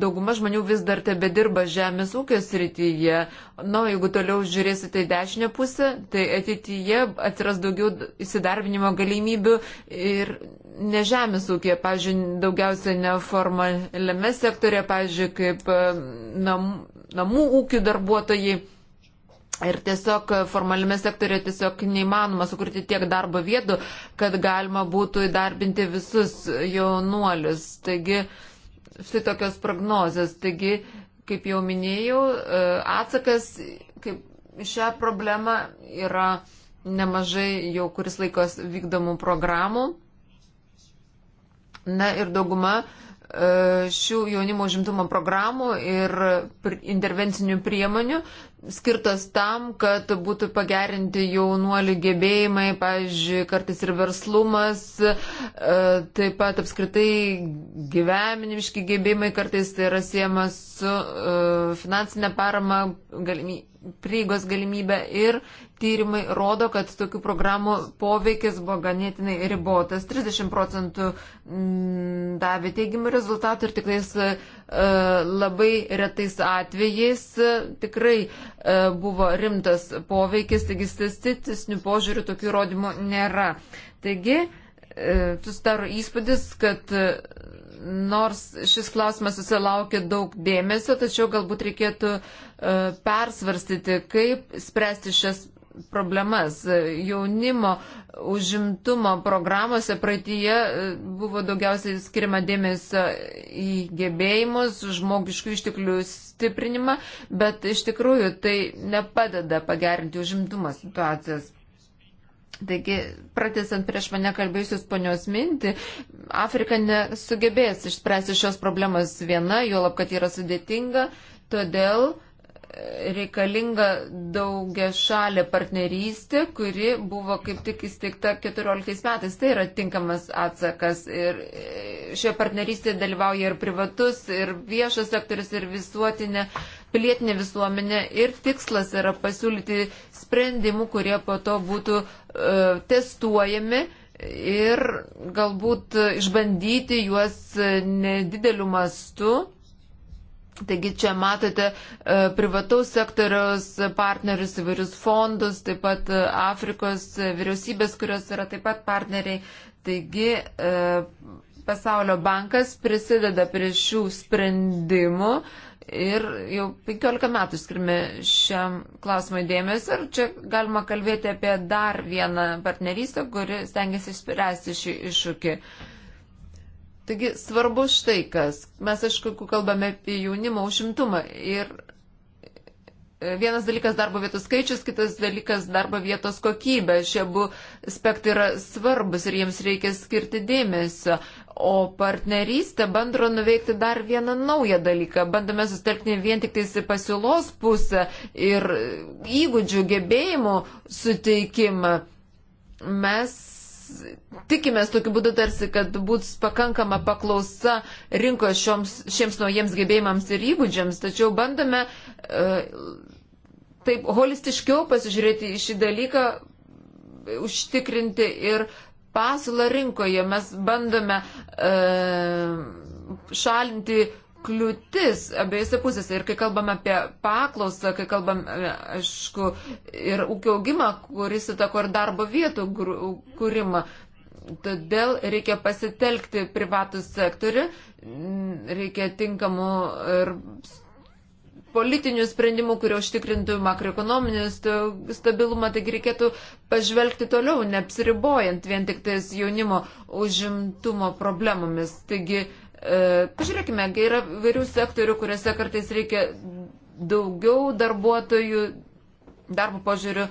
dauguma žmonių vis dar tebe dirba žemės ūkio srityje. Na, jeigu toliau žiūrėsite į dešinę pusę, tai ateityje atsiras daugiau įsidarbinimo galimybių ir ne žemės ūkio, pavyzdžiui, daugiausia neformaliame sektorėje, pavyzdžiui, kaip e, nam, namų ūkių darbuotojai. Ir tiesiog formalime sektorė tiesiog neįmanoma sukurti tiek darbo vietų, kad galima būtų įdarbinti visus jaunuolius. Taigi, štai tokios prognozės. Taigi, kaip jau minėjau, e, atsakas kaip šią problemą yra nemažai jau kuris laikos vykdomų programų. Na ir dauguma e, šių jaunimo užimtumo programų ir intervencinių priemonių skirtos tam, kad būtų pagerinti jaunuolių gebėjimai, pavyzdžiui, kartais ir verslumas, e, taip pat apskritai gyvenimiški gebėjimai, kartais tai yra siejama su e, finansinė parama, prieigos galimybę ir tyrimai rodo, kad tokių programų poveikis buvo ganėtinai ribotas. 30 procentų mm, davė teigiamų rezultatų ir tikrais e, labai retais atvejais e, tikrai e, buvo rimtas poveikis, taigi statistinių požiūrių tokių įrodymų nėra. Taigi, susidaro įspūdis, kad Nors šis klausimas susilaukė daug dėmesio, tačiau galbūt reikėtų e, persvarstyti, kaip spręsti šias problemas. Jaunimo užimtumo programuose praeitie e, buvo daugiausiai skirima dėmesio į gebėjimus, žmogiškų išteklių stiprinimą, bet iš tikrųjų tai nepadeda pagerinti užimtumo situacijos. Taigi, pratesant prieš mane kalbėjusius ponios mintį, Afrika nesugebės išspręsti šios problemos viena, juolab, kad yra sudėtinga, todėl e, reikalinga daugia šalė partnerystė, kuri buvo kaip tik įsteigta 14 metais. Tai yra tinkamas atsakas. Ir e, šioje partnerystėje dalyvauja ir privatus, ir viešas sektoris, ir visuotinė uh, pilietinė visuomenė ir tikslas yra pasiūlyti sprendimų, kurie po to būtų e, testuojami ir galbūt išbandyti juos nedideliu mastu. Taigi čia matote e, privataus sektoriaus partnerius, įvairius fondus, taip pat e, Afrikos vyriausybės, kurios yra taip pat partneriai. Taigi e, pasaulio bankas prisideda prie šių sprendimų. E, Ir jau 15 metų skirime šiam klausimui dėmesio ir čia galima kalbėti apie dar vieną partnerystę, kuri stengiasi išspręsti šį iššūkį. Taigi svarbu štai kas. Mes, aišku, kalbame apie jaunimo užimtumą ir e, vienas dalykas darbo vietų skaičius, kitas dalykas darbo vietos kokybė. Šie abu aspektai yra svarbus ir jiems reikia skirti dėmesio. O partnerystė bandro nuveikti dar vieną naują dalyką. Bandome sustelkti vien tik į pasiūlos pusę ir įgūdžių gebėjimų suteikimą. Mes tikimės tokiu būdu tarsi, kad bus pakankama paklausa rinkos šioms, šiems naujiems gebėjimams ir įgūdžiams, tačiau bandome uh, taip holistiškiau pasižiūrėti į šį dalyką, užtikrinti ir uh, pasiūlą rinkoje. Mes bandome e, šalinti kliūtis abiejose pusėse. Ir kai kalbam apie paklausą, kai kalbam, e, aišku, ir ūkio augimą, kuris įtako ir darbo vietų kūrimą. Todėl reikia pasitelkti privatų sektorių, reikia tinkamų ir politinių sprendimų, kurie užtikrintų makroekonominį stabilumą, taigi reikėtų pažvelgti toliau, neapsiribojant vien tik tais jaunimo užimtumo problemomis. Taigi, e, pažiūrėkime, yra vairių sektorių, kuriuose kartais reikia daugiau darbuotojų darbo požiūrių,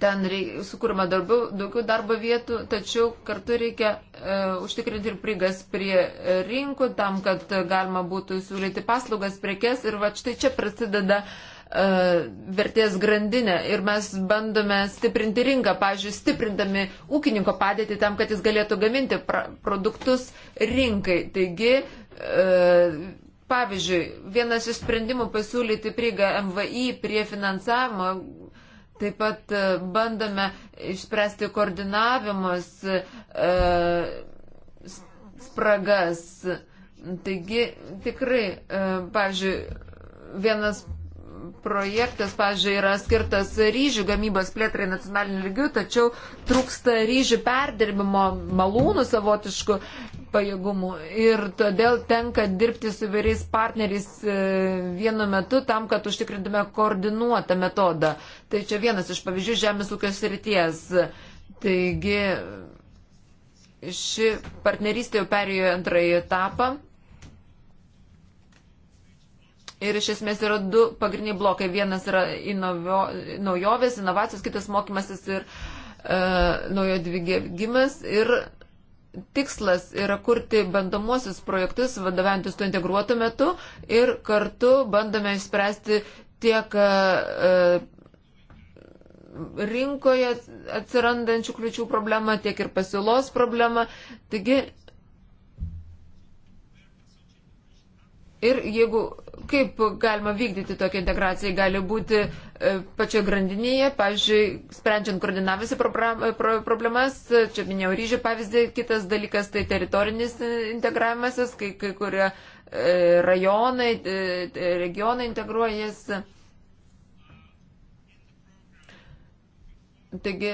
ten sukūrima daugiau darbo vietų, tačiau kartu reikia e, užtikrinti ir prigas prie rinkų, tam, kad galima būtų siūlyti paslaugas, prekes ir va štai čia prasideda e, vertės grandinė ir mes bandome stiprinti rinką, pavyzdžiui, stiprindami ūkininko padėtį tam, kad jis galėtų gaminti pra, produktus rinkai. Taigi, e, Pavyzdžiui, vienas iš sprendimų pasiūlyti prieigą MVI prie finansavimo Taip pat e, bandome išspręsti koordinavimus e, spragas. Taigi tikrai, e, pavyzdžiui, vienas projektas, pažiūrėjau, yra skirtas ryžių gamybos plėtrai nacionaliniu lygiu, tačiau trūksta ryžių perdirbimo malūnų savotiškų pajėgumų ir todėl tenka dirbti su vairiais partneriais e, vienu metu tam, kad užtikrintume koordinuotą metodą. Tai čia vienas iš pavyzdžių žemės ūkio srities. Taigi ši partnerystė jau perėjo antrąjį etapą Ir iš esmės yra du pagrindiniai blokai. Vienas yra inovio, naujovės, inovacijos, kitas mokymasis ir e, naujo dvigimas. Ir tikslas yra kurti bandomuosius projektus, vadovantis tuo integruotu metu ir kartu bandome išspręsti tiek e, rinkoje atsirandančių kliučių problemą, tiek ir pasiūlos problemą. Taigi Ir jeigu kaip galima vykdyti tokią integraciją, gali būti e, pačioje grandinėje, pavyzdžiui, sprendžiant koordinavimo e, problemas, e, čia minėjau ryžių pavyzdį, kitas dalykas tai teritorinis integravimasis, kai, kai kurie rajonai, regionai integruojasi. Taigi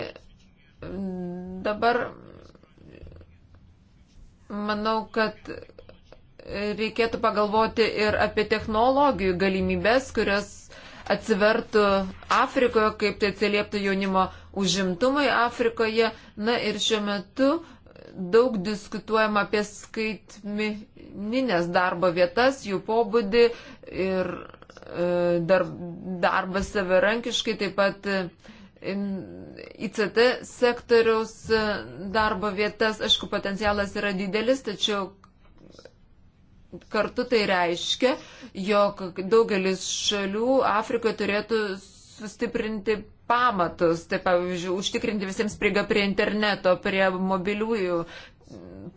dabar manau, kad reikėtų pagalvoti ir apie technologijų galimybės, kurios atsivertų Afrikoje, kaip tai atsilieptų jaunimo užimtumai Afrikoje. Na ir šiuo metu daug diskutuojama apie skaitmininės darbo vietas, jų pobūdį ir e, dar, darbas savarankiškai, taip pat e, ICT sektoriaus e, darbo vietas. Aišku, potencialas yra didelis, tačiau kartu tai reiškia, jog daugelis šalių Afrikoje turėtų sustiprinti pamatus, tai pavyzdžiui, užtikrinti visiems prieigą prie interneto, prie mobiliųjų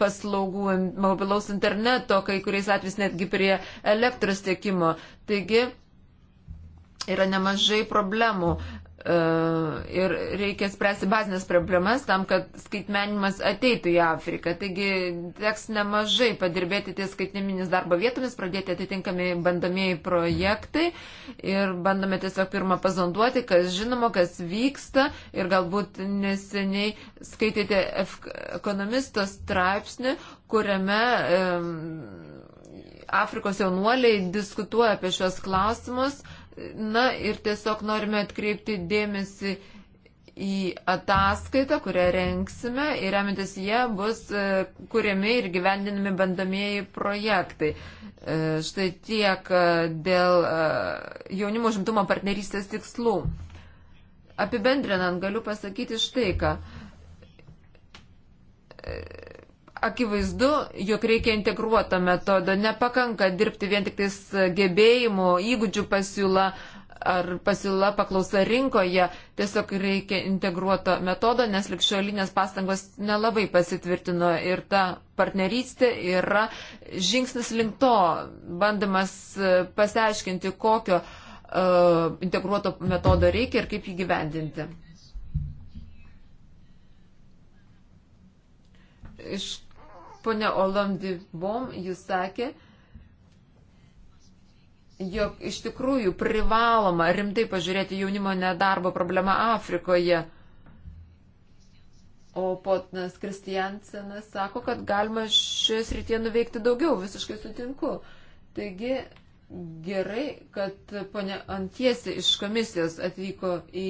paslaugų, mobilaus interneto, kai kuriais atvejais netgi prie elektros tiekimo. Taigi yra nemažai problemų. E, ir reikia spręsti bazinės problemas tam, kad skaitmenimas ateitų į Afriką. Taigi teks nemažai padirbėti ties skaitmenimis darbo vietomis, pradėti atitinkami bandomieji projektai ir bandome tiesiog pirmą pazonduoti, kas žinoma, kas vyksta ir galbūt neseniai skaitėte ekonomisto straipsnį, kuriame um, Afrikos jaunuoliai diskutuoja apie šios klausimus. Um, Na ir tiesiog norime atkreipti dėmesį į ataskaitą, kurią renksime ir remintis jie bus e, kuriami ir gyvendinami bandamieji projektai. E, štai tiek e, dėl jaunimo žimtumo partnerystės tikslų. Apibendrinant, galiu pasakyti štai ką akivaizdu, jog reikia integruoto metodo. Nepakanka dirbti vien tik tais gebėjimų, įgūdžių pasiūla ar pasiūla paklausa rinkoje. Tiesiog reikia integruoto metodo, nes likščiolinės pastangos nelabai pasitvirtino ir ta partnerystė yra žingsnis link to, bandamas e, pasiaiškinti, kokio uh, integruoto metodo reikia ir kaip jį gyvendinti. iš Pone Olamdi Bom, jūs sakė, jog iš tikrųjų privaloma rimtai pažiūrėti jaunimo nedarbo problemą Afrikoje. O potnas Kristiansenas sako, kad galima šioje srityje nuveikti daugiau, visiškai sutinku. Taigi gerai, kad ponė Antiesi iš komisijos atvyko į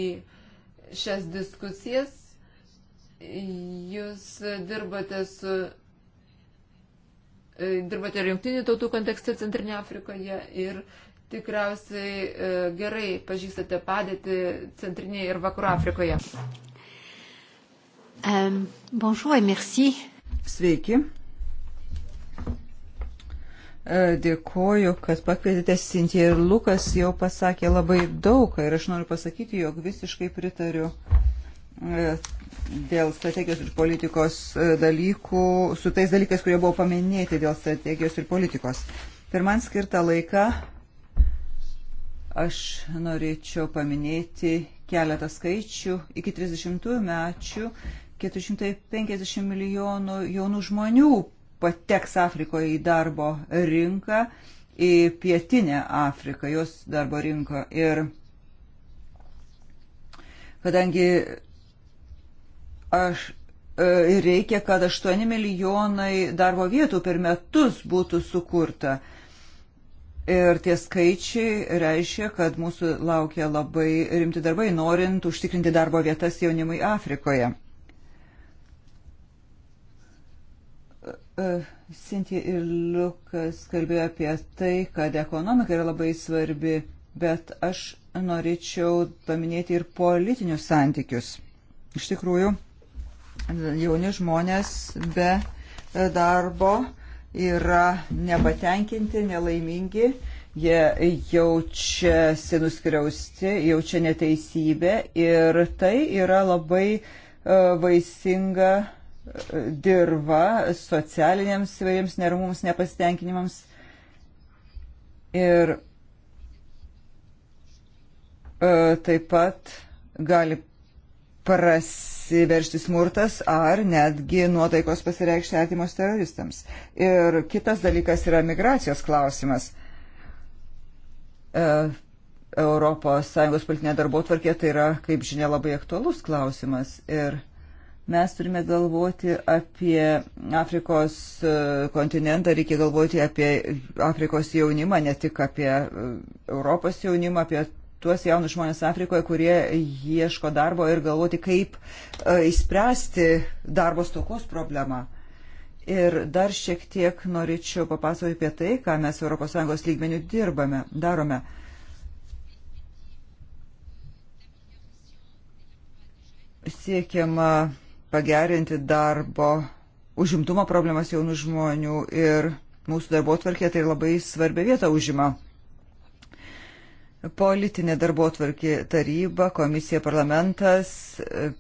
šias diskusijas. Jūs dirbate su E, dirbate ir jungtinių tautų kontekste Centrinė Afrikoje ir tikriausiai e, gerai pažįstate padėtį Centrinėje ir Vakarų Afrikoje. Um, bonjour et merci. Sveiki. E, dėkoju, kad pakvietėte Sintija ir Lukas jau pasakė labai daug ir aš noriu pasakyti, jog visiškai pritariu uh, E, dėl strategijos ir politikos e, dalykų, su tais dalykais, kurie buvo paminėti dėl strategijos ir politikos. Per man skirtą laiką aš norėčiau paminėti keletą skaičių. Iki 30 metų 450 milijonų jaunų žmonių pateks Afrikoje į darbo rinką, į pietinę Afriką, jos darbo rinką. Ir kadangi Aš e, reikia, kad 8 milijonai darbo vietų per metus būtų sukurta. Ir tie skaičiai reiškia, kad mūsų laukia labai rimti darbai, norint užtikrinti darbo vietas jaunimui Afrikoje. E, Sintija ir Lukas kalbėjo apie tai, kad ekonomika yra labai svarbi, bet aš norėčiau paminėti ir politinius santykius. Iš tikrųjų, jauni žmonės be e, darbo yra nepatenkinti, nelaimingi, jie jaučiasi nuskriausti, jaučia neteisybę ir tai yra labai e, vaisinga e, dirba socialiniams įvairiems neramums, nepasitenkinimams. Ir taip pat gali pras įsiveršti smurtas ar netgi nuotaikos pasireikšti artimos teroristams. Ir kitas dalykas yra migracijos klausimas. ES politinė darbo tvarkė tai yra, kaip žinia, labai aktualus klausimas. Ir mes turime galvoti apie Afrikos e, kontinentą, reikia galvoti apie Afrikos jaunimą, ne tik apie e, Europos jaunimą, apie tuos jaunus žmonės Afrikoje, kurie ieško darbo ir galvoti, kaip įspręsti e, darbo stokos problemą. Ir dar šiek tiek norėčiau papasakoti apie tai, ką mes ES lygmenių dirbame, darome. Siekiama pagerinti darbo užimtumo problemas jaunų žmonių ir mūsų darbo tvarkė tai labai svarbia vieta užima. Politinė darbo tvarkė taryba, komisija, parlamentas e,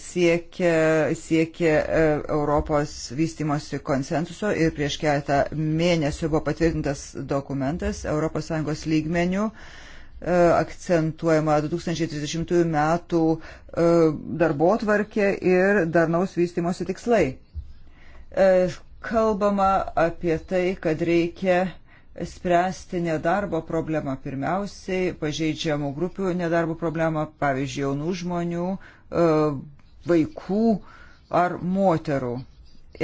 siekia, siekia e, Europos vystimosi konsensuso ir prieš keletą mėnesių buvo patvirtintas dokumentas ES lygmenių e, akcentuojama 2030 metų darbo tvarkė ir darnaus vystimosi tikslai. Kalbama apie tai, kad reikia spręsti nedarbo problemą pirmiausiai, pažeidžiamų grupių nedarbo problemą, pavyzdžiui, jaunų žmonių, e, vaikų ar moterų.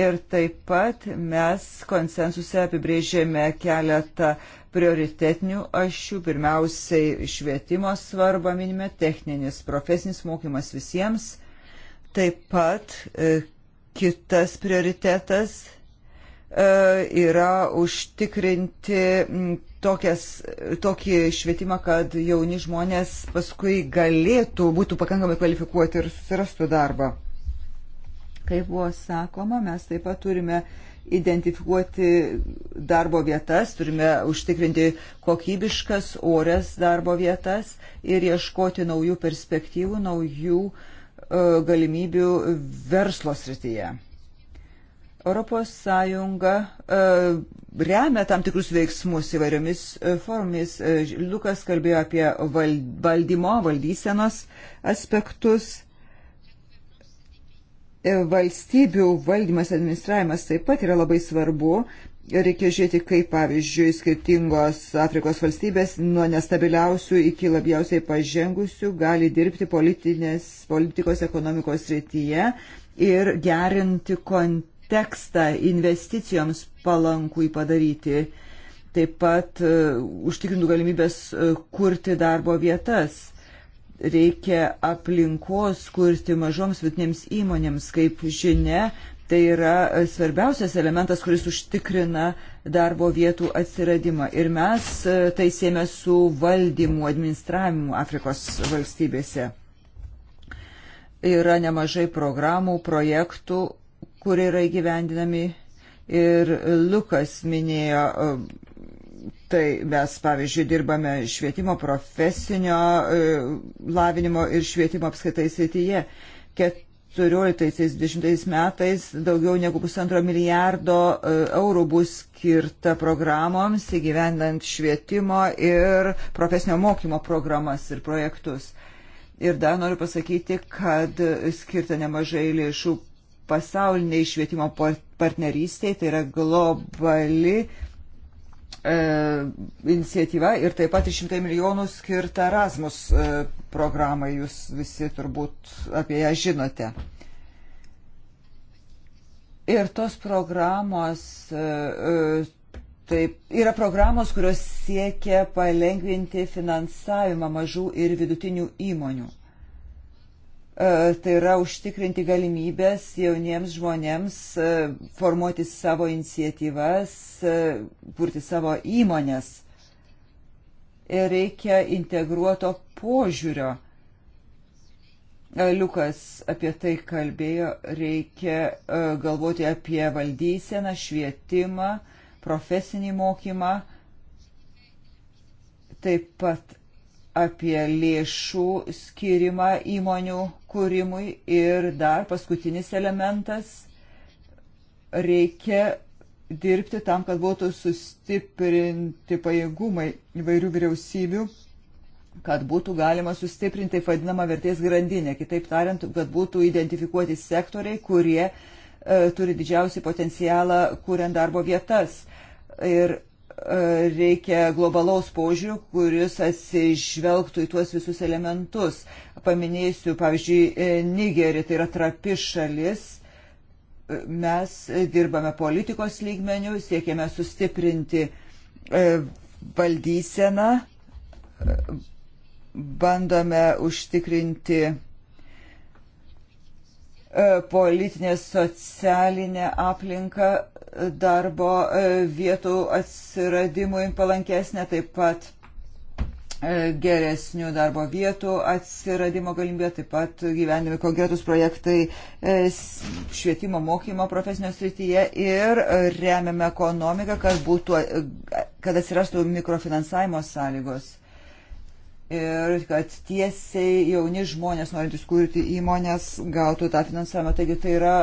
Ir taip pat mes konsensuse apibrėžėme keletą prioritetinių ašių. Pirmiausiai švietimo svarbą minime, techninis, profesinis mokymas visiems. Taip pat e, kitas prioritetas E, yra užtikrinti tokias, tokį švietimą, kad jauni žmonės paskui galėtų, būtų pakankamai kvalifikuoti ir susirastų darbą. Kaip buvo sakoma, mes taip pat turime identifikuoti darbo vietas, turime užtikrinti kokybiškas, ores darbo vietas ir ieškoti naujų perspektyvų, naujų uh, galimybių verslo srityje. Europos Sąjunga e, remia tam tikrus veiksmus įvairiomis e, formomis. E, Lukas kalbėjo apie valdymo, valdysenos aspektus valstybių valdymas, administravimas taip pat yra labai svarbu. Reikia žiūrėti, kaip pavyzdžiui skirtingos Afrikos valstybės nuo nestabiliausių iki labiausiai pažengusių gali dirbti politinės, politikos ekonomikos srityje ir gerinti kon, tekstą investicijoms palankui padaryti, taip pat e, užtikrintų galimybės e, kurti darbo vietas. Reikia aplinkos kurti mažoms vidinėms įmonėms, kaip žinia, Tai yra e, svarbiausias elementas, kuris užtikrina darbo vietų atsiradimą. Ir mes tai siemė su valdymu, administravimu Afrikos valstybėse. Yra nemažai programų, projektų, kurie yra įgyvendinami ir Lukas minėjo, tai mes, pavyzdžiui, dirbame švietimo profesinio e, lavinimo ir švietimo apskaitai srityje. 14-20 metais daugiau negu pusantro milijardo e, eurų bus skirta programoms įgyvendant švietimo ir profesinio mokymo programas ir projektus. Ir dar noriu pasakyti, kad skirta nemažai lėšų pasauliniai švietimo partnerystiai, tai yra globali e, iniciatyva ir taip pat 300 milijonų skirta Erasmus e, programai, jūs visi turbūt apie ją žinote. Ir tos programos e, e Taip, yra programos, kurios siekia palengvinti finansavimą mažų ir vidutinių įmonių. E, tai yra užtikrinti galimybės jauniems žmonėms e, formuoti savo iniciatyvas, e, kurti savo įmonės. Ir reikia integruoto požiūrio. Liukas apie tai kalbėjo, reikia galvoti apie valdyseną, švietimą, profesinį mokymą, taip pat apie lėšų skirimą įmonių kūrimui ir dar paskutinis elementas - reikia dirbti tam, kad būtų sustiprinti pajėgumai įvairių vyriausybių, kad būtų galima sustiprinti vadinamą vertės grandinę. Kitaip tariant, kad būtų identifikuoti sektoriai, kurie e, turi didžiausią potencialą, kuriant darbo vietas. Ir reikia globalaus požiūrių, kuris atsižvelgtų į tuos visus elementus. Paminėsiu, pavyzdžiui, e, Nigerį, tai yra trapi šalis. E, mes dirbame politikos lygmenių, siekėme sustiprinti e, valdyseną, bandome užtikrinti politinę socialinę aplinką darbo e, vietų atsiradimui palankesnė, taip pat e, geresnių darbo vietų atsiradimo galimybė, taip pat gyvenimi konkretus projektai e, švietimo mokymo profesinio srityje ir remiame ekonomiką, kad, būtų, kad atsirastų mikrofinansavimo sąlygos. Ir kad tiesiai jauni žmonės, norintys kurti įmonės, gautų tą finansavimą. Taigi tai yra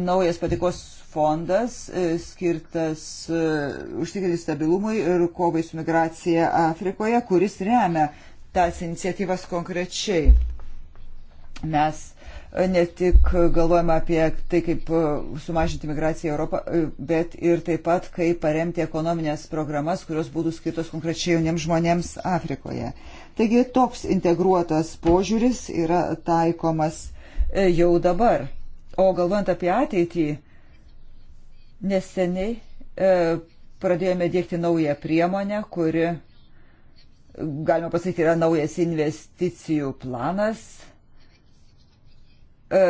naujas patikos fondas e, skirtas e, užtikrinti stabilumui ir kovai su migracija Afrikoje, kuris remia tas iniciatyvas konkrečiai. Mes e, ne tik galvojame apie tai, kaip sumažinti migraciją į Europą, bet ir taip pat, kaip paremti ekonominės programas, kurios būtų skirtos konkrečiai jauniems žmonėms Afrikoje. Taigi toks integruotas požiūris yra taikomas jau dabar. O galvojant apie ateitį, Neseniai e, pradėjome dėkti naują priemonę, kuri, galima pasakyti, yra naujas investicijų planas. E,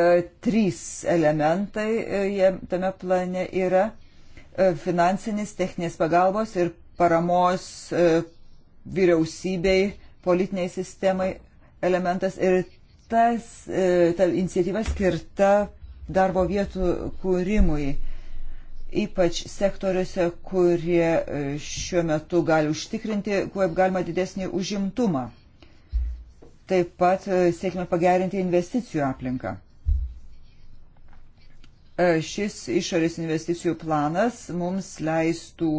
trys elementai e, tame plane yra e, finansinis, techninės pagalbos ir paramos e, vyriausybei, politiniai sistemai elementas ir tas, e, ta iniciatyva skirta darbo vietų kūrimui ypač sektoriuose, kurie e, šiuo metu gali užtikrinti, kuo galima didesnį užimtumą. Taip pat e, siekime pagerinti investicijų aplinką. E, šis išorės investicijų planas mums leistų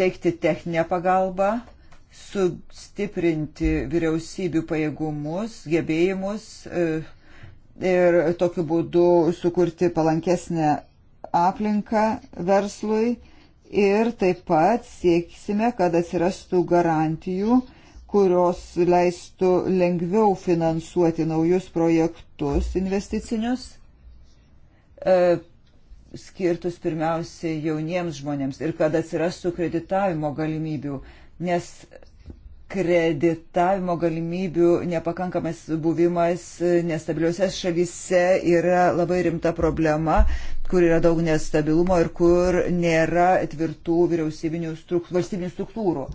teikti techninę pagalbą, sustiprinti vyriausybių pajėgumus, gebėjimus, ir tokiu būdu sukurti palankesnę aplinką verslui ir taip pat sieksime, kad atsirastų garantijų, kurios leistų lengviau finansuoti naujus projektus investicinius, e, skirtus pirmiausiai jauniems žmonėms ir kad atsirastų kreditavimo galimybių, nes kreditavimo galimybių nepakankamas buvimas nestabiliuose šalyse yra labai rimta problema, kur yra daug nestabilumo ir kur nėra tvirtų vyriausybinių struk, valstybinių struktūrų.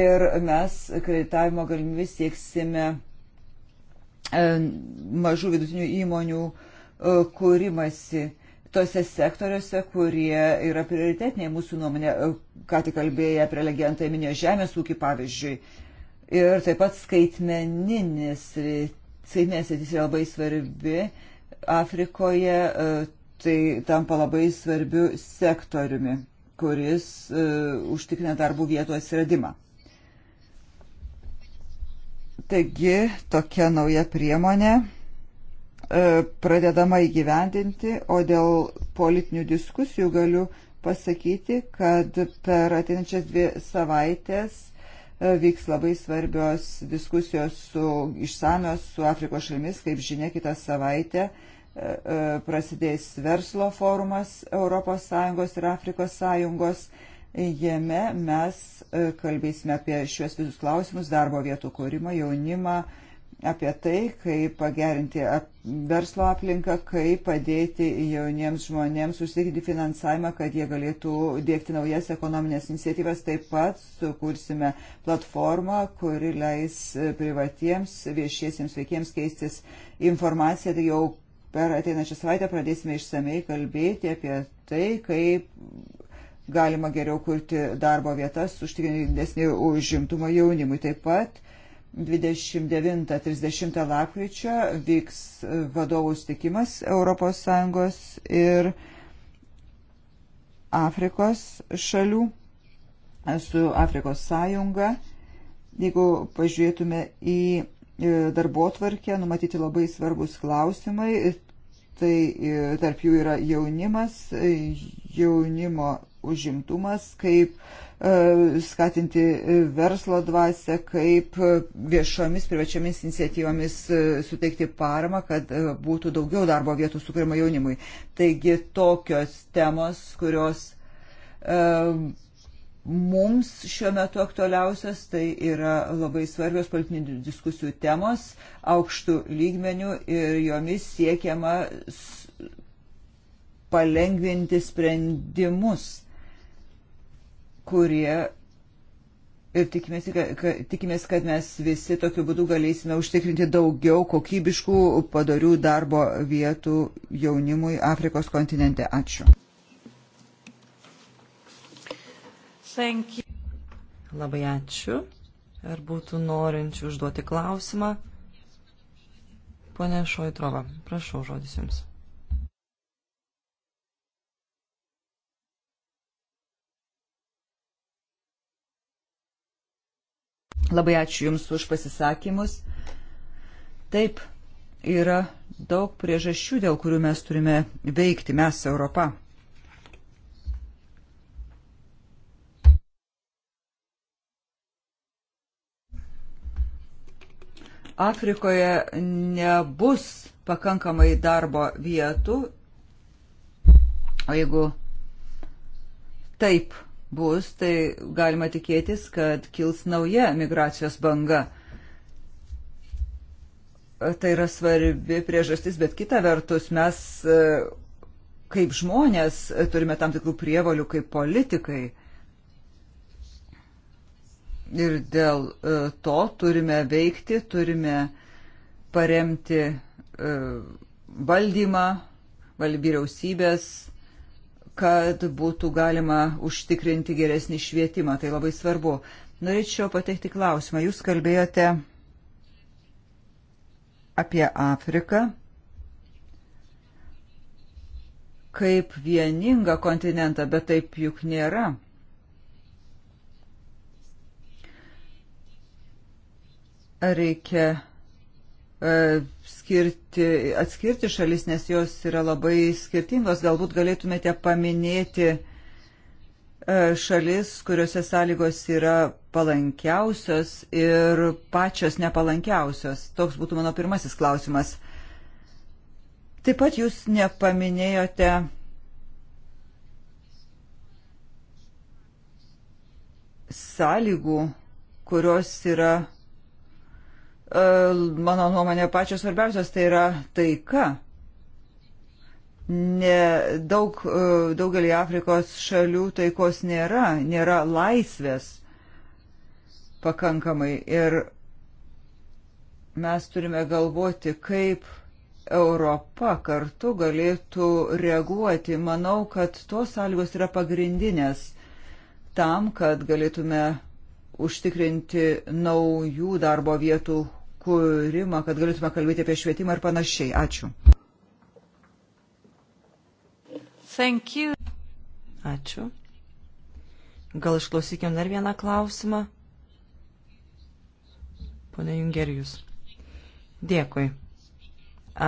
Ir mes kreditavimo galimybės sieksime e, mažų vidutinių įmonių e, kūrimasi tose sektoriuose, kurie yra prioritetiniai mūsų nuomonė, ką tik kalbėję prelegentai minėjo žemės ūkį pavyzdžiui. Ir taip pat skaitmeninis, skaitmeninės rytis yra labai svarbi Afrikoje, e, tai tampa labai svarbiu sektoriumi, kuris uh, užtikrina darbų vietų atsiradimą. Taigi, tokia nauja priemonė E, pradedama įgyvendinti, o dėl politinių diskusijų galiu pasakyti, kad per ateinančias dvi savaitės e, vyks labai svarbios diskusijos su išsamios su Afrikos šalimis, kaip žinia, kitą savaitę e, prasidės verslo forumas ES ir Afrikos sąjungos. Jame mes kalbėsime apie šiuos visus klausimus - darbo vietų kūrimą, jaunimą, apie tai, kaip pagerinti verslo aplinką, kaip padėti jauniems žmonėms užsitikrinti finansavimą, kad jie galėtų dėkti naujas ekonominės iniciatyvas. Taip pat sukursime platformą, kuri leis privatiems viešiesiems veikiems keistis informaciją. Tai jau per ateinančią savaitę pradėsime išsamei kalbėti apie tai, kaip galima geriau kurti darbo vietas, užtikrinti didesnį užimtumą jaunimui. Taip pat 29-30 lapkričio vyks vadovų stikimas ES ir Afrikos šalių su Afrikos sąjunga. Jeigu pažiūrėtume į e, darbo tvarkę, numatyti labai svarbus klausimai, tai e, tarp jų yra jaunimas, e, jaunimo užimtumas, kaip E, skatinti verslo dvasę, kaip viešomis privačiomis iniciatyvomis e, suteikti paramą, kad e, būtų daugiau darbo vietų sukūrimo jaunimui. Taigi tokios temos, kurios mums šiuo metu aktualiausias, tai yra labai svarbios politinių diskusijų temos aukštų lygmenių ir jomis siekiama palengvinti sprendimus kurie ir tikimės, kad, tikimės, kad mes visi tokiu būdu galėsime užtikrinti daugiau kokybiškų padarių darbo vietų jaunimui Afrikos kontinente. Ačiū. Labai ačiū. Ar būtų norinčių užduoti klausimą? Pone Šoitrova, prašau žodis Jums. Labai ačiū Jums už pasisakymus. Taip, yra daug priežasčių, dėl kurių mes turime veikti mes Europą. Afrikoje nebus pakankamai darbo vietų, o jeigu taip bus, tai galima tikėtis, kad kils nauja migracijos banga. Tai yra svarbi priežastis, bet kita vertus mes e, kaip žmonės e, turime tam tikrų prievalių kaip politikai. Ir dėl e, to turime veikti, turime paremti valdymą, vyriausybės kad būtų galima užtikrinti geresnį švietimą. Tai labai svarbu. Norėčiau pateikti klausimą. Jūs kalbėjote apie Afriką kaip vieningą kontinentą, bet taip juk nėra. Reikia E, skirti, atskirti šalis, nes jos yra labai skirtingos. Galbūt galėtumėte paminėti e, šalis, kuriuose sąlygos yra palankiausios ir pačios nepalankiausios. Toks būtų mano pirmasis klausimas. Taip pat jūs nepaminėjote sąlygų, kurios yra E, mano nuomonė, pačios svarbiausios tai yra taika. Ne, daug, e, daugelį Afrikos šalių taikos nėra, nėra laisvės pakankamai. Ir mes turime galvoti, kaip Europa kartu galėtų reaguoti. Manau, kad tos sąlygos yra pagrindinės tam, kad galėtume užtikrinti naujų darbo vietų kūrimą, kad galėtume kalbėti apie švietimą ir panašiai. Ačiū. Ačiū. Gal išklausykime dar vieną klausimą? Pone Jungerijus. Dėkui.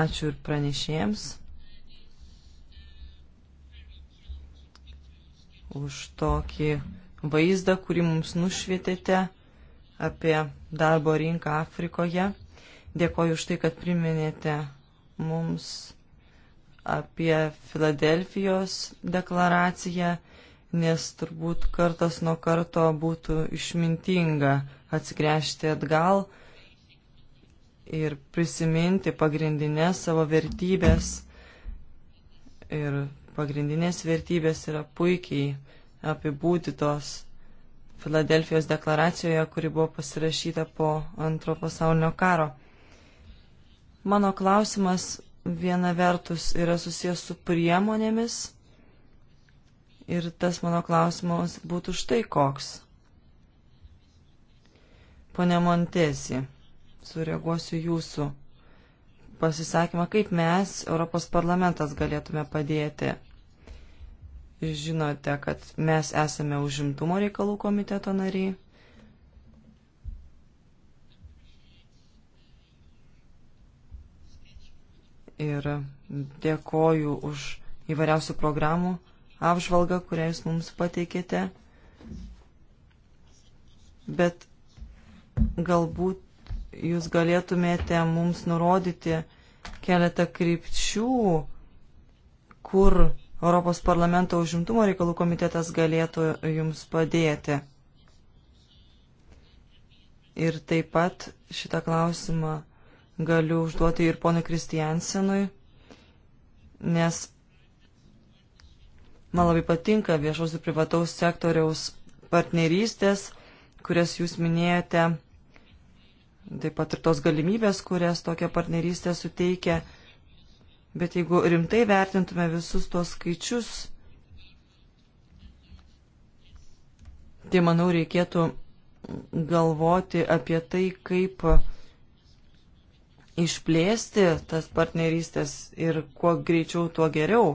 Ačiū ir pranešėjams už tokį vaizdą, kurį mums nušvietėte apie darbo rinką Afrikoje. Dėkoju už tai, kad priminėte mums apie Filadelfijos deklaraciją, nes turbūt kartas nuo karto būtų išmintinga atsigręžti atgal ir prisiminti pagrindinės savo vertybės. Ir pagrindinės vertybės yra puikiai apibūdytos Filadelfijos deklaracijoje, kuri buvo pasirašyta po antro pasaulinio karo. Mano klausimas viena vertus yra susijęs su priemonėmis ir tas mano klausimas būtų štai koks. Pone Montesi, sureaguosiu jūsų pasisakymą, kaip mes, Europos parlamentas, galėtume padėti žinote, kad mes esame užimtumo reikalų komiteto nariai. Ir dėkoju už įvairiausių programų apžvalgą, kurią jūs mums pateikėte. Bet galbūt jūs galėtumėte mums nurodyti keletą krypčių, kur Europos parlamento užimtumo reikalų komitetas galėtų jums padėti. Ir taip pat šitą klausimą galiu užduoti ir ponui Kristiansenui, nes man labai patinka viešaus ir privataus sektoriaus partnerystės, kurias jūs minėjote, taip pat ir tos galimybės, kurias tokia partnerystė suteikia Bet jeigu rimtai vertintume visus tos skaičius, tai manau reikėtų galvoti apie tai, kaip išplėsti tas partnerystės ir kuo greičiau, tuo geriau.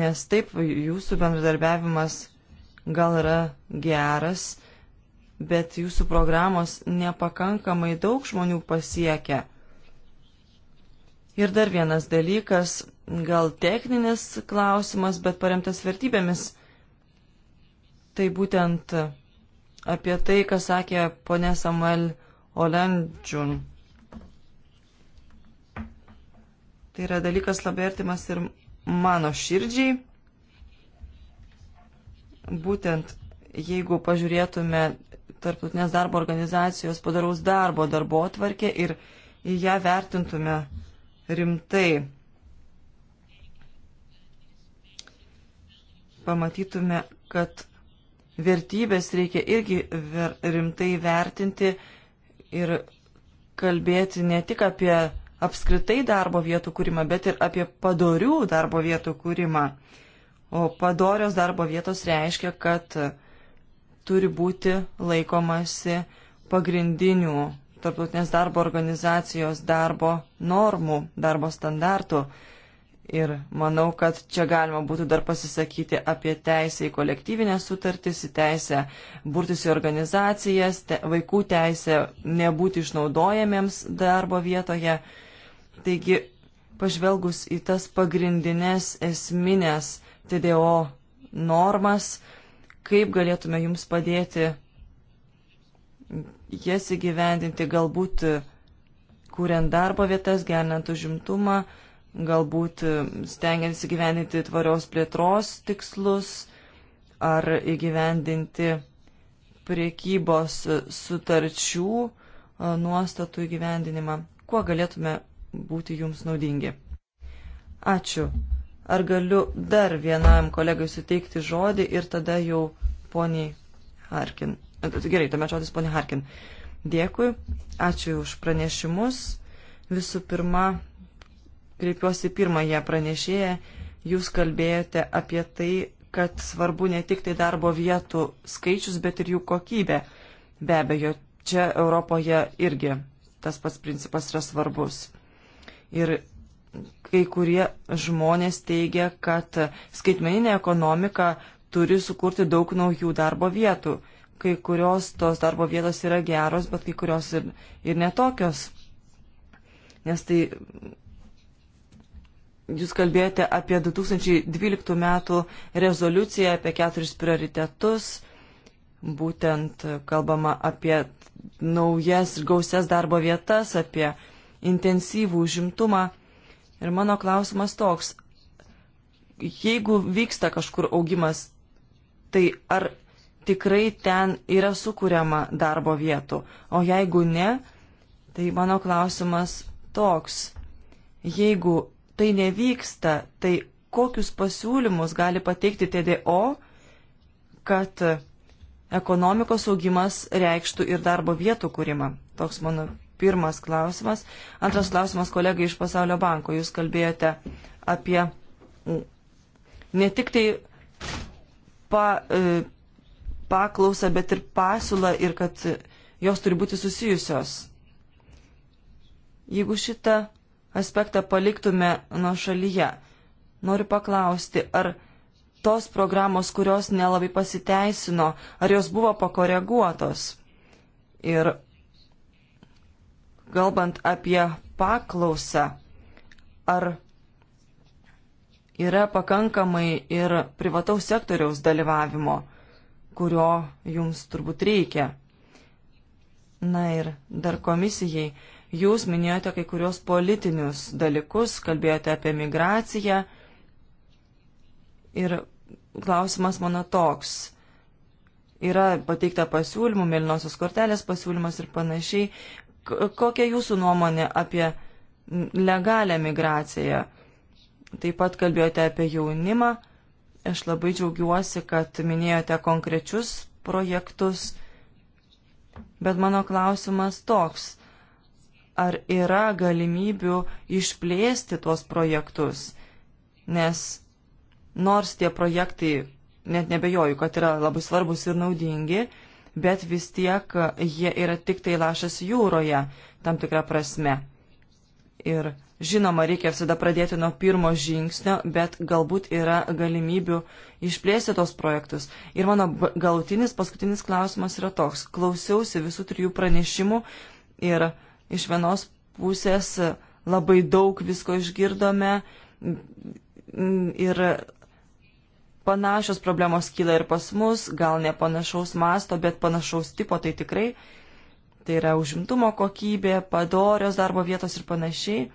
Nes taip jūsų bendradarbiavimas gal yra geras, bet jūsų programos nepakankamai daug žmonių pasiekia. Ir dar vienas dalykas, gal techninis klausimas, bet paremtas vertybėmis. Tai būtent apie tai, ką sakė ponė Samuel Olendžiun. Tai yra dalykas labai artimas ir mano širdžiai. Būtent jeigu pažiūrėtume tarptautinės darbo organizacijos padaraus darbo darbo atvarkę ir ją vertintume rimtai pamatytume, kad vertybės reikia irgi ver, rimtai vertinti ir kalbėti ne tik apie apskritai darbo vietų kūrimą, bet ir apie padorių darbo vietų kūrimą. O padorios darbo vietos reiškia, kad turi būti laikomasi pagrindinių tarptautinės darbo organizacijos darbo normų, darbo standartų. Ir manau, kad čia galima būtų dar pasisakyti apie teisę į kolektyvinę sutartis, į teisę burtis į organizacijas, te, vaikų teisę nebūti išnaudojamiems darbo vietoje. Taigi, pažvelgus į tas pagrindinės esminės TDO normas, kaip galėtume jums padėti jas įgyvendinti, galbūt e, kuriant darbo vietas, gerinant užimtumą, galbūt e, stengiant įgyvendinti tvarios plėtros tikslus ar įgyvendinti priekybos e, sutarčių nuostatų įgyvendinimą. Kuo galėtume būti jums naudingi? Ačiū. Ar galiu dar vienam kolegai suteikti žodį ir tada jau poniai Harkin. Gerai, tuomet žodis ponė Harkin. Dėkui, ačiū už pranešimus. Visų pirma, kreipiuosi pirmąją pranešėją. Jūs kalbėjote apie tai, kad svarbu ne tik tai darbo vietų skaičius, bet ir jų kokybė. Be abejo, čia Europoje irgi tas pats principas yra svarbus. Ir kai kurie žmonės teigia, kad skaitmeninė ekonomika turi sukurti daug naujų darbo vietų kai kurios tos darbo vietos yra geros, bet kai kurios ir, ir netokios. Nes tai jūs kalbėjote apie 2012 metų rezoliuciją, apie keturis prioritetus, būtent kalbama apie naujas ir gausias darbo vietas, apie intensyvų užimtumą. Ir mano klausimas toks, jeigu vyksta kažkur augimas, tai ar tikrai ten yra sukūriama darbo vietų. O jeigu ne, tai mano klausimas toks. Jeigu tai nevyksta, tai kokius pasiūlymus gali pateikti TDO, kad ekonomikos augimas reikštų ir darbo vietų kūrimą? Toks mano pirmas klausimas. Antras klausimas kolegai iš Pasaulio banko. Jūs kalbėjote apie mm, ne tik tai pa, e, paklausą, bet ir pasiūlą ir kad jos turi būti susijusios. Jeigu šitą aspektą paliktume nuo šalyje, noriu paklausti, ar tos programos, kurios nelabai pasiteisino, ar jos buvo pakoreguotos? Ir kalbant apie paklausą, ar yra pakankamai ir privataus sektoriaus dalyvavimo? kurio jums turbūt reikia. Na ir dar komisijai. Jūs minėjote kai kurios politinius dalykus, kalbėjote apie migraciją. Ir klausimas mano toks. Yra pateikta pasiūlymų, mėlynosios kortelės pasiūlymas ir panašiai. Kokia jūsų nuomonė apie legalią migraciją? Taip pat kalbėjote apie jaunimą Aš labai džiaugiuosi, kad minėjote konkrečius projektus, bet mano klausimas toks. Ar yra galimybių išplėsti tuos projektus? Nes nors tie projektai, net nebejoju, kad yra labai svarbus ir naudingi, bet vis tiek jie yra tik tai lašas jūroje, tam tikrą prasme. Ir Žinoma, reikia visada pradėti nuo pirmo žingsnio, bet galbūt yra galimybių išplėsti tos projektus. Ir mano galutinis, paskutinis klausimas yra toks. Klausiausi visų trijų pranešimų ir iš vienos pusės labai daug visko išgirdome ir panašios problemos kyla ir pas mus, gal ne panašaus masto, bet panašaus tipo tai tikrai. Tai yra užimtumo kokybė, padorios darbo vietos ir panašiai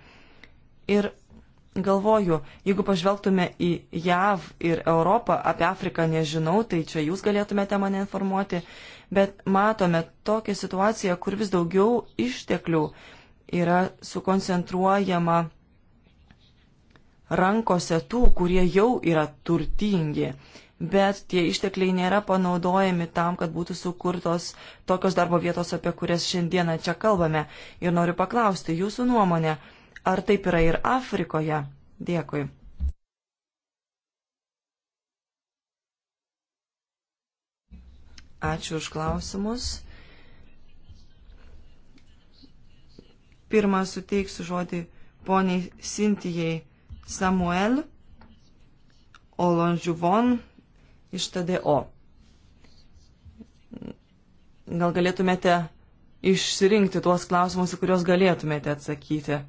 Ir galvoju, jeigu pažvelgtume į JAV ir Europą, apie Afriką nežinau, tai čia jūs galėtumėte mane informuoti, bet matome tokią situaciją, kur vis daugiau išteklių yra sukoncentruojama rankose tų, kurie jau yra turtingi. Bet tie ištekliai nėra panaudojami tam, kad būtų sukurtos tokios darbo vietos, apie kurias šiandieną čia kalbame. Ir noriu paklausti jūsų nuomonę, Ar taip yra ir Afrikoje? Dėkui. Ačiū už klausimus. Pirmą suteiksiu žodį poniai Sintijai Samuel Olonžiuvon iš TDO. Gal galėtumėte išsirinkti tuos klausimus, į kuriuos galėtumėte atsakyti?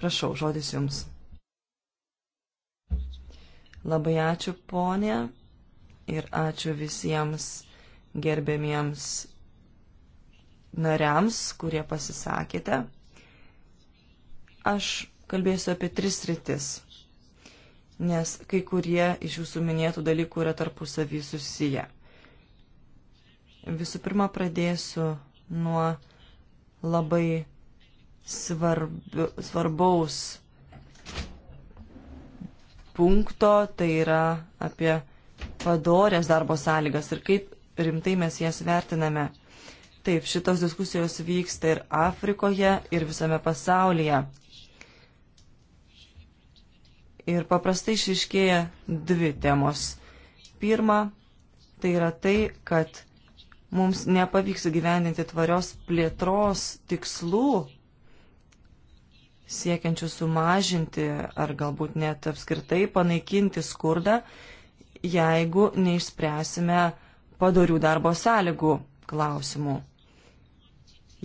Prašau, žodis jums. Labai ačiū, ponė, ir ačiū visiems gerbėmiems nariams, kurie pasisakėte. Aš kalbėsiu apie tris rytis, nes kai kurie iš jūsų minėtų dalykų yra tarpusavį susiję. Visų pirma, pradėsiu nuo labai svarbi, svarbaus punkto, tai yra apie padorės darbo sąlygas ir kaip rimtai mes jas vertiname. Taip, šitos diskusijos vyksta ir Afrikoje, ir visame pasaulyje. Ir paprastai išiškėja dvi temos. Pirma, tai yra tai, kad mums nepavyks įgyvendinti tvarios plėtros tikslų siekiančių sumažinti ar galbūt net apskritai panaikinti skurdą, jeigu neišspręsime padorių darbo sąlygų klausimų.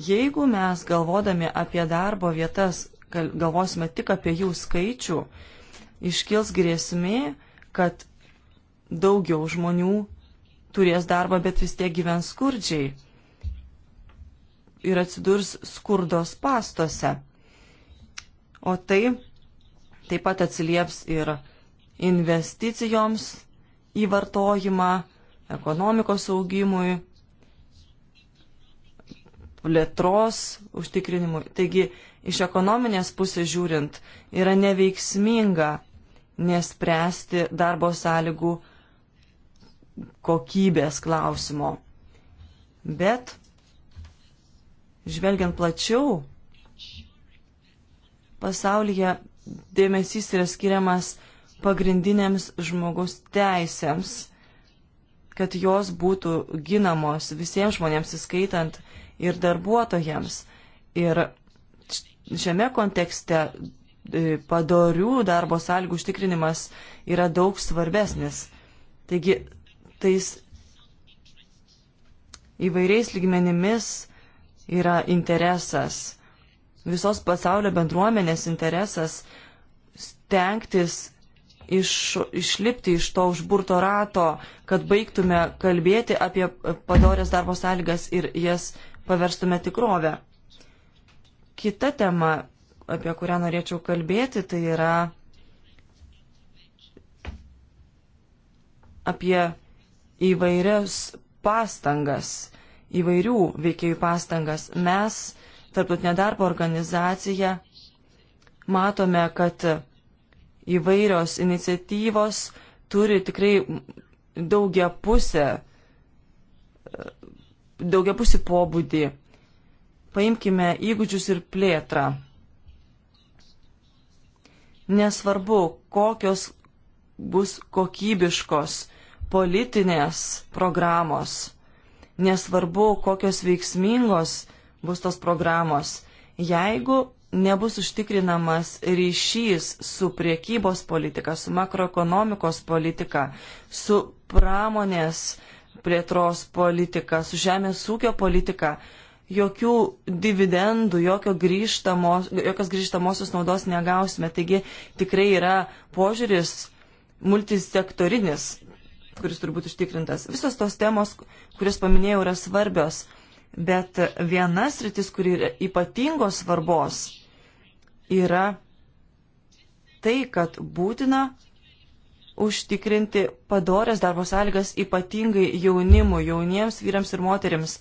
Jeigu mes galvodami apie darbo vietas galvosime tik apie jų skaičių, iškils grėsmė, kad daugiau žmonių turės darbą, bet vis tiek gyvens skurdžiai ir atsidurs skurdos pastuose o tai taip pat atsilieps ir investicijoms į vartojimą, ekonomikos augimui, plėtros užtikrinimui. Taigi iš ekonominės pusės žiūrint yra neveiksminga nespręsti darbo sąlygų kokybės klausimo. Bet, žvelgiant plačiau, pasaulyje dėmesys yra skiriamas pagrindinėms žmogus teisėms, kad jos būtų ginamos visiems žmonėms, įskaitant ir darbuotojams. Ir šiame kontekste e, padorių darbo sąlygų užtikrinimas yra daug svarbesnis. Taigi, tais įvairiais lygmenimis yra interesas visos pasaulio bendruomenės interesas stengtis iš, išlipti iš to užburto rato, kad baigtume kalbėti apie padorės darbo sąlygas ir jas paverstume tikrovę. Kita tema, apie kurią norėčiau kalbėti, tai yra apie įvairias pastangas, įvairių veikėjų pastangas. Mes tarptautinę darbo organizaciją, matome, kad įvairios iniciatyvos turi tikrai daugia pusę, daugia pusį pobūdį. Paimkime įgūdžius ir plėtrą. Nesvarbu, kokios bus kokybiškos politinės programos, nesvarbu, kokios veiksmingos bus tos programos. Jeigu nebus užtikrinamas ryšys su priekybos politika, su makroekonomikos politika, su pramonės plėtros politika, su žemės ūkio politika, jokių dividendų, jokio grįžtamos, jokios grįžtamosios naudos negausime. Taigi tikrai yra požiūris multisektorinis, kuris turi būti užtikrintas. Visos tos temos, kurias paminėjau, yra svarbios. Bet vienas rytis, kuri yra ypatingos svarbos, yra tai, kad būtina užtikrinti padorės darbo sąlygas ypatingai jaunimui, jauniems vyrams ir moteriams.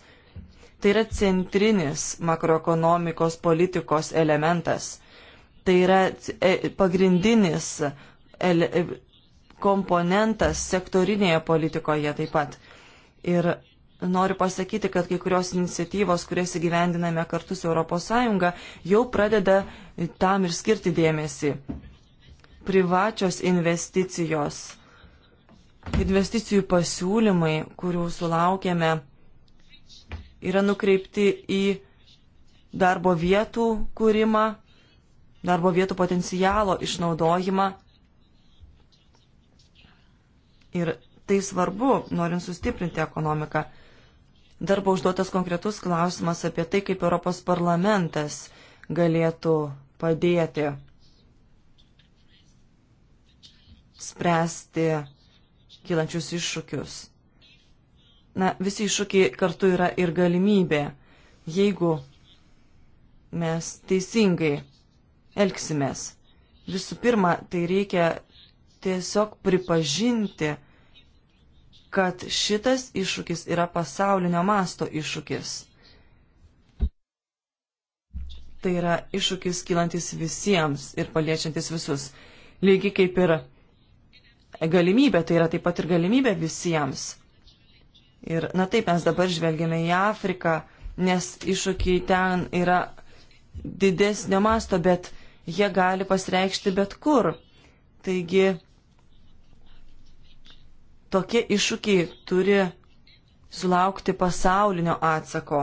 Tai yra centrinis makroekonomikos politikos elementas. Tai yra e, pagrindinis komponentas sektorinėje politikoje taip pat. Ir Noriu pasakyti, kad kai kurios iniciatyvos, kurias įgyvendiname kartu su ES, jau pradeda tam ir skirti dėmesį. Privačios investicijos, investicijų pasiūlymai, kurių sulaukėme, yra nukreipti į darbo vietų kūrimą, darbo vietų potencialo išnaudojimą. Ir tai svarbu, norint sustiprinti ekonomiką. Dar buvo užduotas konkretus klausimas apie tai, kaip Europos parlamentas galėtų padėti spręsti kylančius iššūkius. Na, visi iššūkiai kartu yra ir galimybė, jeigu mes teisingai elgsimės. Visų pirma, tai reikia tiesiog pripažinti, kad šitas iššūkis yra pasaulinio masto iššūkis. Tai yra iššūkis kylantis visiems ir paliečiantis visus. Lygiai kaip ir galimybė, tai yra taip pat ir galimybė visiems. Ir na taip, mes dabar žvelgiame į Afriką, nes iššūkiai ten yra didesnio masto, bet jie gali pasireikšti bet kur. Taigi Tokie iššūkiai turi sulaukti pasaulinio atsako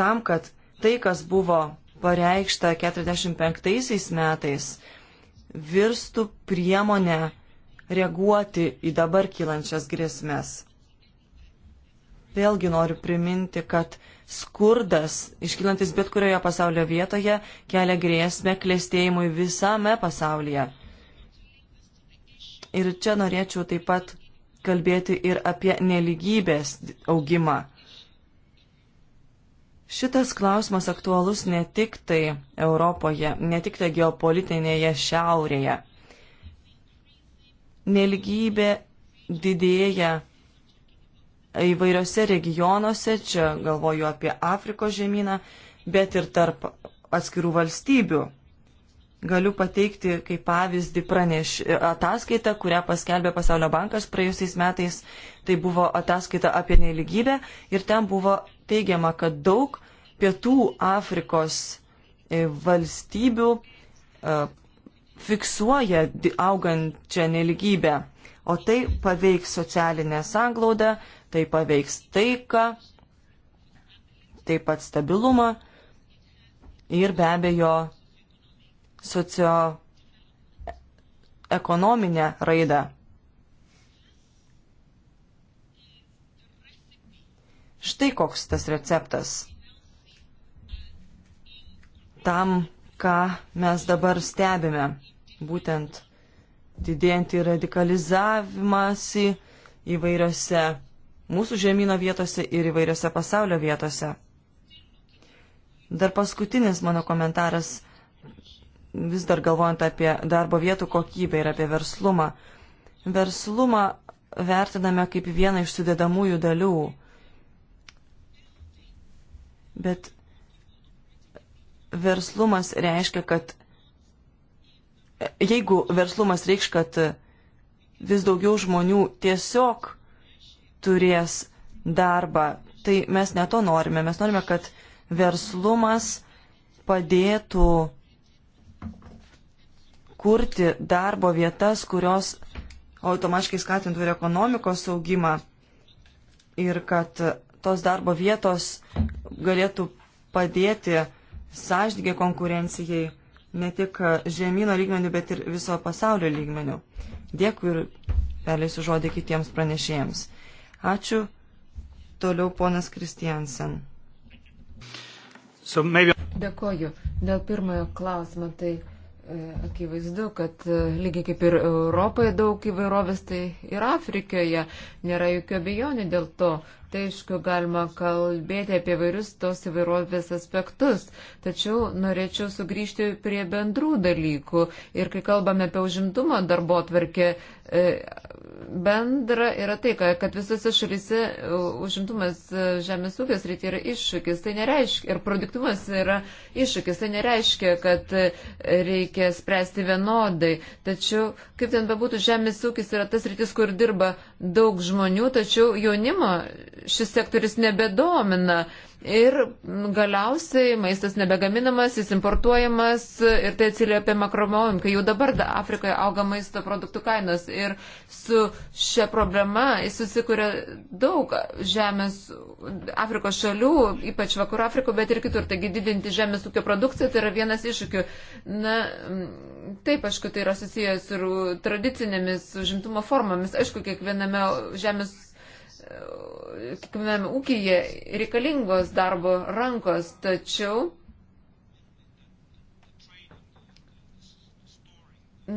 tam, kad tai, kas buvo pareikšta 45 metais, virstų priemonę reaguoti į dabar kylančias grėsmės. Vėlgi noriu priminti, kad skurdas, iškylantis bet kurioje pasaulio vietoje, kelia grėsmę klėstėjimui visame pasaulyje. Ir čia norėčiau taip pat kalbėti ir apie neligybės augimą. Šitas klausimas aktualus ne tik tai Europoje, ne tik tai geopolitinėje šiaurėje. Neligybė didėja įvairiose regionuose, čia galvoju apie Afrikos žemyną, bet ir tarp atskirų valstybių. Galiu pateikti kaip pavyzdį praneš ataskaitą, kurią paskelbė Pasaulio bankas praėjusiais metais. Tai buvo ataskaita apie neligybę ir ten buvo teigiama, kad daug pietų Afrikos e, valstybių e, fiksuoja augančią neligybę, o tai paveiks socialinę sanglaudą, tai paveiks taiką, taip pat stabilumą ir be abejo socioekonominę raidą. Štai koks tas receptas. Tam, ką mes dabar stebime, būtent didėjantį radikalizavimąsi įvairiose mūsų žemyno vietose ir įvairiose pasaulio vietose. Dar paskutinis mano komentaras vis dar galvojant apie darbo vietų kokybę ir apie verslumą. Verslumą vertiname kaip vieną iš sudėdamųjų dalių. Bet verslumas reiškia, kad jeigu verslumas reikš, kad vis daugiau žmonių tiesiog turės darbą, tai mes neto norime. Mes norime, kad verslumas padėtų kurti darbo vietas, kurios automatiškai skatintų ir ekonomikos augimą ir kad tos darbo vietos galėtų padėti sąžininkai konkurencijai ne tik žemynų lygmenių, bet ir viso pasaulio lygmenių. Dėkui ir perleisiu žodį kitiems pranešėjams. Ačiū. Toliau ponas Kristiansen. So maybe... Dėkoju. Dėl pirmojo klausimo, tai E, akivaizdu, kad e, lygiai kaip ir Europoje daug įvairovės, tai ir Afrikoje nėra jokio abejonių dėl to. Tai aišku, galima kalbėti apie vairius tos įvairovės aspektus, tačiau norėčiau sugrįžti prie bendrų dalykų. Ir kai kalbame apie užimtumo darbo atvarkę, e, bendra yra tai, kad visose šalyse e, užimtumas e, žemės ūkės rytį yra iššūkis, tai nereiškia, ir produktumas yra iššūkis, tai nereiškia, kad e, reikia spręsti vienodai. Tačiau, kaip ten bebūtų, žemės ūkis yra tas rytis, kur dirba daug žmonių, tačiau jaunimo šis sektoris nebedomina. Uh, Ir galiausiai maistas nebegaminamas, jis importuojamas ir tai atsiliepia makromoninkai. Jau dabar da, Afrikoje auga maisto produktų kainos ir su šia problema susikuria daug žemės Afrikos šalių, ypač Vakarų Afrikoje, bet ir kitur. Taigi didinti žemės ūkio produkciją tai yra vienas iššūkių. Na, taip, aišku, tai yra susijęs ir tradicinėmis žimtumo formomis. Aišku, kiekviename žemės kiekviename ūkyje reikalingos darbo rankos, tačiau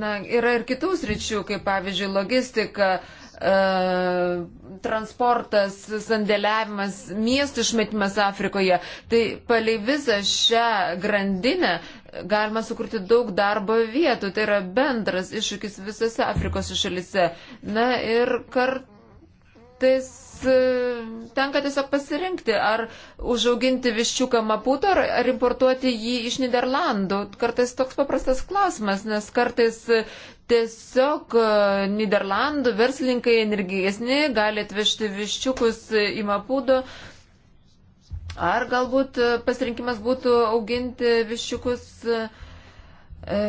na, yra ir kitų sričių, kaip pavyzdžiui logistika, e, transportas, sandėliavimas, miestų išmetimas Afrikoje. Tai palei visą šią grandinę galima sukurti daug darbo vietų. Tai yra bendras iššūkis visose Afrikos šalise. Na ir kartais E, tenka tiesiog pasirinkti, ar užauginti viščiuką maputo, ar, ar importuoti jį iš Niderlandų. Kartais toks paprastas klausimas, nes kartais tiesiog e, Niderlandų verslininkai energingesni gali atvežti viščiukus į maputo. Ar galbūt e, pasirinkimas būtų auginti viščiukus e,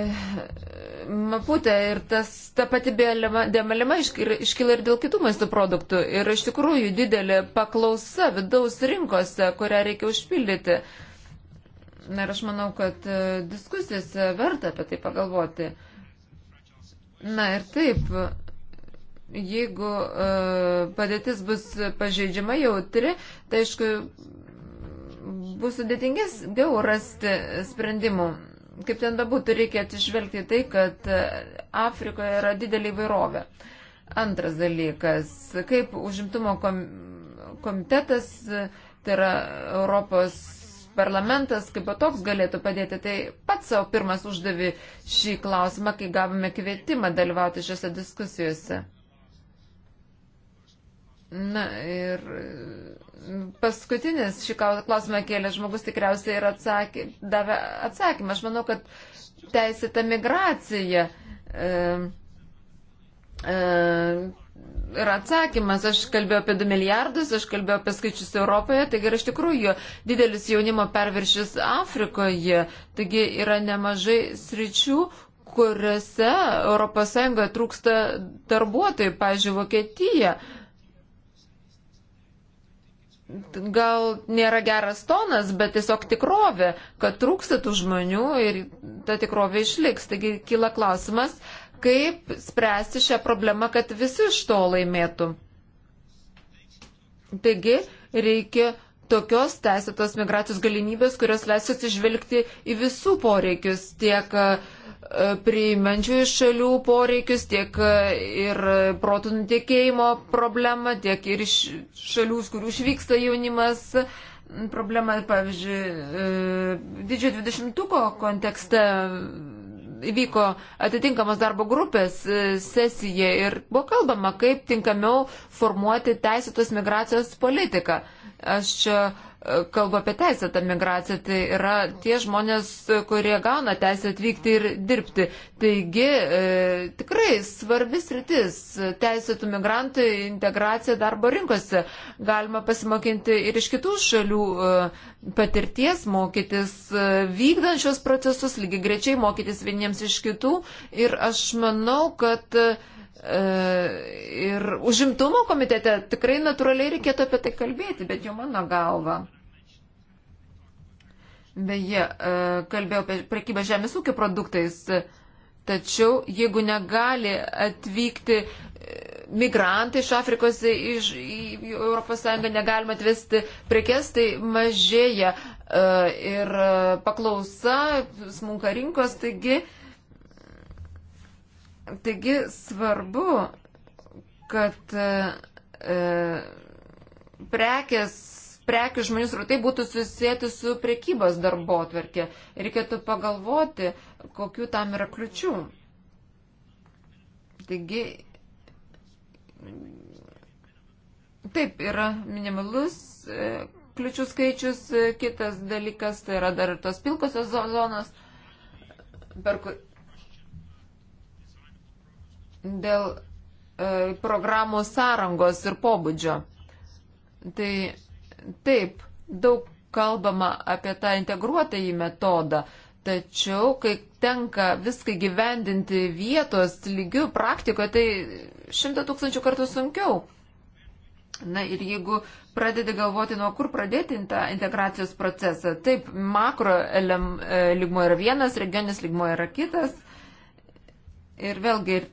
Maputė ir tas, ta pati demalima iškyla ir dėl kitų maisto produktų. Ir iš tikrųjų didelė paklausa vidaus rinkose, kurią reikia užpildyti. Ir aš manau, kad e, diskusijose verta apie tai pagalvoti. Na ir taip, jeigu uh, padėtis bus pažeidžiama jautri, tai aišku, bus sudėtingiau rasti sprendimų. Kaip ten bebūtų, reikia atsižvelgti tai, kad Afrikoje yra didelė įvairovė. Antras dalykas, kaip užimtumo komitetas, tai yra Europos parlamentas kaip toks galėtų padėti. Tai pats savo pirmas uždavė šį klausimą, kai gavome kvietimą dalyvauti šiuose diskusijose. Na ir paskutinis šį klausimą kėlė žmogus tikriausiai ir atsakė, davė atsakymą. Aš manau, kad teisėta migracija e, e, yra atsakymas. Aš kalbėjau apie 2 milijardus, aš kalbėjau apie skaičius Europoje, taigi yra iš tikrųjų didelis jaunimo perviršis Afrikoje, taigi yra nemažai sričių, kuriuose ES trūksta darbuotojų, pažiūrėjau, Vokietija. E, gal nėra geras tonas, bet tiesiog tikrovė, kad trūksta tų žmonių ir ta tikrovė išliks. Taigi kyla klausimas, kaip spręsti šią problemą, kad visi iš to laimėtų. Taigi reikia tokios teisėtos migracijos galimybės, kurios leis atsižvelgti į visų poreikius, tiek e, priimančių šalių poreikius, tiek e, ir protų nutiekėjimo problemą, tiek ir iš šalių, iš kurių išvyksta jaunimas problema, pavyzdžiui, e, didžiojo dvidešimtuko kontekste vyko atitinkamos darbo grupės e, sesija ir buvo kalbama, kaip tinkamiau formuoti teisėtos migracijos politiką. Aš čia kalba apie teisėtą migraciją, tai yra tie žmonės, kurie gauna teisę atvykti ir dirbti. Taigi e, tikrai svarbis rytis teisėtų migrantų integracija darbo rinkose. Galima pasimokinti ir iš kitų šalių e, patirties, mokytis e, vykdančios procesus, lygiai grečiai mokytis vieniems iš kitų. Ir aš manau, kad e, E, ir užimtumo komitete tikrai natūraliai reikėtų apie tai kalbėti, bet jau mano galva. Beje, e, kalbėjau apie prekybą žemės ūkio produktais, tačiau jeigu negali atvykti e, migrantai iš Afrikos iš, į ES, negalima atvesti prekes, tai mažėja ir paklausa, smunka rinkos, taigi uh, Taigi svarbu, kad e, e prekės, prekių žmonių srautai būtų susijęti su prekybos darbo atverkė. Reikėtų pagalvoti, kokiu tam yra kliučių. Taigi, taip, yra minimalus e, kliučių skaičius, e, kitas dalykas tai yra dar ir tos pilkosios zonos, per kur dėl e, programų sąrangos ir pobūdžio. Tai taip, daug kalbama apie tą integruotąjį metodą, tačiau kai tenka viską gyvendinti vietos lygių praktikoje, tai šimta tūkstančių kartų sunkiau. Na ir jeigu pradedi galvoti, nuo kur pradėti tą integracijos procesą, taip, makro e, lygmo yra vienas, regioninis lygmo yra kitas. Ir vėlgi ir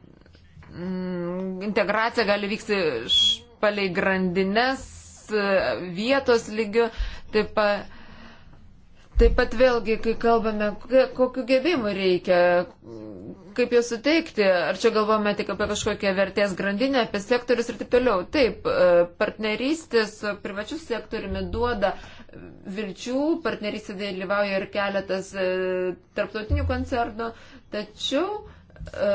Mm, integracija gali vykti palei grandinės e, vietos lygių, taip pat Taip pat vėlgi, kai kalbame, kokiu gebėjimu reikia, kaip juos suteikti, ar čia galvojame tik apie kažkokią vertės grandinę, apie sektorius ir taip toliau. Taip, e, partnerystės su privačiu sektoriumi duoda vilčių, partnerystė dalyvauja ir keletas e, tarptautinių koncernų, tačiau E,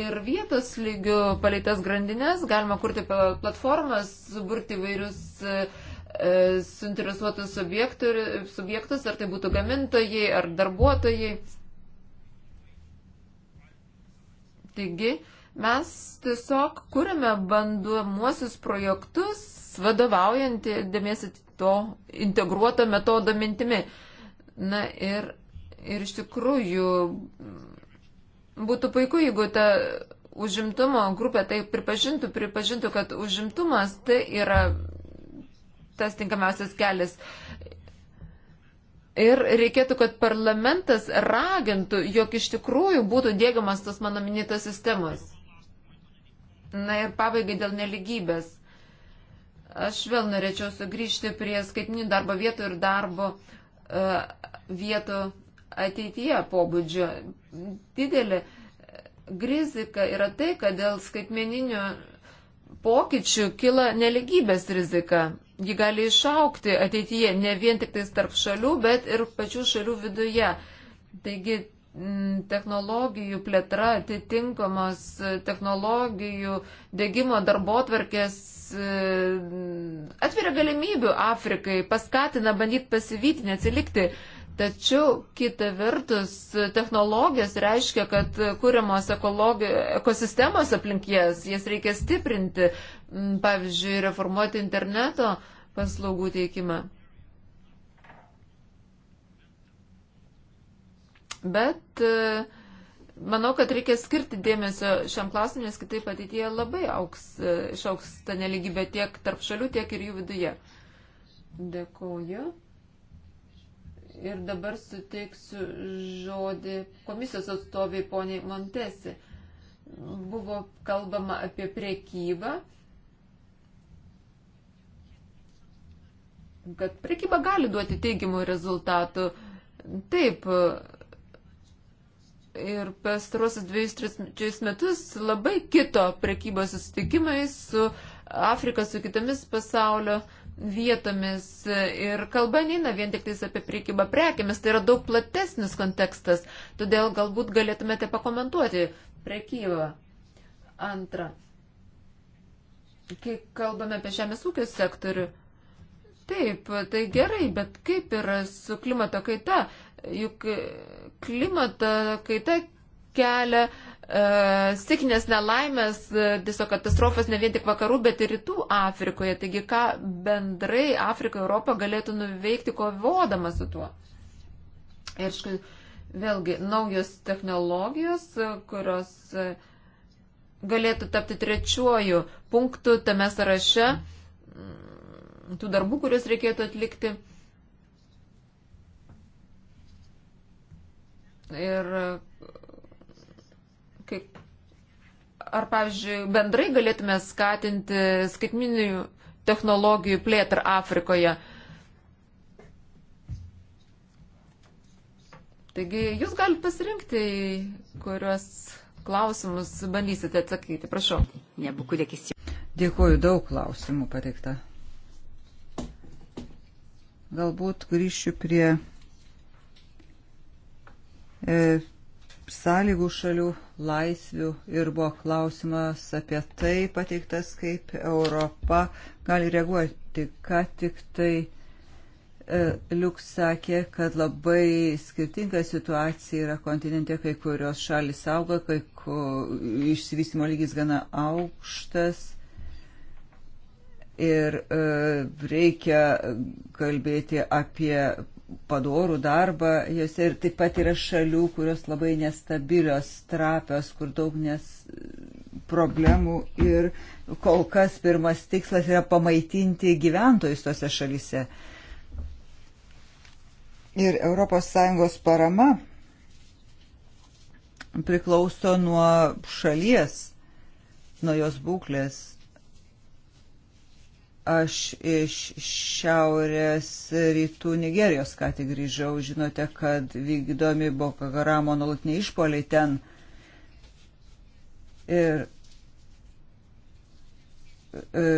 ir vietos lygių paleitas grandinės, galima kurti platformas, suburti vairius e, e, suinteresuotus subjektus, ar tai būtų gamintojai, ar darbuotojai. Taigi, mes tiesiog kūrėme bandomuosius projektus, vadovaujant dėmesį to integruoto metodo mintimi. Na ir, ir iš tikrųjų Būtų puiku, jeigu ta užimtumo grupė tai pripažintų, pripažintų, kad užimtumas tai yra tas tinkamiausias kelias. Ir reikėtų, kad parlamentas ragintų, jog iš tikrųjų būtų dėgiamas tos mano minėtos sistemos. Na ir pabaigai dėl neligybės. Aš vėl norėčiau sugrįžti prie skaitinių darbo vietų ir darbo uh, vietų ateityje pobūdžio. Didelė rizika yra tai, kad dėl skaitmeninių pokyčių kila neligybės rizika. Ji gali išaukti ateityje ne vien tik tais tarp šalių, bet ir pačių šalių viduje. Taigi technologijų plėtra, atitinkamos e, technologijų dėgymo darbo tvarkės e, atveria galimybių Afrikai, paskatina bandyti pasivyti, neatsilikti. Tačiau kita vertus, technologijos reiškia, kad kūriamos ekosistemos aplinkės, jas reikia stiprinti, pavyzdžiui, reformuoti interneto paslaugų teikimą. Bet e, manau, kad reikia skirti dėmesio šiam klausimui, nes kitaip ateityje labai auks, e, išauks ta neligybė tiek tarp šalių, tiek ir jų viduje. Dėkuoju. Ir dabar suteiksiu žodį komisijos atstoviai poniai Montesi. Buvo kalbama apie priekybą. Kad priekyba gali duoti teigiamų rezultatų. Taip, ir pastarosius dviejus, tris metus labai kito prekybos susitikimai su Afrika, su kitomis pasaulio uh, vietomis ir kalba neina vien tik apie priekybą prekiamis, tai yra daug platesnis kontekstas, todėl galbūt galėtumėte pakomentuoti priekybą. Antra, kai kalbame apie žemės ūkio sektorių, taip, tai gerai, bet kaip yra su klimato kaita? Juk klimato kaita kelia E, stikinės nelaimės, e, tiesiog katastrofas ne vien tik vakarų, bet ir rytų Afrikoje. Taigi, ką bendrai Afrika, Europa galėtų nuveikti kovodama su tuo. Ir škai, vėlgi, naujos technologijos, e, kurios galėtų tapti trečiuoju punktu tame sąraše mm, tų darbų, kuriuos reikėtų atlikti. Ir ar, pavyzdžiui, bendrai galėtume skatinti skaitmininių technologijų plėtrą Afrikoje? Taigi jūs galite pasirinkti, kuriuos klausimus bandysite atsakyti. Prašau. Dėkuoju, daug klausimų pateikta. Galbūt grįšiu prie e, sąlygų šalių laisvių ir buvo klausimas apie tai pateiktas, kaip Europa gali reaguoti. Ką tik tai e, Liuk sakė, kad labai skirtinga situacija yra kontinente, kai kurios šalis auga, kai ko, išsivystimo lygis gana aukštas ir e, reikia kalbėti apie padorų darbą jose ir taip pat yra šalių, kurios labai nestabilios, trapios, kur daug nes problemų ir kol kas pirmas tikslas yra pamaitinti gyventojus tose šalyse. Ir ES parama priklauso nuo šalies, nuo jos būklės, Aš iš šiaurės rytų Nigerijos ką tik grįžau. Žinote, kad vykdomi Boko Haramo nulatiniai išpoliai ten. Ir e,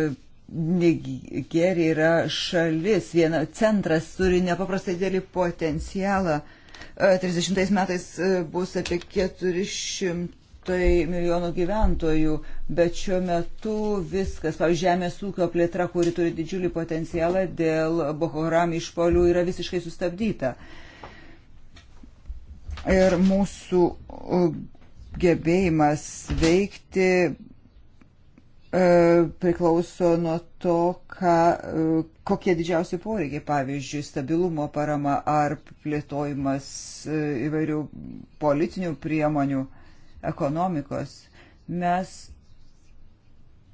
Nigerija yra šalis, viena centras turi nepaprastai dėlį potencialą. 30 e, metais e, bus apie 400 milijonų gyventojų, bet šiuo metu viskas, pavyzdžiui, žemės ūkio plėtra, kuri turi didžiulį potencialą dėl Bohoram išpolių, yra visiškai sustabdyta. Ir mūsų gebėjimas veikti e, priklauso nuo to, ką, e, kokie didžiausi poreikiai, pavyzdžiui, stabilumo parama ar plėtojimas e, įvairių politinių priemonių ekonomikos. Mes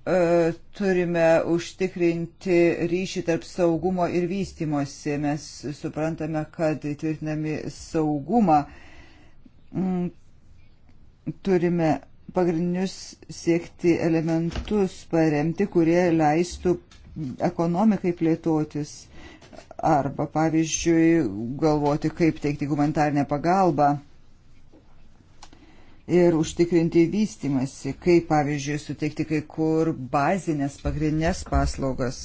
e, turime užtikrinti ryšį tarp saugumo ir vystimosi. Mes suprantame, kad tvirtinami saugumą turime pagrindinius siekti elementus paremti, kurie leistų ekonomikai plėtotis arba, pavyzdžiui, galvoti, kaip teikti humanitarnę pagalbą ir užtikrinti vystimasi, kaip pavyzdžiui suteikti kai kur bazinės pagrindinės paslaugas.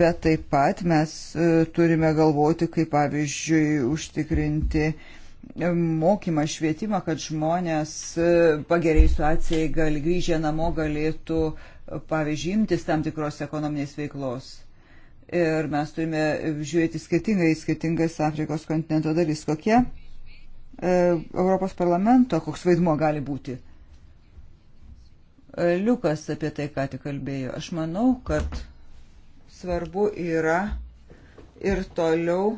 Bet taip pat mes e, turime galvoti, kaip pavyzdžiui užtikrinti e, mokymą, švietimą, kad žmonės e, pagerėjus situacijai gal grįžę namo galėtų, pavyzdžiui, imtis tam tikros ekonominės veiklos ir mes turime žiūrėti skirtingai skirtingas Afrikos kontinento dalis. Kokie E, Europos parlamento, koks vaidmo gali būti. E, Liukas apie tai ką tik kalbėjo. Aš manau, kad svarbu yra ir toliau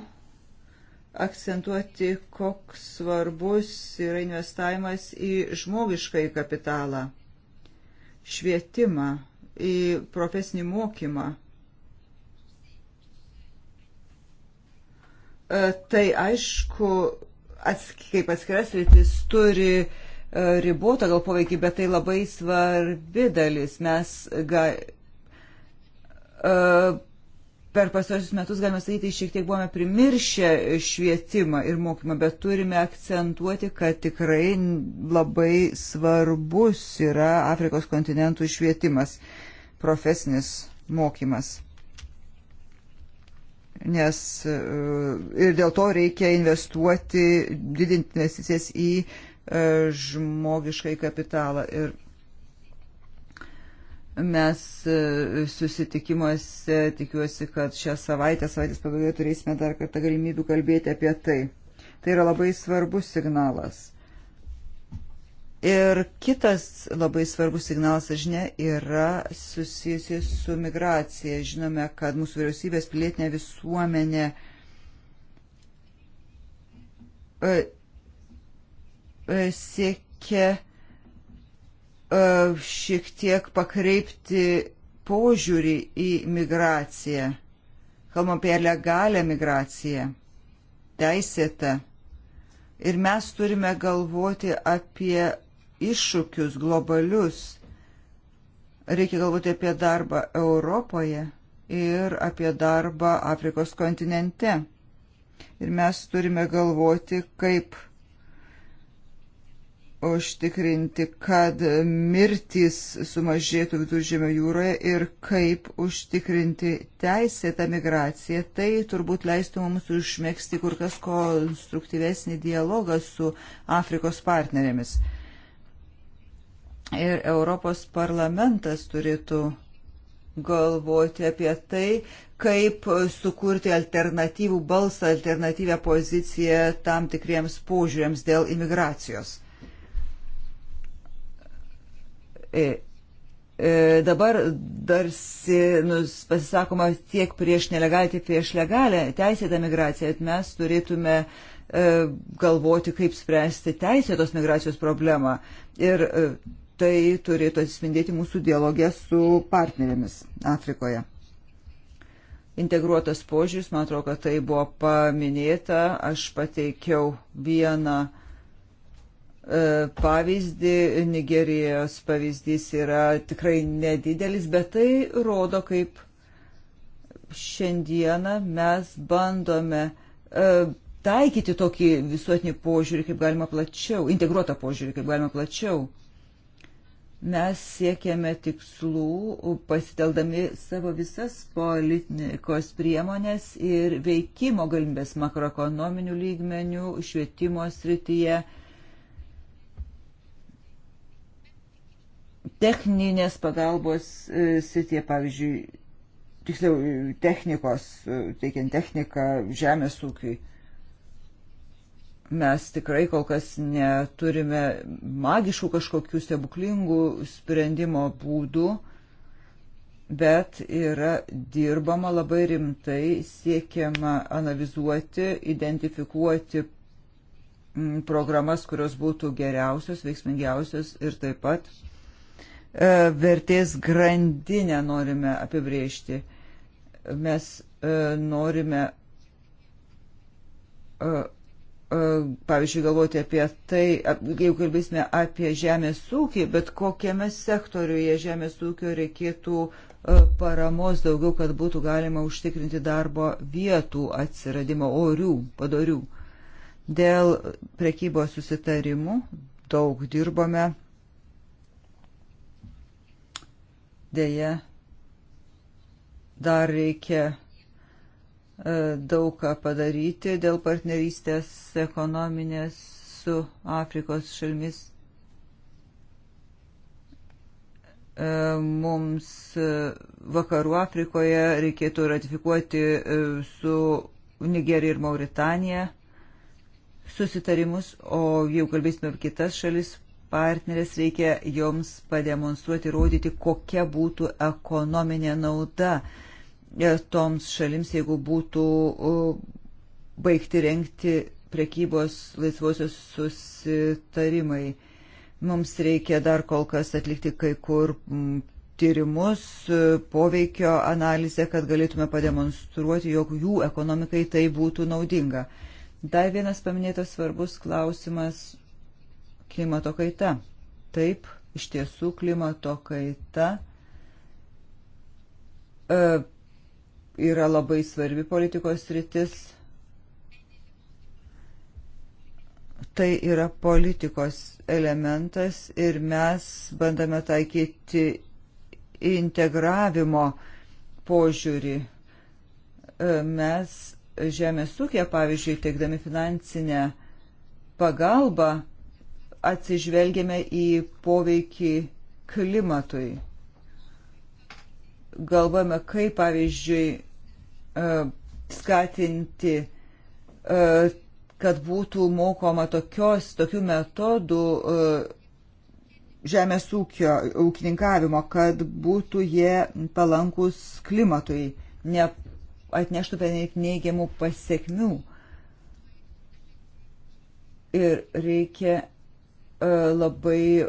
akcentuoti, koks svarbus yra investavimas į žmogišką į kapitalą, švietimą, į profesinį mokymą. E, tai aišku, atsk, kaip atskiras rytis turi e, ribotą gal poveikį, bet tai labai svarbi dalis. Mes ga, e, per pastarosius metus, galime sakyti, šiek tiek buvome primiršę švietimą ir mokymą, bet turime akcentuoti, kad tikrai labai svarbus yra Afrikos kontinentų švietimas, profesinis mokymas nes e, ir dėl to reikia investuoti, didinti investicijas į e, žmogiškai kapitalą. Ir mes e, susitikimuose tikiuosi, kad šią savaitę, savaitės pabaigoje turėsime dar kartą galimybių kalbėti apie tai. Tai yra labai svarbus signalas. Ir kitas labai svarbus signalas, aš žinia, yra susijusi su migracija. Žinome, kad mūsų vyriausybės pilietinė visuomenė e, e, siekia e, šiek tiek pakreipti požiūrį į migraciją. Kalbam apie legalią migraciją, teisėtą. Ir mes turime galvoti apie iššūkius globalius. Reikia galvoti apie darbą Europoje ir apie darbą Afrikos kontinente. Ir mes turime galvoti, kaip užtikrinti, kad mirtys sumažėtų viduržėmio jūroje ir kaip užtikrinti teisėtą migraciją, tai turbūt leistų mums užmėgsti kur kas konstruktyvesnį dialogą su Afrikos partnerėmis. Ir Europos parlamentas turėtų galvoti apie tai, kaip sukurti alternatyvų balsą, alternatyvę poziciją tam tikriems požiūrėms dėl imigracijos. E, e, dabar darsi nus, pasisakoma tiek prieš nelegalę, tiek prieš legalę teisėtą migraciją, bet mes turėtume e, galvoti, kaip spręsti teisėtos migracijos problemą. Ir tai turėtų atspindėti mūsų dialogę su partnerėmis Afrikoje. Integruotas požiūris, man atrodo, kad tai buvo paminėta, aš pateikiau vieną e, pavyzdį, Nigerijos pavyzdys yra tikrai nedidelis, bet tai rodo, kaip šiandieną mes bandome e, taikyti tokį visuotinį požiūrį, kaip galima plačiau, integruotą požiūrį, kaip galima plačiau mes siekėme tikslų, pasiteldami savo visas politikos priemonės ir veikimo galimybės makroekonominių lygmenių, švietimo srityje, techninės pagalbos e, srityje, pavyzdžiui, tiksliau, technikos, e, teikiant techniką žemės ūkiui. Mes tikrai kol kas neturime magiškų kažkokių stebuklingų sprendimo būdų, bet yra dirbama labai rimtai, siekiama analizuoti, identifikuoti mm, programas, kurios būtų geriausios, veiksmingiausios ir taip pat e, vertės grandinę norime apibrėžti. Mes e, norime e, E, pavyzdžiui, galvoti apie tai, jeigu kalbėsime apie žemės ūkį, bet kokiame sektoriuje žemės ūkio reikėtų e, paramos daugiau, kad būtų galima užtikrinti darbo vietų atsiradimą orių, padorių. Dėl prekybos susitarimų daug dirbome. Deja, dar reikia E, daug ką padaryti dėl partnerystės ekonominės su Afrikos šalmis. E, mums e, vakarų Afrikoje reikėtų ratifikuoti su Nigerija ir Mauritanija susitarimus, o jau kalbėsime apie kitas šalis partnerės, reikia joms pademonstruoti, rodyti, kokia būtų ekonominė nauda E, toms šalims, jeigu būtų e, baigti renkti prekybos laisvosios susitarimai. Mums reikia dar kol kas atlikti kai kur tyrimus, e, poveikio analizę, kad galėtume pademonstruoti, jog jų ekonomikai tai būtų naudinga. Dar vienas paminėtas svarbus klausimas - klimato kaita. Taip, iš tiesų klimato kaita e, yra labai svarbi politikos rytis. Tai yra politikos elementas ir mes bandame taikyti integravimo požiūrį. E, mes žemės ūkė, pavyzdžiui, teikdami finansinę pagalbą, atsižvelgėme į poveikį klimatui galvojame, kaip pavyzdžiui e, skatinti, e, kad būtų mokoma tokios, tokių metodų e, žemės ūkio, ūkininkavimo, kad būtų jie palankus klimatui, neatneštų beveik neigiamų pasiekmių. Ir reikia uh, labai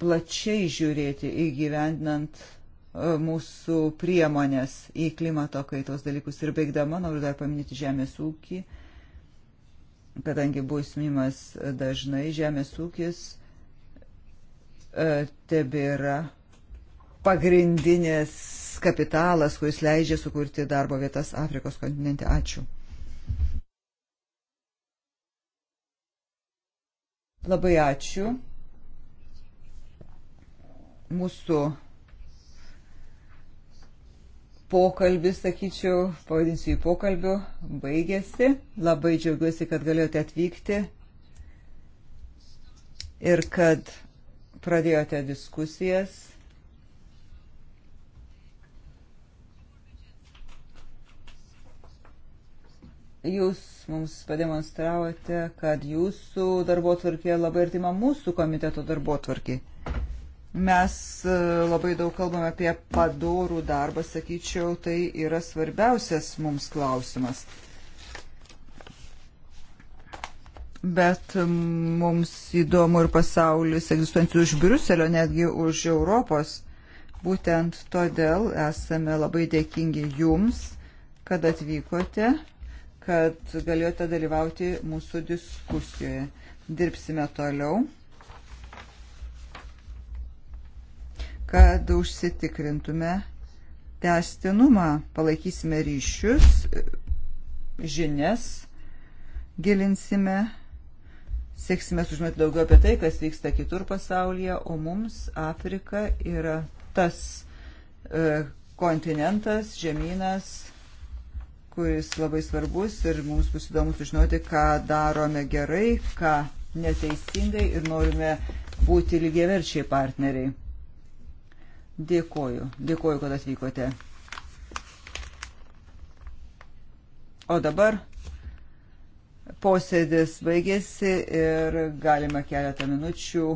plačiai žiūrėti įgyvendinant uh, E, mūsų priemonės į klimato kaitos dalykus. Ir baigdama, noriu dar paminėti žemės ūkį, kadangi buvo įsmimas dažnai, žemės ūkis e, tebėra pagrindinės kapitalas, kuris leidžia sukurti darbo vietas Afrikos kontinente. Ačiū. Labai ačiū. Mūsų pokalbis, sakyčiau, pavadinsiu jį pokalbiu, baigėsi. Labai džiaugiuosi, kad galėjote atvykti ir kad pradėjote diskusijas. Jūs mums pademonstravote, kad jūsų darbo tvarkė labai artima mūsų komiteto darbo tvarkė. Mes e, labai daug kalbame apie padorų darbą, sakyčiau, tai yra svarbiausias mums klausimas. Bet mums įdomu ir pasaulis egzistuojantis už Briuselio, netgi už Europos. Būtent todėl esame labai dėkingi Jums, kad atvykote, kad galėjote dalyvauti mūsų diskusijoje. Dirbsime toliau. kad užsitikrintume testinumą, palaikysime ryšius, žinias gilinsime, sėksime sužinoti daugiau apie tai, kas vyksta kitur pasaulyje, o mums Afrika yra tas e, kontinentas, žemynas, kuris labai svarbus ir mums bus įdomu sužinoti, ką darome gerai, ką neteisingai ir norime būti lygiaverčiai partneriai. Dėkoju. Dėkoju, kad atvykote. O dabar posėdis baigėsi ir galima keletą minučių.